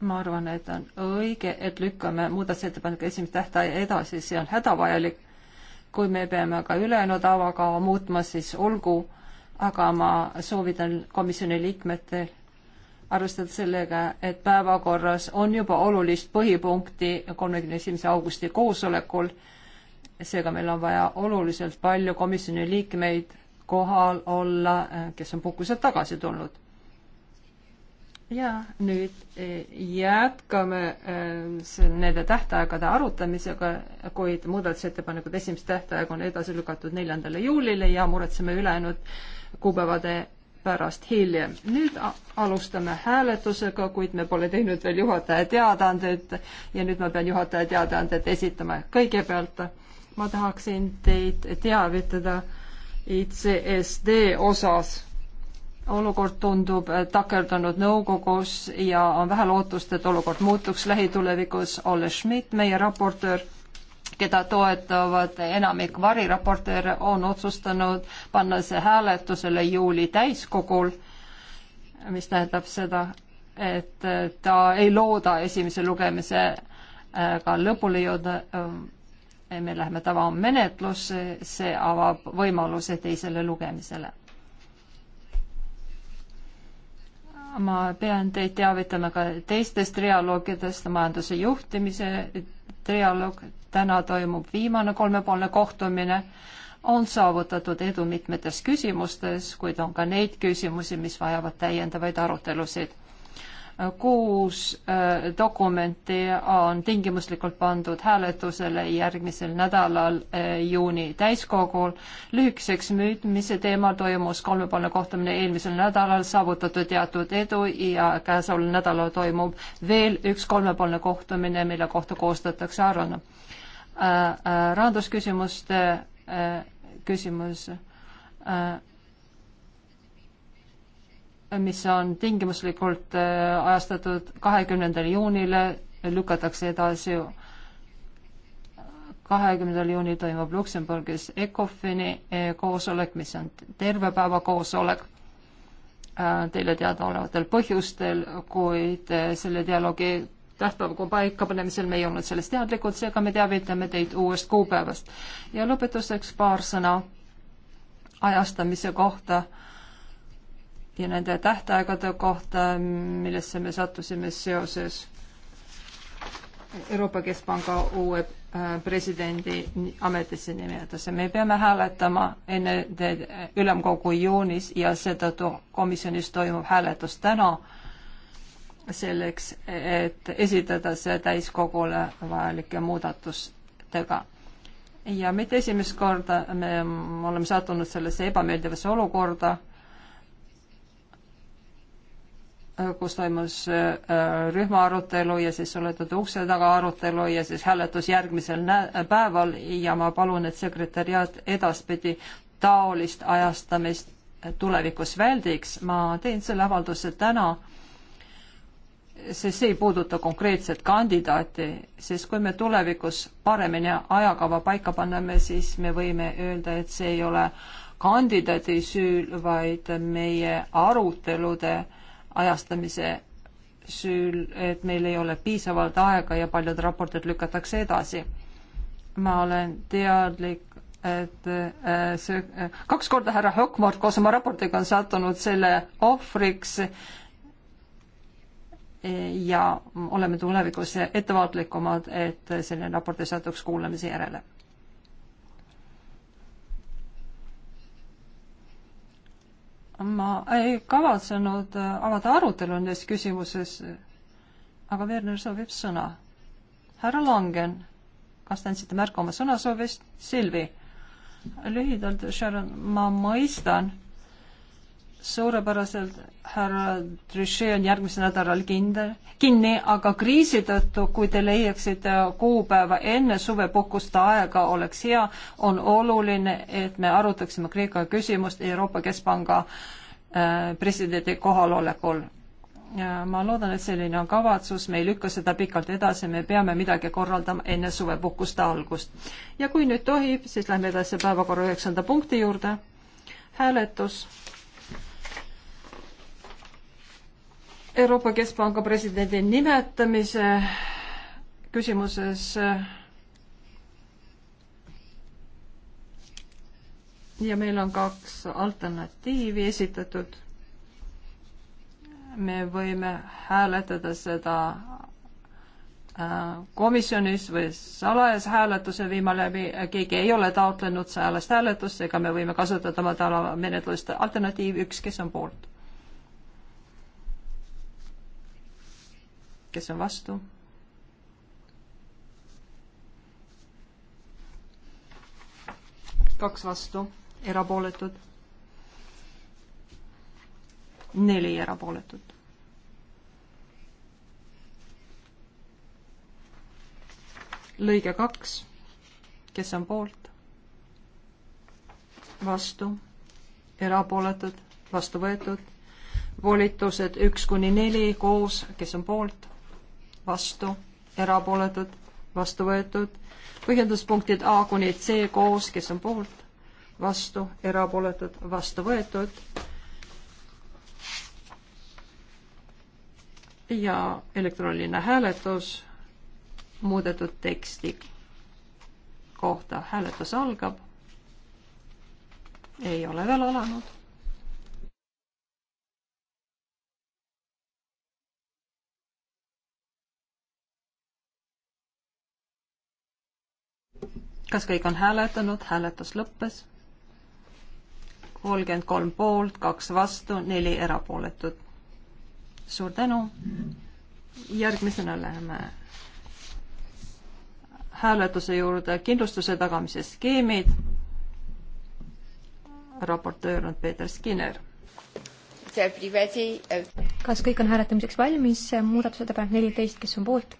ma arvan, et on õige, et lükkame muudatusettepaneku esimest tähtaega edasi, see on hädavajalik. kui me peame ka ülejäänud avakava muutma, siis olgu, aga ma soovitan komisjoni liikmetel arvestades sellega, et päevakorras on juba olulist põhipunkti kolmekümne esimese augusti koosolekul. seega meil on vaja oluliselt palju komisjoni liikmeid kohal olla, kes on puhkuselt tagasi tulnud. ja nüüd e, jätkame e, nende tähtaegade arutamisega, kuid muudatusettepanekud, esimese tähtaeg on edasi lükatud neljandale juulile ja muretseme ülejäänud kuupäevade pärast hiljem. nüüd alustame hääletusega, kuid me pole teinud veel juhataja teadaandeid ja nüüd ma pean juhataja teadaanded esitama. kõigepealt ma tahaksin teid teavitada ICSD osas. olukord tundub takerdunud nõukogus ja on vähe lootust, et olukord muutuks lähitulevikus. Olle Schmidt, meie raportöör keda toetavad enamik variraportööre, on otsustanud panna see hääletusele juuli täiskogul, mis tähendab seda, et ta ei looda esimese lugemisega äh, lõpule jõuda. Äh, me läheme tavamenetlusse, see avab võimaluse teisele lugemisele ma pean teid teavitama ka teistest trialoogidest, majanduse juhtimise trialoog täna toimub viimane kolmepoolne kohtumine, on saavutatud edu mitmetes küsimustes, kuid on ka neid küsimusi, mis vajavad täiendavaid arutelusid. kuus äh, dokumenti on tingimuslikult pandud hääletusele järgmisel nädalal äh, juuni täiskogul. lühikeseks müütmise teemal toimus kolmepoolne kohtumine eelmisel nädalal, saavutati teatud edu ja käesoleval nädalal toimub veel üks kolmepoolne kohtumine, mille kohta koostatakse aruanne Äh, äh, rahandusküsimuste äh, küsimus, mis on tingimuslikult ajastatud kahekümnendal juunile, lükatakse edasi kahekümnendal juunil toimub Luksemburgis ECOFIN-i koosolek, mis on terve päeva koosolek teile teadaolevatel põhjustel, kuid selle dialoogi tähtpäeva paikapanemisel me ei olnud sellest teadlikud, seega me teavitame teid uuest kuupäevast. ja lõpetuseks paar sõna ajastamise kohta ja nende tähtaegade kohta, millesse me sattusime seoses Euroopa Keskpanga uue äh, presidendi ametisse nimetuse. me peame hääletama enne ülemkogu juunis ja seetõttu komisjonis toimub hääletus täna selleks, et esitada see täiskogule vajalike muudatustega. ja mitte esimest korda me oleme sattunud sellesse ebameeldivasse olukorda, kus toimus äh, rühma arutelu ja siis suletud ukse taga arutelu ja siis hääletus järgmisel päeval ja ma palun, et sekretäriaat edaspidi taolist ajastamist tulevikus väldiks. ma teen selle avalduse täna sest see ei puuduta konkreetset kandidaati, sest kui me tulevikus paremini ajakava paika paneme, siis me võime öelda, et see ei ole kandidaadi süül, vaid meie arutelude ajastamise süül, et meil ei ole piisavalt aega ja paljud raportid lükatakse edasi. ma olen teadlik, et äh, see äh, kaks korda härra Hökmart koos oma raportiga on sattunud selle ohvriks ja oleme tulevikus ettevaatlikumad, et selline raport ei satuks kuulamise järele. ma ei kavatsenud avada arutelu nendes küsimuses, aga Werner soovib sõna. härra Langen, kas te andsite märku oma sõnasoovist? Silvi. lühidalt, Sharon, ma mõistan suurepäraselt, härra Trichet on järgmisel nädalal kindel, kinni, aga kriisi tõttu, kui te leiaksite kuupäeva enne suvepuhkuste aega, oleks hea, on oluline, et me arutaksime Kreeka küsimust Euroopa Keskpanga äh, presidendi kohalolekul. ma loodan, et selline on kavatsus, me ei lükka seda pikalt edasi, me peame midagi korraldama enne suvepuhkuste algust. ja kui nüüd tohib, siis lähme edasi päevakorra üheksanda punkti juurde, hääletus Euroopa Keskpanga presidendi nimetamise küsimuses äh, ja meil on kaks alternatiivi esitatud. me võime hääletada seda äh, komisjonis või salajase hääletuse viima läbi, keegi ei ole taotlenud salajast hääletust, seega me võime kasutada oma tavamenetlust alternatiiv üks, kes on poolt. kes on vastu? kaks vastu, erapooletud. neli erapooletut. lõige kaks, kes on poolt? vastu, erapooletud, vastu võetud. volitused üks kuni neli koos, kes on poolt? vastu, erapooletud, vastu võetud. põhjenduspunktid A kuni C koos, kes on poolt, vastu, erapooletud, vastu võetud. ja elektrooniline hääletus muudetud teksti kohta. hääletus algab. ei ole veel alanud kas kõik on hääletanud, hääletus lõppes. kolmkümmend kolm poolt, kaks vastu, neli erapooletut. suur tänu. järgmisena läheme hääletuse juurde kindlustuse tagamise skeemid. raportöör on Peeter Skinner. kas kõik on hääletamiseks valmis? muudatusettepanek neliteist, kes on poolt?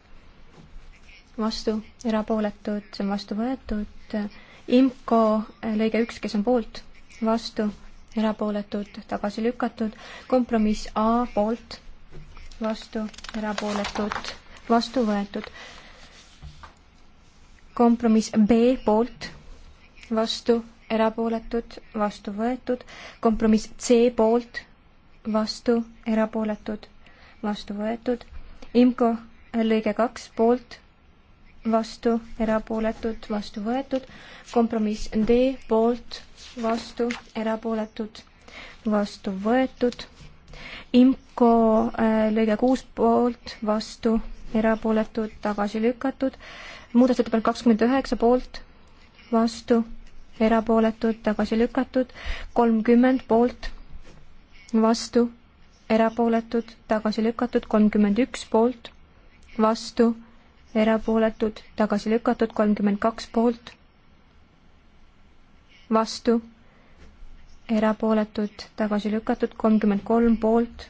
vastu, erapooletud, see on vastu võetud. IMCO lõige üks, kes on poolt, vastu, erapooletud, tagasi lükatud. kompromiss A poolt, vastu, erapooletud, vastu võetud. kompromiss B poolt, vastu, erapooletud, vastu võetud. kompromiss C poolt, vastu, erapooletud, vastu võetud. IMCO lõige kaks poolt vastu, erapooletud, vastu võetud. kompromiss D poolt, vastu, erapooletud, vastu võetud. IMCO äh, lõige kuus poolt, vastu, erapooletud, tagasi lükatud. muudatusettepanek kakskümmend üheksa poolt, vastu, erapooletud, tagasi lükatud. kolmkümmend poolt, vastu, erapooletud, tagasi lükatud. kolmkümmend üks poolt, vastu erapooletud, tagasi lükatud, kolmkümmend kaks poolt, vastu, erapooletud, tagasi lükatud, kolmkümmend kolm poolt,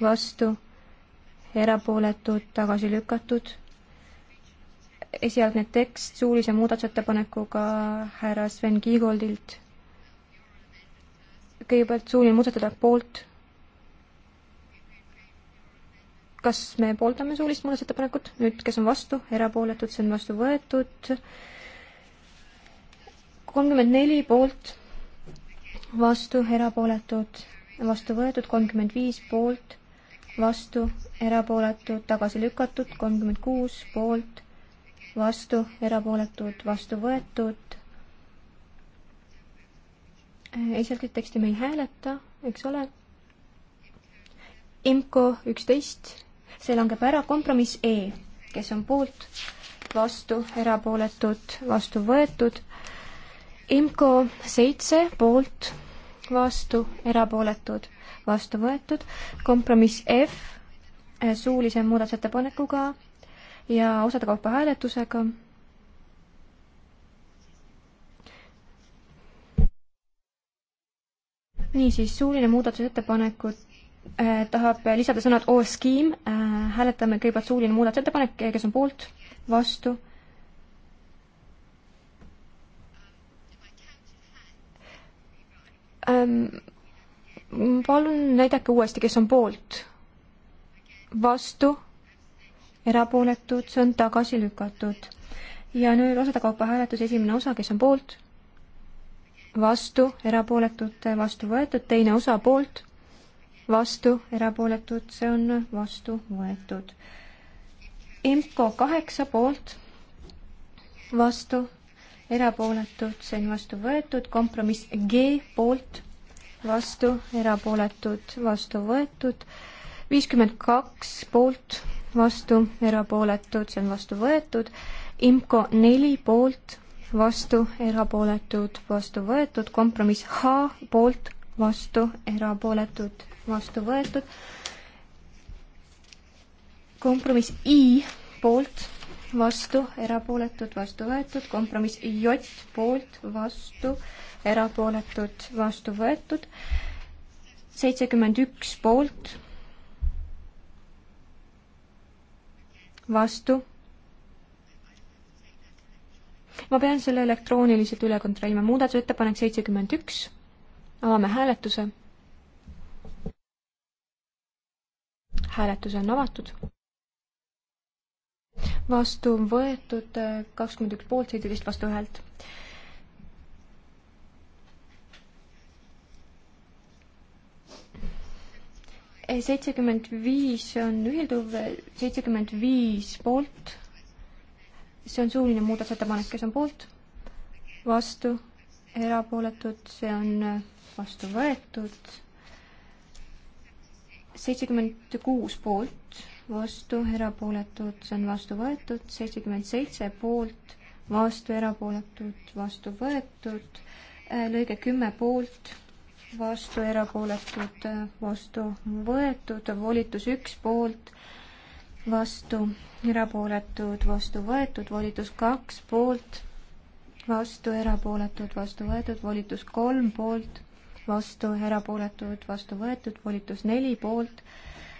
vastu, erapooletud, tagasi lükatud. esialgne tekst suulise muudatusettepanekuga härra Sven Kiigoldilt. kõigepealt suuline muudatusettepanek poolt kas me pooldame suulist muudatusettepanekut, nüüd kes on vastu, erapooletud, see on vastu võetud. kolmkümmend neli poolt, vastu, erapooletud, vastu võetud, kolmkümmend viis poolt, vastu, erapooletud, tagasi lükatud, kolmkümmend kuus poolt, vastu, erapooletud, vastu võetud. esialgset teksti me ei hääleta, eks ole IMCO üksteist see langeb ära, kompromiss E, kes on poolt, vastu, erapooletud, vastu võetud. IMCO seitse poolt, vastu, erapooletud, vastu võetud. kompromiss F eh, suulise muudatusettepanekuga ja osade kaupa hääletusega niisiis, suuline muudatusettepanekut Äh, tahab lisada sõnad or scheme, äh, hääletame kõigepealt suuline muudatusettepanek, kes on poolt, vastu. Ähm, palun näidake uuesti, kes on poolt, vastu, erapooletud, see on tagasi lükatud. ja nüüd osade kaupa hääletus, esimene osa, kes on poolt, vastu, erapooletud, vastu võetud, teine osa poolt vastu, erapooletud, see on vastu võetud. IMCO kaheksa poolt, vastu, erapooletud, see on vastu võetud, kompromiss G poolt, vastu, erapooletud, vastu võetud, viiskümmend kaks poolt, vastu, erapooletud, see on vastu võetud, IMCO neli poolt, vastu, erapooletud, vastu võetud, kompromiss H poolt, vastu, erapooletud, vastu võetud. kompromiss I poolt, vastu, erapooletud, vastu võetud, kompromiss J poolt, vastu, erapooletud, vastu võetud, seitsekümmend üks poolt, vastu ma pean selle elektrooniliselt üle kontrollima. muudatusettepanek seitsekümmend üks. avame hääletuse. hääletus on avatud. vastu on võetud äh, kakskümmend üks poolt, seitseteist vastu häält. Äh, seitsekümmend viis on ühilduv, äh, seitsekümmend viis poolt. see on suuline muudatusettepanek, kes on poolt, vastu, erapooletud, see on vastu võetud seitsekümmend kuus poolt, vastu, erapooletud, see on vastu võetud, seitsekümmend seitse poolt, vastu, erapooletud, vastu võetud, lõige kümme poolt, vastu, erapooletud, vastu võetud, volitus üks poolt, vastu, erapooletud, vastu võetud, volitus kaks poolt, vastu, erapooletud, vastu võetud, volitus kolm poolt vastu, erapooletud, vastu võetud, volitus neli poolt,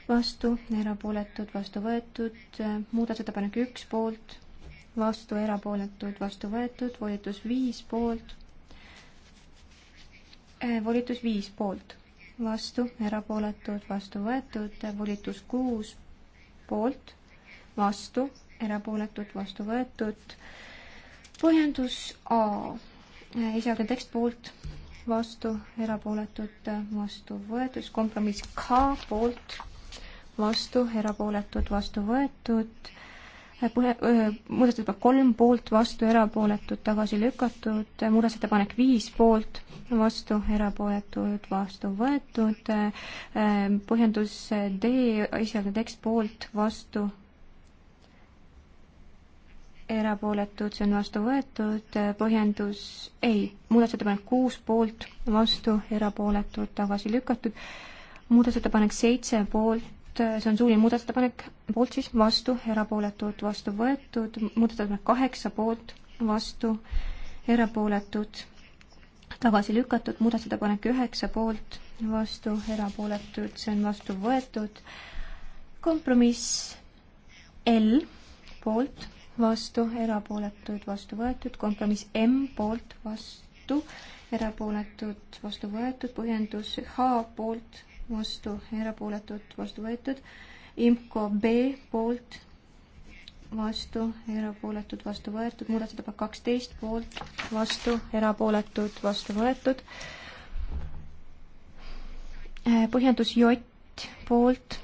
vastu, erapooletud, vastu võetud, muudatusettepanek üks poolt, vastu, erapooletud, vastu võetud, volitus viis poolt, eh, volitus viis poolt, vastu, erapooletud, vastu võetud, volitus kuus poolt, vastu, erapooletud, vastu võetud, põhjendus A, eh, esialgne tekst poolt, vastu, erapooletud, vastu võetud, kompromiss K poolt, vastu, erapooletud, vastu võetud, muudatusettepanek kolm poolt, vastu, erapooletud, tagasi lükatud, muudatusettepanek viis poolt, vastu, erapooletud, vastu võetud, põhjendus D, esialgne tekst poolt, vastu, erapooletud, see on vastu võetud, põhjendus ei, muudatusettepanek kuus poolt, vastu, erapooletud, tagasi lükatud, muudatusettepanek seitse poolt, see on suuline muudatusettepanek, poolt siis, vastu, erapooletud, vastu võetud, muudatusettepanek kaheksa poolt, vastu, erapooletud, tagasi lükatud, muudatusettepanek üheksa poolt, vastu, erapooletud, see on vastu võetud, kompromiss L poolt vastu, erapooletud, vastu võetud, kompromiss M poolt, vastu, erapooletud, vastu võetud, põhjendus H poolt, vastu, erapooletud, vastu võetud, IMCO B poolt, vastu, erapooletud, vastu võetud, muudatusettepanek kaksteist poolt, vastu, erapooletud, vastu võetud, põhjendus J poolt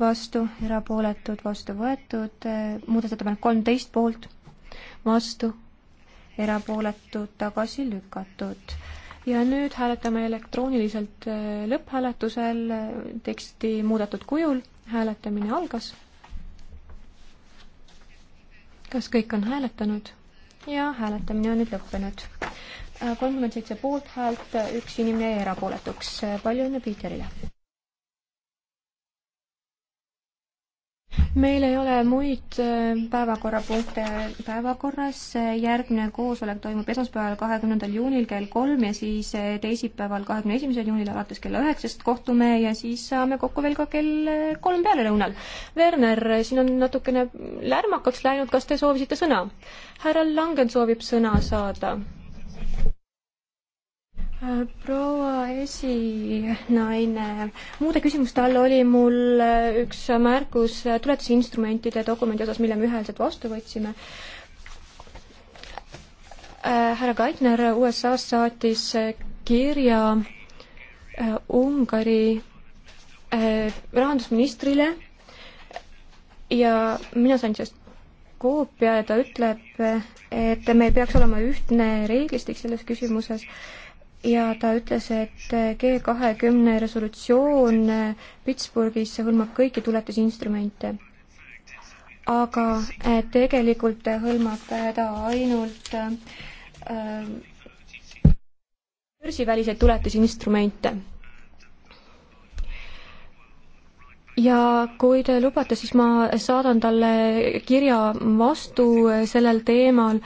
vastu, erapooletud, vastu võetud, eh, muudatusettepanek kolmteist poolt, vastu, erapooletud, tagasi lükatud. ja nüüd hääletame elektrooniliselt eh, lõpphääletusel eh, teksti muudetud kujul, hääletamine algas. kas kõik on hääletanud? ja hääletamine on nüüd lõppenud. Äh, kolmkümmend seitse poolthäält, äh, üks inimene jäi erapooletuks. Äh, palju õnne Piiterile! meil ei ole muid äh, päevakorrapunkte päevakorras, järgmine koosolek toimub esmaspäeval, kahekümnendal juunil kell kolm ja siis äh, teisipäeval, kahekümne esimesel juunil alates kella üheksast kohtume ja siis saame kokku veel ka kell äh, kolm pealelõunal. Werner, siin on natukene lärmakaks läinud, kas te soovisite sõna? härra Langen soovib sõna saada proua esinaine, muude küsimuste all oli mul äh, üks märkus tuletusinstrumentide dokumendi osas, mille me üheselt vastu võtsime. Äh, härra Kaitner USA-s saatis äh, kirja Ungari rahandusministrile ja mina sain sellest koopia ja ta ütleb, et meil peaks olema ühtne reeglistik selles küsimuses ja ta ütles, et G kahekümne resolutsioon Pittsburghis hõlmab kõiki tuletusinstrumente. aga eh, tegelikult hõlmab ta ainult eh, börsiväliseid tuletusinstrumente. ja kui te lubate, siis ma saadan talle kirja vastu sellel teemal äh,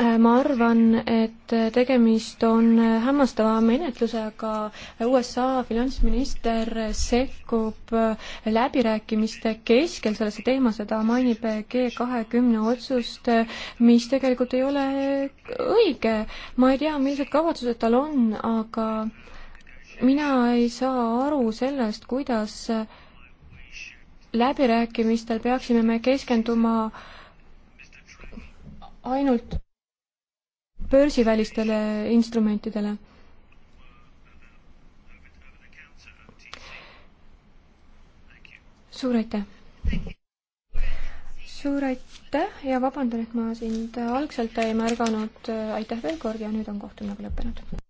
Äh, ma arvan, et tegemist on äh, hämmastava menetlusega. USA finantsminister sekkub äh, läbirääkimiste keskel sellesse teemasse, ta mainib G kahekümne otsust, mis tegelikult ei ole õige. ma ei tea, millised kavatsused tal on, aga mina ei saa aru sellest, kuidas läbirääkimistel peaksime me keskenduma ainult börsivälistele instrumentidele. suur aitäh! suur aitäh ja vabandan, et ma sind algselt ei märganud, aitäh veel kord ja nüüd on kohtumine lõppenud.